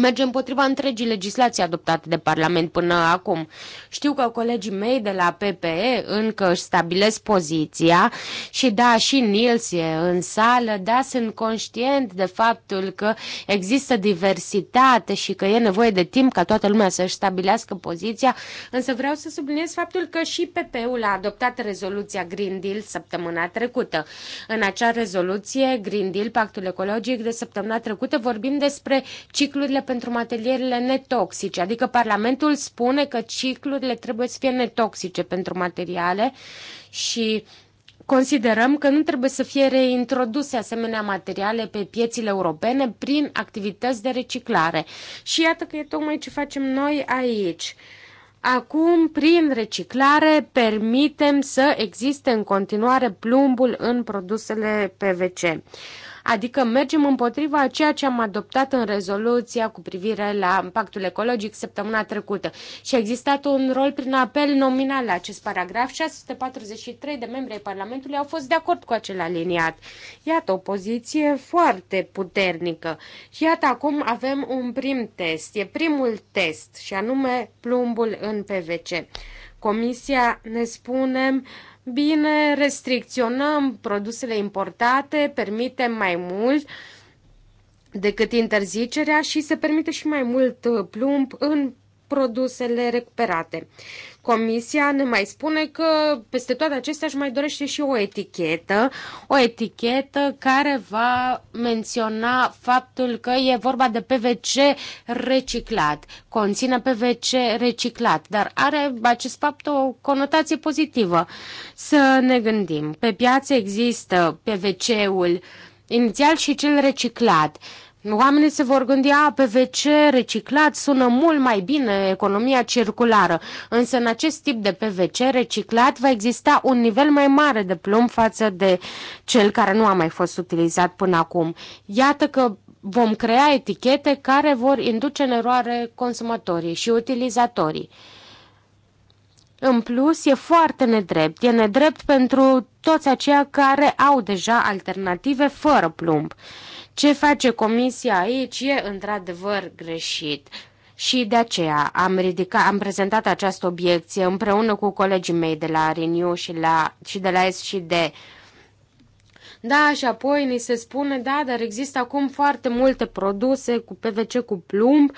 merge împotriva întregii legislații adoptate de Parlament până acum. Știu că colegii mei de la PPE încă își stabilesc poziția și da, și Nils e în sală, da, sunt conștient de faptul că există diversitate și că e nevoie de timp ca toată lumea să-și stabilească poziția, însă vreau să subliniez faptul că și PPE-ul a adoptat rezoluția Green Deal săptămâna trecută. În acea rezoluție, Green Deal, Pactul Ecologic de săptămâna trecută, vorbim despre ciclurile pentru materialele netoxice, adică Parlamentul spune că ciclurile trebuie să fie netoxice pentru materiale și considerăm că nu trebuie să fie reintroduse asemenea materiale pe piețile europene prin activități de reciclare. Și iată că e tocmai ce facem noi aici. Acum, prin reciclare, permitem să existe în continuare plumbul în produsele PVC adică mergem împotriva a ceea ce am adoptat în rezoluția cu privire la pactul ecologic săptămâna trecută. Și a existat un rol prin apel nominal la acest paragraf. 643 de membri ai Parlamentului au fost de acord cu acel aliniat. Iată o poziție foarte puternică. Și iată acum avem un prim test. E primul test și anume plumbul în PVC. Comisia ne spune Bine, restricționăm produsele importate, permitem mai mult decât interzicerea și se permite și mai mult uh, plumb în produsele recuperate. Comisia ne mai spune că peste toate acestea își mai dorește și o etichetă, o etichetă care va menționa faptul că e vorba de PVC reciclat, conține PVC reciclat, dar are acest fapt o conotație pozitivă. Să ne gândim, pe piață există PVC-ul inițial și cel reciclat. Oamenii se vor gândi, a, PVC reciclat sună mult mai bine economia circulară, însă în acest tip de PVC reciclat va exista un nivel mai mare de plumb față de cel care nu a mai fost utilizat până acum. Iată că vom crea etichete care vor induce în eroare consumatorii și utilizatorii. În plus, e foarte nedrept. E nedrept pentru toți aceia care au deja alternative fără plumb. Ce face Comisia aici e într-adevăr greșit. Și de aceea am, ridicat, am prezentat această obiecție împreună cu colegii mei de la Renew și, la, și de la S și de da, și apoi ni se spune, da, dar există acum foarte multe produse cu PVC cu plumb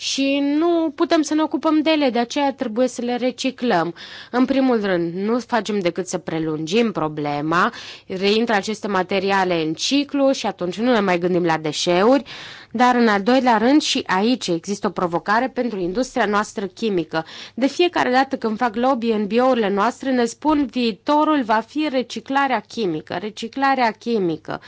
și nu putem să ne ocupăm de ele, de aceea trebuie să le reciclăm. În primul rând, nu facem decât să prelungim problema, reintră aceste materiale în ciclu și atunci nu ne mai gândim la deșeuri. Dar în al doilea rând și aici există o provocare pentru industria noastră chimică. De fiecare dată când fac lobby în biourile noastre ne spun viitorul va fi reciclarea chimică, reciclarea chimică.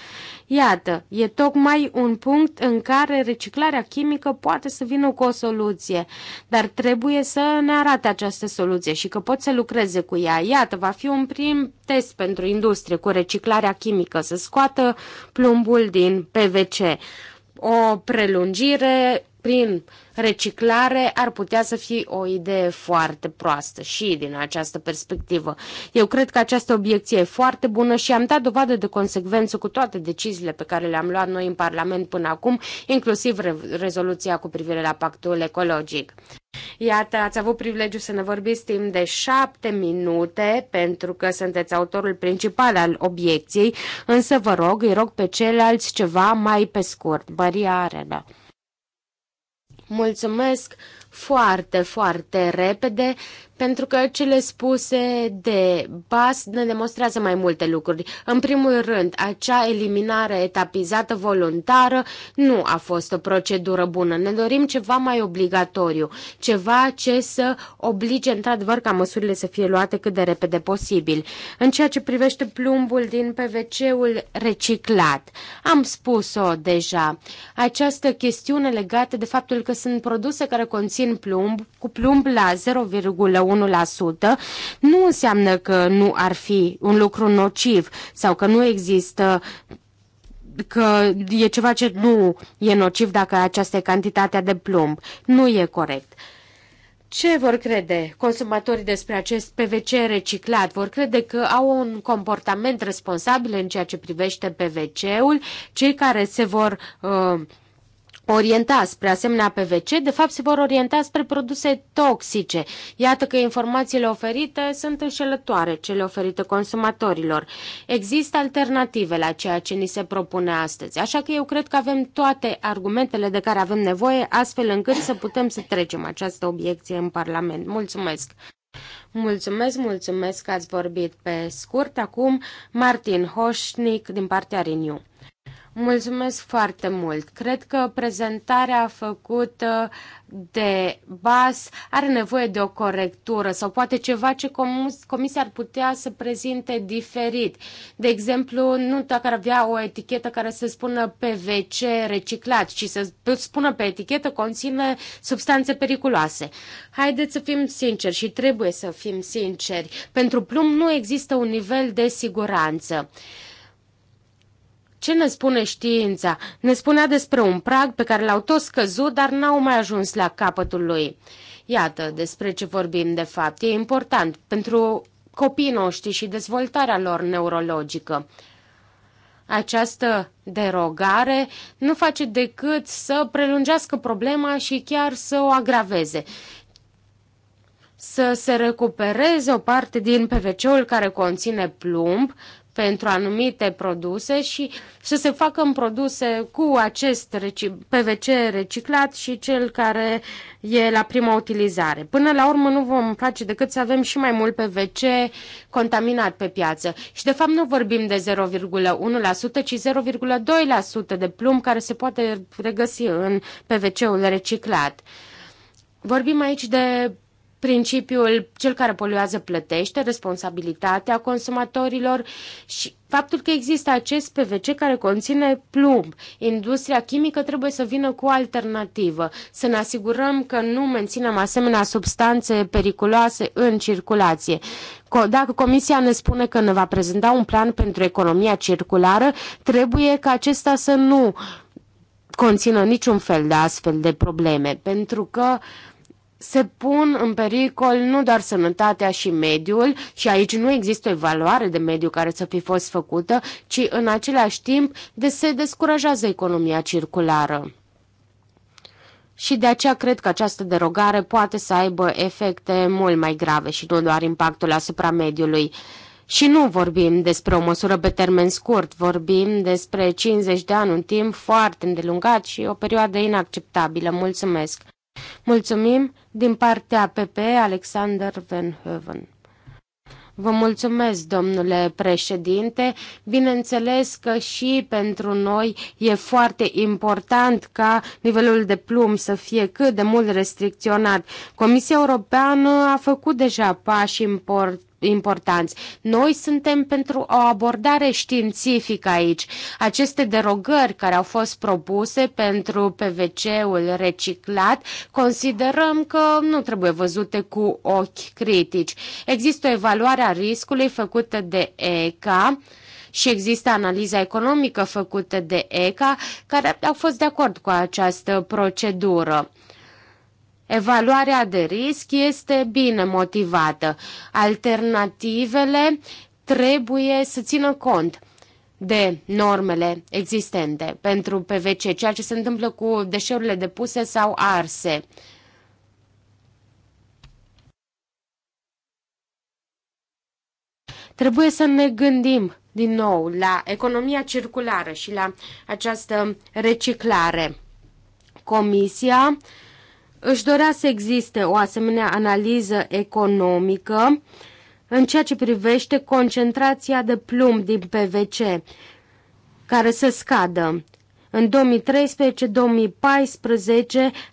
Iată, e tocmai un punct în care reciclarea chimică poate să vină cu o soluție, dar trebuie să ne arate această soluție și că pot să lucreze cu ea. Iată, va fi un prim test pentru industrie cu reciclarea chimică, să scoată plumbul din PVC o prelungire prin reciclare ar putea să fie o idee foarte proastă și din această perspectivă. Eu cred că această obiecție e foarte bună și am dat dovadă de consecvență cu toate deciziile pe care le-am luat noi în Parlament până acum, inclusiv re- rezoluția cu privire la pactul ecologic. Iată, ați avut privilegiu să ne vorbiți timp de șapte minute, pentru că sunteți autorul principal al obiecției, însă vă rog, îi rog pe ceilalți ceva mai pe scurt. Maria Arena. Da. Mulțumesc foarte, foarte repede pentru că cele spuse de BAS ne demonstrează mai multe lucruri. În primul rând, acea eliminare etapizată voluntară nu a fost o procedură bună. Ne dorim ceva mai obligatoriu, ceva ce să oblige într-adevăr ca măsurile să fie luate cât de repede posibil. În ceea ce privește plumbul din PVC-ul reciclat, am spus-o deja, această chestiune legată de faptul că sunt produse care conțin plumb, cu plumb la 0, nu înseamnă că nu ar fi un lucru nociv sau că nu există că e ceva ce nu e nociv dacă această cantitate de plumb. Nu e corect. Ce vor crede consumatorii despre acest PVC reciclat? Vor crede că au un comportament responsabil în ceea ce privește PVC-ul, cei care se vor uh, orienta spre asemenea PVC, de fapt se vor orienta spre produse toxice. Iată că informațiile oferite sunt înșelătoare, cele oferite consumatorilor. Există alternative la ceea ce ni se propune astăzi, așa că eu cred că avem toate argumentele de care avem nevoie, astfel încât să putem să trecem această obiecție în Parlament. Mulțumesc! Mulțumesc, mulțumesc că ați vorbit pe scurt. Acum, Martin Hoșnic din partea Renew. Mulțumesc foarte mult. Cred că prezentarea făcută de BAS are nevoie de o corectură sau poate ceva ce comisia ar putea să prezinte diferit. De exemplu, nu dacă ar avea o etichetă care să spună PVC reciclat, ci să spună pe etichetă conține substanțe periculoase. Haideți să fim sinceri și trebuie să fim sinceri. Pentru plumb nu există un nivel de siguranță. Ce ne spune știința? Ne spunea despre un prag pe care l-au tot scăzut, dar n-au mai ajuns la capătul lui. Iată despre ce vorbim de fapt. E important pentru copiii noștri și dezvoltarea lor neurologică. Această derogare nu face decât să prelungească problema și chiar să o agraveze să se recupereze o parte din PVC-ul care conține plumb, pentru anumite produse și să se facă în produse cu acest PVC reciclat și cel care e la prima utilizare. Până la urmă nu vom face decât să avem și mai mult PVC contaminat pe piață. Și de fapt nu vorbim de 0,1%, ci 0,2% de plumb care se poate regăsi în PVC-ul reciclat. Vorbim aici de principiul cel care poluează plătește, responsabilitatea consumatorilor și faptul că există acest PVC care conține plumb. Industria chimică trebuie să vină cu o alternativă, să ne asigurăm că nu menținem asemenea substanțe periculoase în circulație. Dacă Comisia ne spune că ne va prezenta un plan pentru economia circulară, trebuie ca acesta să nu conțină niciun fel de astfel de probleme, pentru că uh, se pun în pericol nu doar sănătatea și mediul, și aici nu există o evaluare de mediu care să fi fost făcută, ci în același timp de se descurajează economia circulară. Și de aceea cred că această derogare poate să aibă efecte mult mai grave și nu doar impactul asupra mediului. Și nu vorbim despre o măsură pe termen scurt, vorbim despre 50 de ani, un timp foarte îndelungat și o perioadă inacceptabilă. Mulțumesc! Mulțumim din partea PP Alexander Van Heuven. Vă mulțumesc, domnule președinte. Bineînțeles că și pentru noi e foarte important ca nivelul de plumb să fie cât de mult restricționat. Comisia Europeană a făcut deja pași importanti importanți. Noi suntem pentru o abordare științifică aici. Aceste derogări care au fost propuse pentru PVC-ul reciclat, considerăm că nu trebuie văzute cu ochi critici. Există o evaluare a riscului făcută de ECA, și există analiza economică făcută de ECA, care au fost de acord cu această procedură. Evaluarea de risc este bine motivată. Alternativele trebuie să țină cont de normele existente pentru PVC, ceea ce se întâmplă cu deșeurile depuse sau arse. Trebuie să ne gândim din nou la economia circulară și la această reciclare. Comisia își dorea să existe o asemenea analiză economică în ceea ce privește concentrația de plumb din PVC, care să scadă. În 2013-2014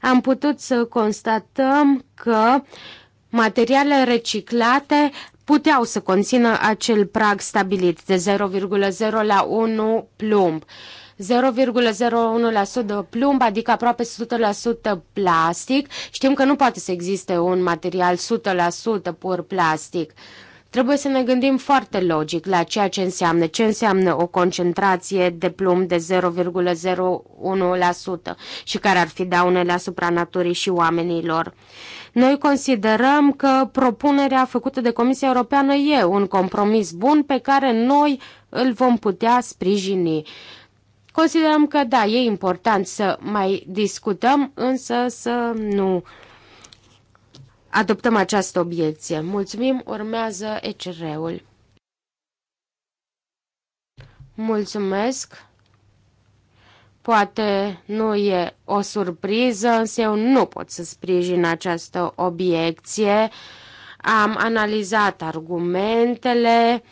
am putut să constatăm că materiale reciclate puteau să conțină acel prag stabilit de 0,0 la 1 plumb. 0,01% plumb, adică aproape 100% plastic. Știm că nu poate să existe un material 100% pur plastic. Trebuie să ne gândim foarte logic la ceea ce înseamnă, ce înseamnă o concentrație de plumb de 0,01% și care ar fi daunele asupra naturii și oamenilor. Noi considerăm că propunerea făcută de Comisia Europeană e un compromis bun pe care noi îl vom putea sprijini. Considerăm că da, e important să mai discutăm, însă să nu adoptăm această obiecție. Mulțumim, urmează ECR-ul. Mulțumesc. Poate nu e o surpriză, însă eu nu pot să sprijin această obiecție. Am analizat argumentele, uh,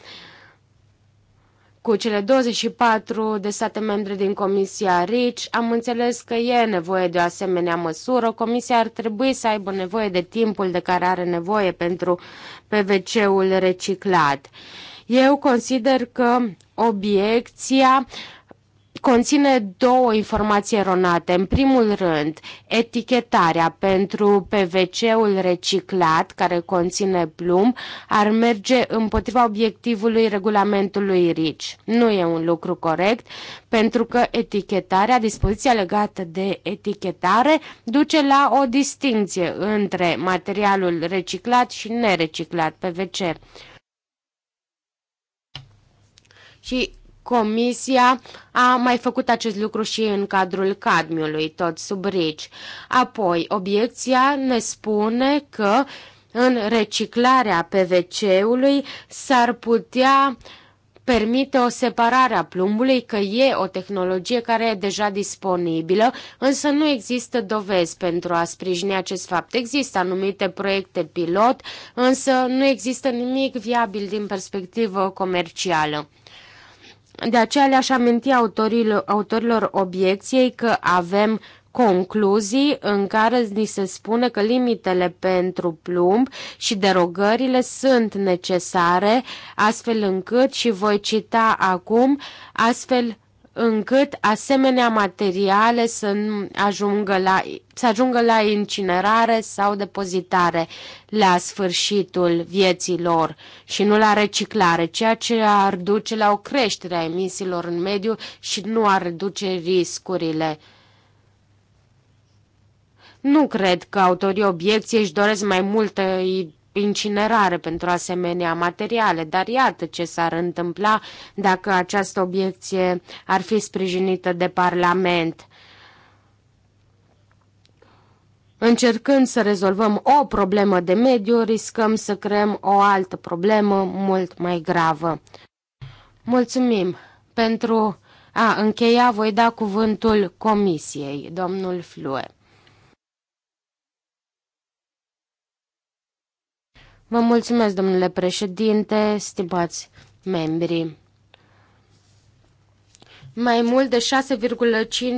cu cele 24 de state membre din Comisia RICI. Am înțeles că e nevoie de o asemenea măsură. Comisia ar trebui să aibă nevoie de timpul de care are nevoie pentru PVC-ul reciclat. Eu consider că obiecția uh, conține două informații eronate. În primul rând, etichetarea pentru PVC-ul reciclat, care conține plumb, ar merge împotriva obiectivului regulamentului RICI. Nu e un lucru corect, pentru că etichetarea, dispoziția legată de etichetare, duce la o distinție între materialul reciclat și nereciclat PVC. Și Comisia a mai făcut acest lucru și în cadrul cadmiului, tot sub RICI. Apoi, obiecția ne spune că în reciclarea PVC-ului s-ar putea permite o separare a plumbului, că e o tehnologie care e deja disponibilă, însă nu există dovezi pentru a sprijini acest fapt. Există anumite proiecte pilot, însă nu există nimic viabil din perspectivă comercială. De aceea le-aș aminti autorilor, obiecției că avem concluzii în care ni se spune că limitele pentru plumb și derogările sunt necesare, astfel încât, și voi cita acum, astfel încât asemenea materiale să ajungă la, să ajungă la incinerare sau depozitare la sfârșitul vieții lor și nu la reciclare, ceea ce ar duce la o creștere a emisiilor în mediu și nu ar reduce riscurile. Nu cred că autorii obiecției își doresc mai multă incinerare pentru asemenea materiale, dar iată ce s-ar întâmpla dacă această obiecție ar fi sprijinită de Parlament. Încercând să rezolvăm o problemă de mediu, riscăm să creăm o altă problemă mult mai gravă. Mulțumim pentru a încheia, voi da cuvântul Comisiei, domnul Flue. Vă mulțumesc, domnule președinte, stimați membrii. Mai mult de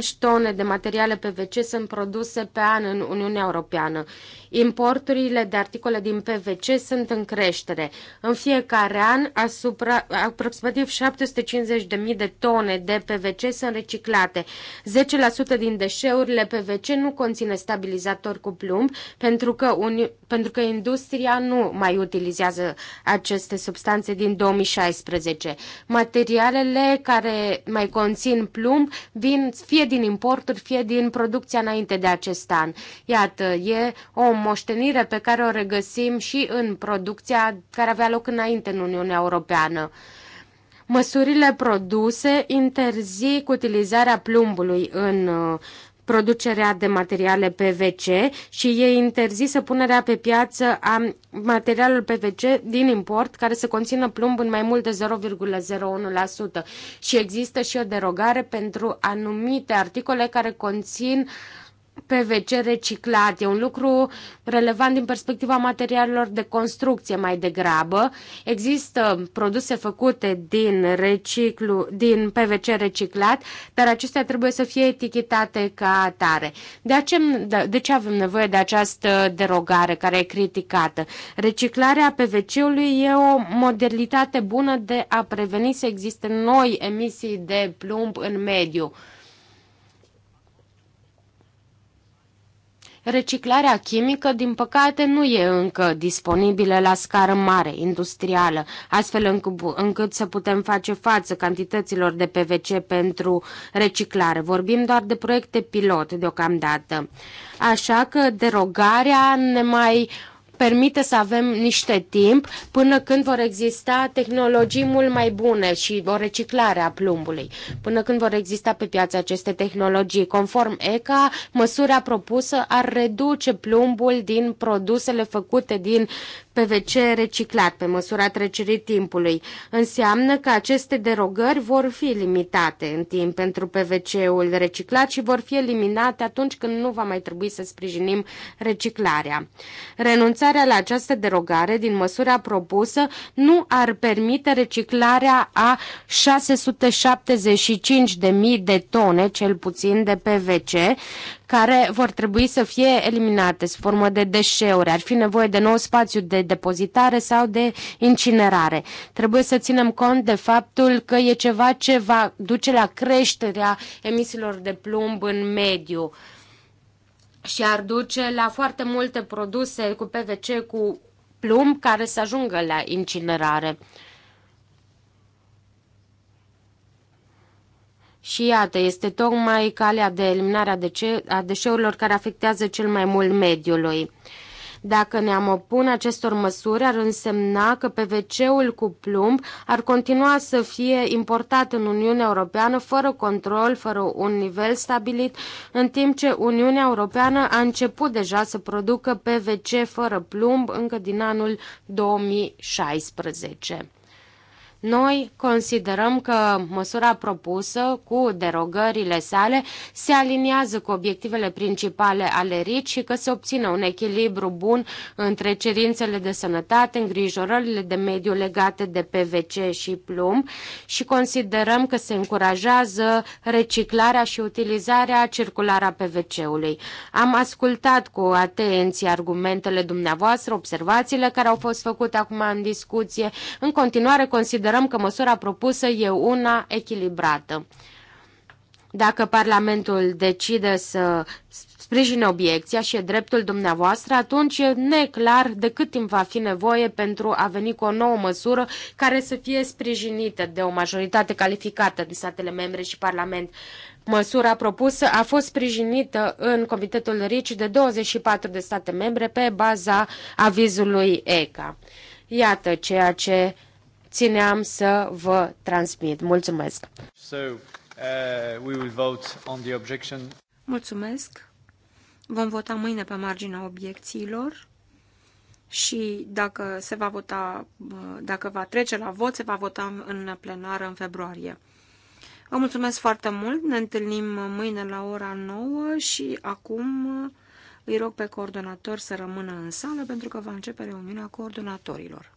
6,5 tone de materiale PVC sunt produse pe an în Uniunea Europeană. Importurile de articole din PVC sunt în creștere. În fiecare an, asupra, aproximativ 750.000 de tone de PVC sunt reciclate. 10% din deșeurile PVC nu conține stabilizator cu plumb pentru că, un, pentru că industria nu mai utilizează aceste substanțe din 2016. Materialele care mai conțin plumb vin fie din importuri, fie din producția înainte de acest an. Iată, e o moștenire pe care o regăsim și în producția care avea loc înainte în Uniunea Europeană. Măsurile produse interzic utilizarea plumbului în uh, producerea de materiale PVC și e interzisă punerea pe piață a materialului PVC din import care să conțină plumb în mai mult de 0,01% și există și o derogare pentru anumite articole care conțin uh, PVC reciclat. E un lucru relevant din perspectiva materialelor de construcție mai degrabă. Există produse făcute din, reciclu, din PVC reciclat, dar acestea trebuie să fie etichetate ca atare. De, acem, de ce avem nevoie de această derogare care e criticată? Reciclarea PVC-ului e o modalitate bună de a preveni să existe noi emisii de plumb în mediu. Reciclarea chimică, din păcate, nu e încă disponibilă la scară mare, industrială, astfel încât, încât să putem face față cantităților de PVC pentru reciclare. Vorbim doar de proiecte pilot deocamdată. Așa că derogarea ne mai permite să avem niște timp până când vor exista tehnologii mult mai bune și o reciclare a plumbului, până când vor exista pe piață aceste tehnologii. Conform ECA, măsura propusă ar reduce plumbul din produsele făcute din PVC reciclat pe măsura trecerii timpului. Înseamnă că aceste derogări vor fi limitate în timp pentru PVC-ul reciclat și vor fi eliminate atunci când nu va mai trebui să sprijinim reciclarea. Renunța renunțarea la această derogare din măsura propusă nu ar permite reciclarea a 675.000 de tone, cel puțin de PVC, care vor trebui să fie eliminate sub formă de deșeuri. Ar fi nevoie de nou spațiu de depozitare sau de incinerare. Trebuie să ținem cont de faptul că e ceva ce va duce la creșterea emisiilor de plumb în mediu și ar duce la foarte multe produse cu PVC, cu plumb, care să ajungă la incinerare. Și iată, este tocmai calea de eliminare a, deșeurilor care afectează cel mai mult mediului. Dacă ne-am opune acestor măsuri, ar însemna că PVC-ul cu plumb ar continua să fie importat în Uniunea Europeană fără control, fără un nivel stabilit, în timp ce Uniunea Europeană a început deja să producă PVC fără plumb încă din anul 2016. Noi considerăm că măsura propusă cu derogările sale se aliniază cu obiectivele principale ale RIC și că se obține un echilibru bun între cerințele de sănătate, îngrijorările de mediu legate de PVC și plumb și considerăm că se încurajează reciclarea și utilizarea circulară a PVC-ului. Am ascultat cu atenție argumentele dumneavoastră, observațiile care au fost făcute acum în discuție. În continuare considerăm considerăm că măsura propusă e una echilibrată. Dacă Parlamentul decide să sprijine obiecția și e dreptul dumneavoastră, atunci e neclar de cât timp va fi nevoie pentru a veni cu o nouă măsură care să fie sprijinită de o majoritate calificată din statele membre și Parlament. Măsura propusă a fost sprijinită în Comitetul RICI de 24 de state membre pe baza avizului ECA. Iată ceea ce țineam să vă transmit. Mulțumesc! So, uh, we will vote on the objection. Mulțumesc! Vom vota mâine pe marginea obiecțiilor și dacă se va vota, uh, dacă va trece la vot, se va vota în plenară în februarie. Vă mulțumesc foarte mult, ne întâlnim mâine la ora 9 și acum uh, îi rog pe coordonator să rămână în sală pentru că va începe reuniunea coordonatorilor.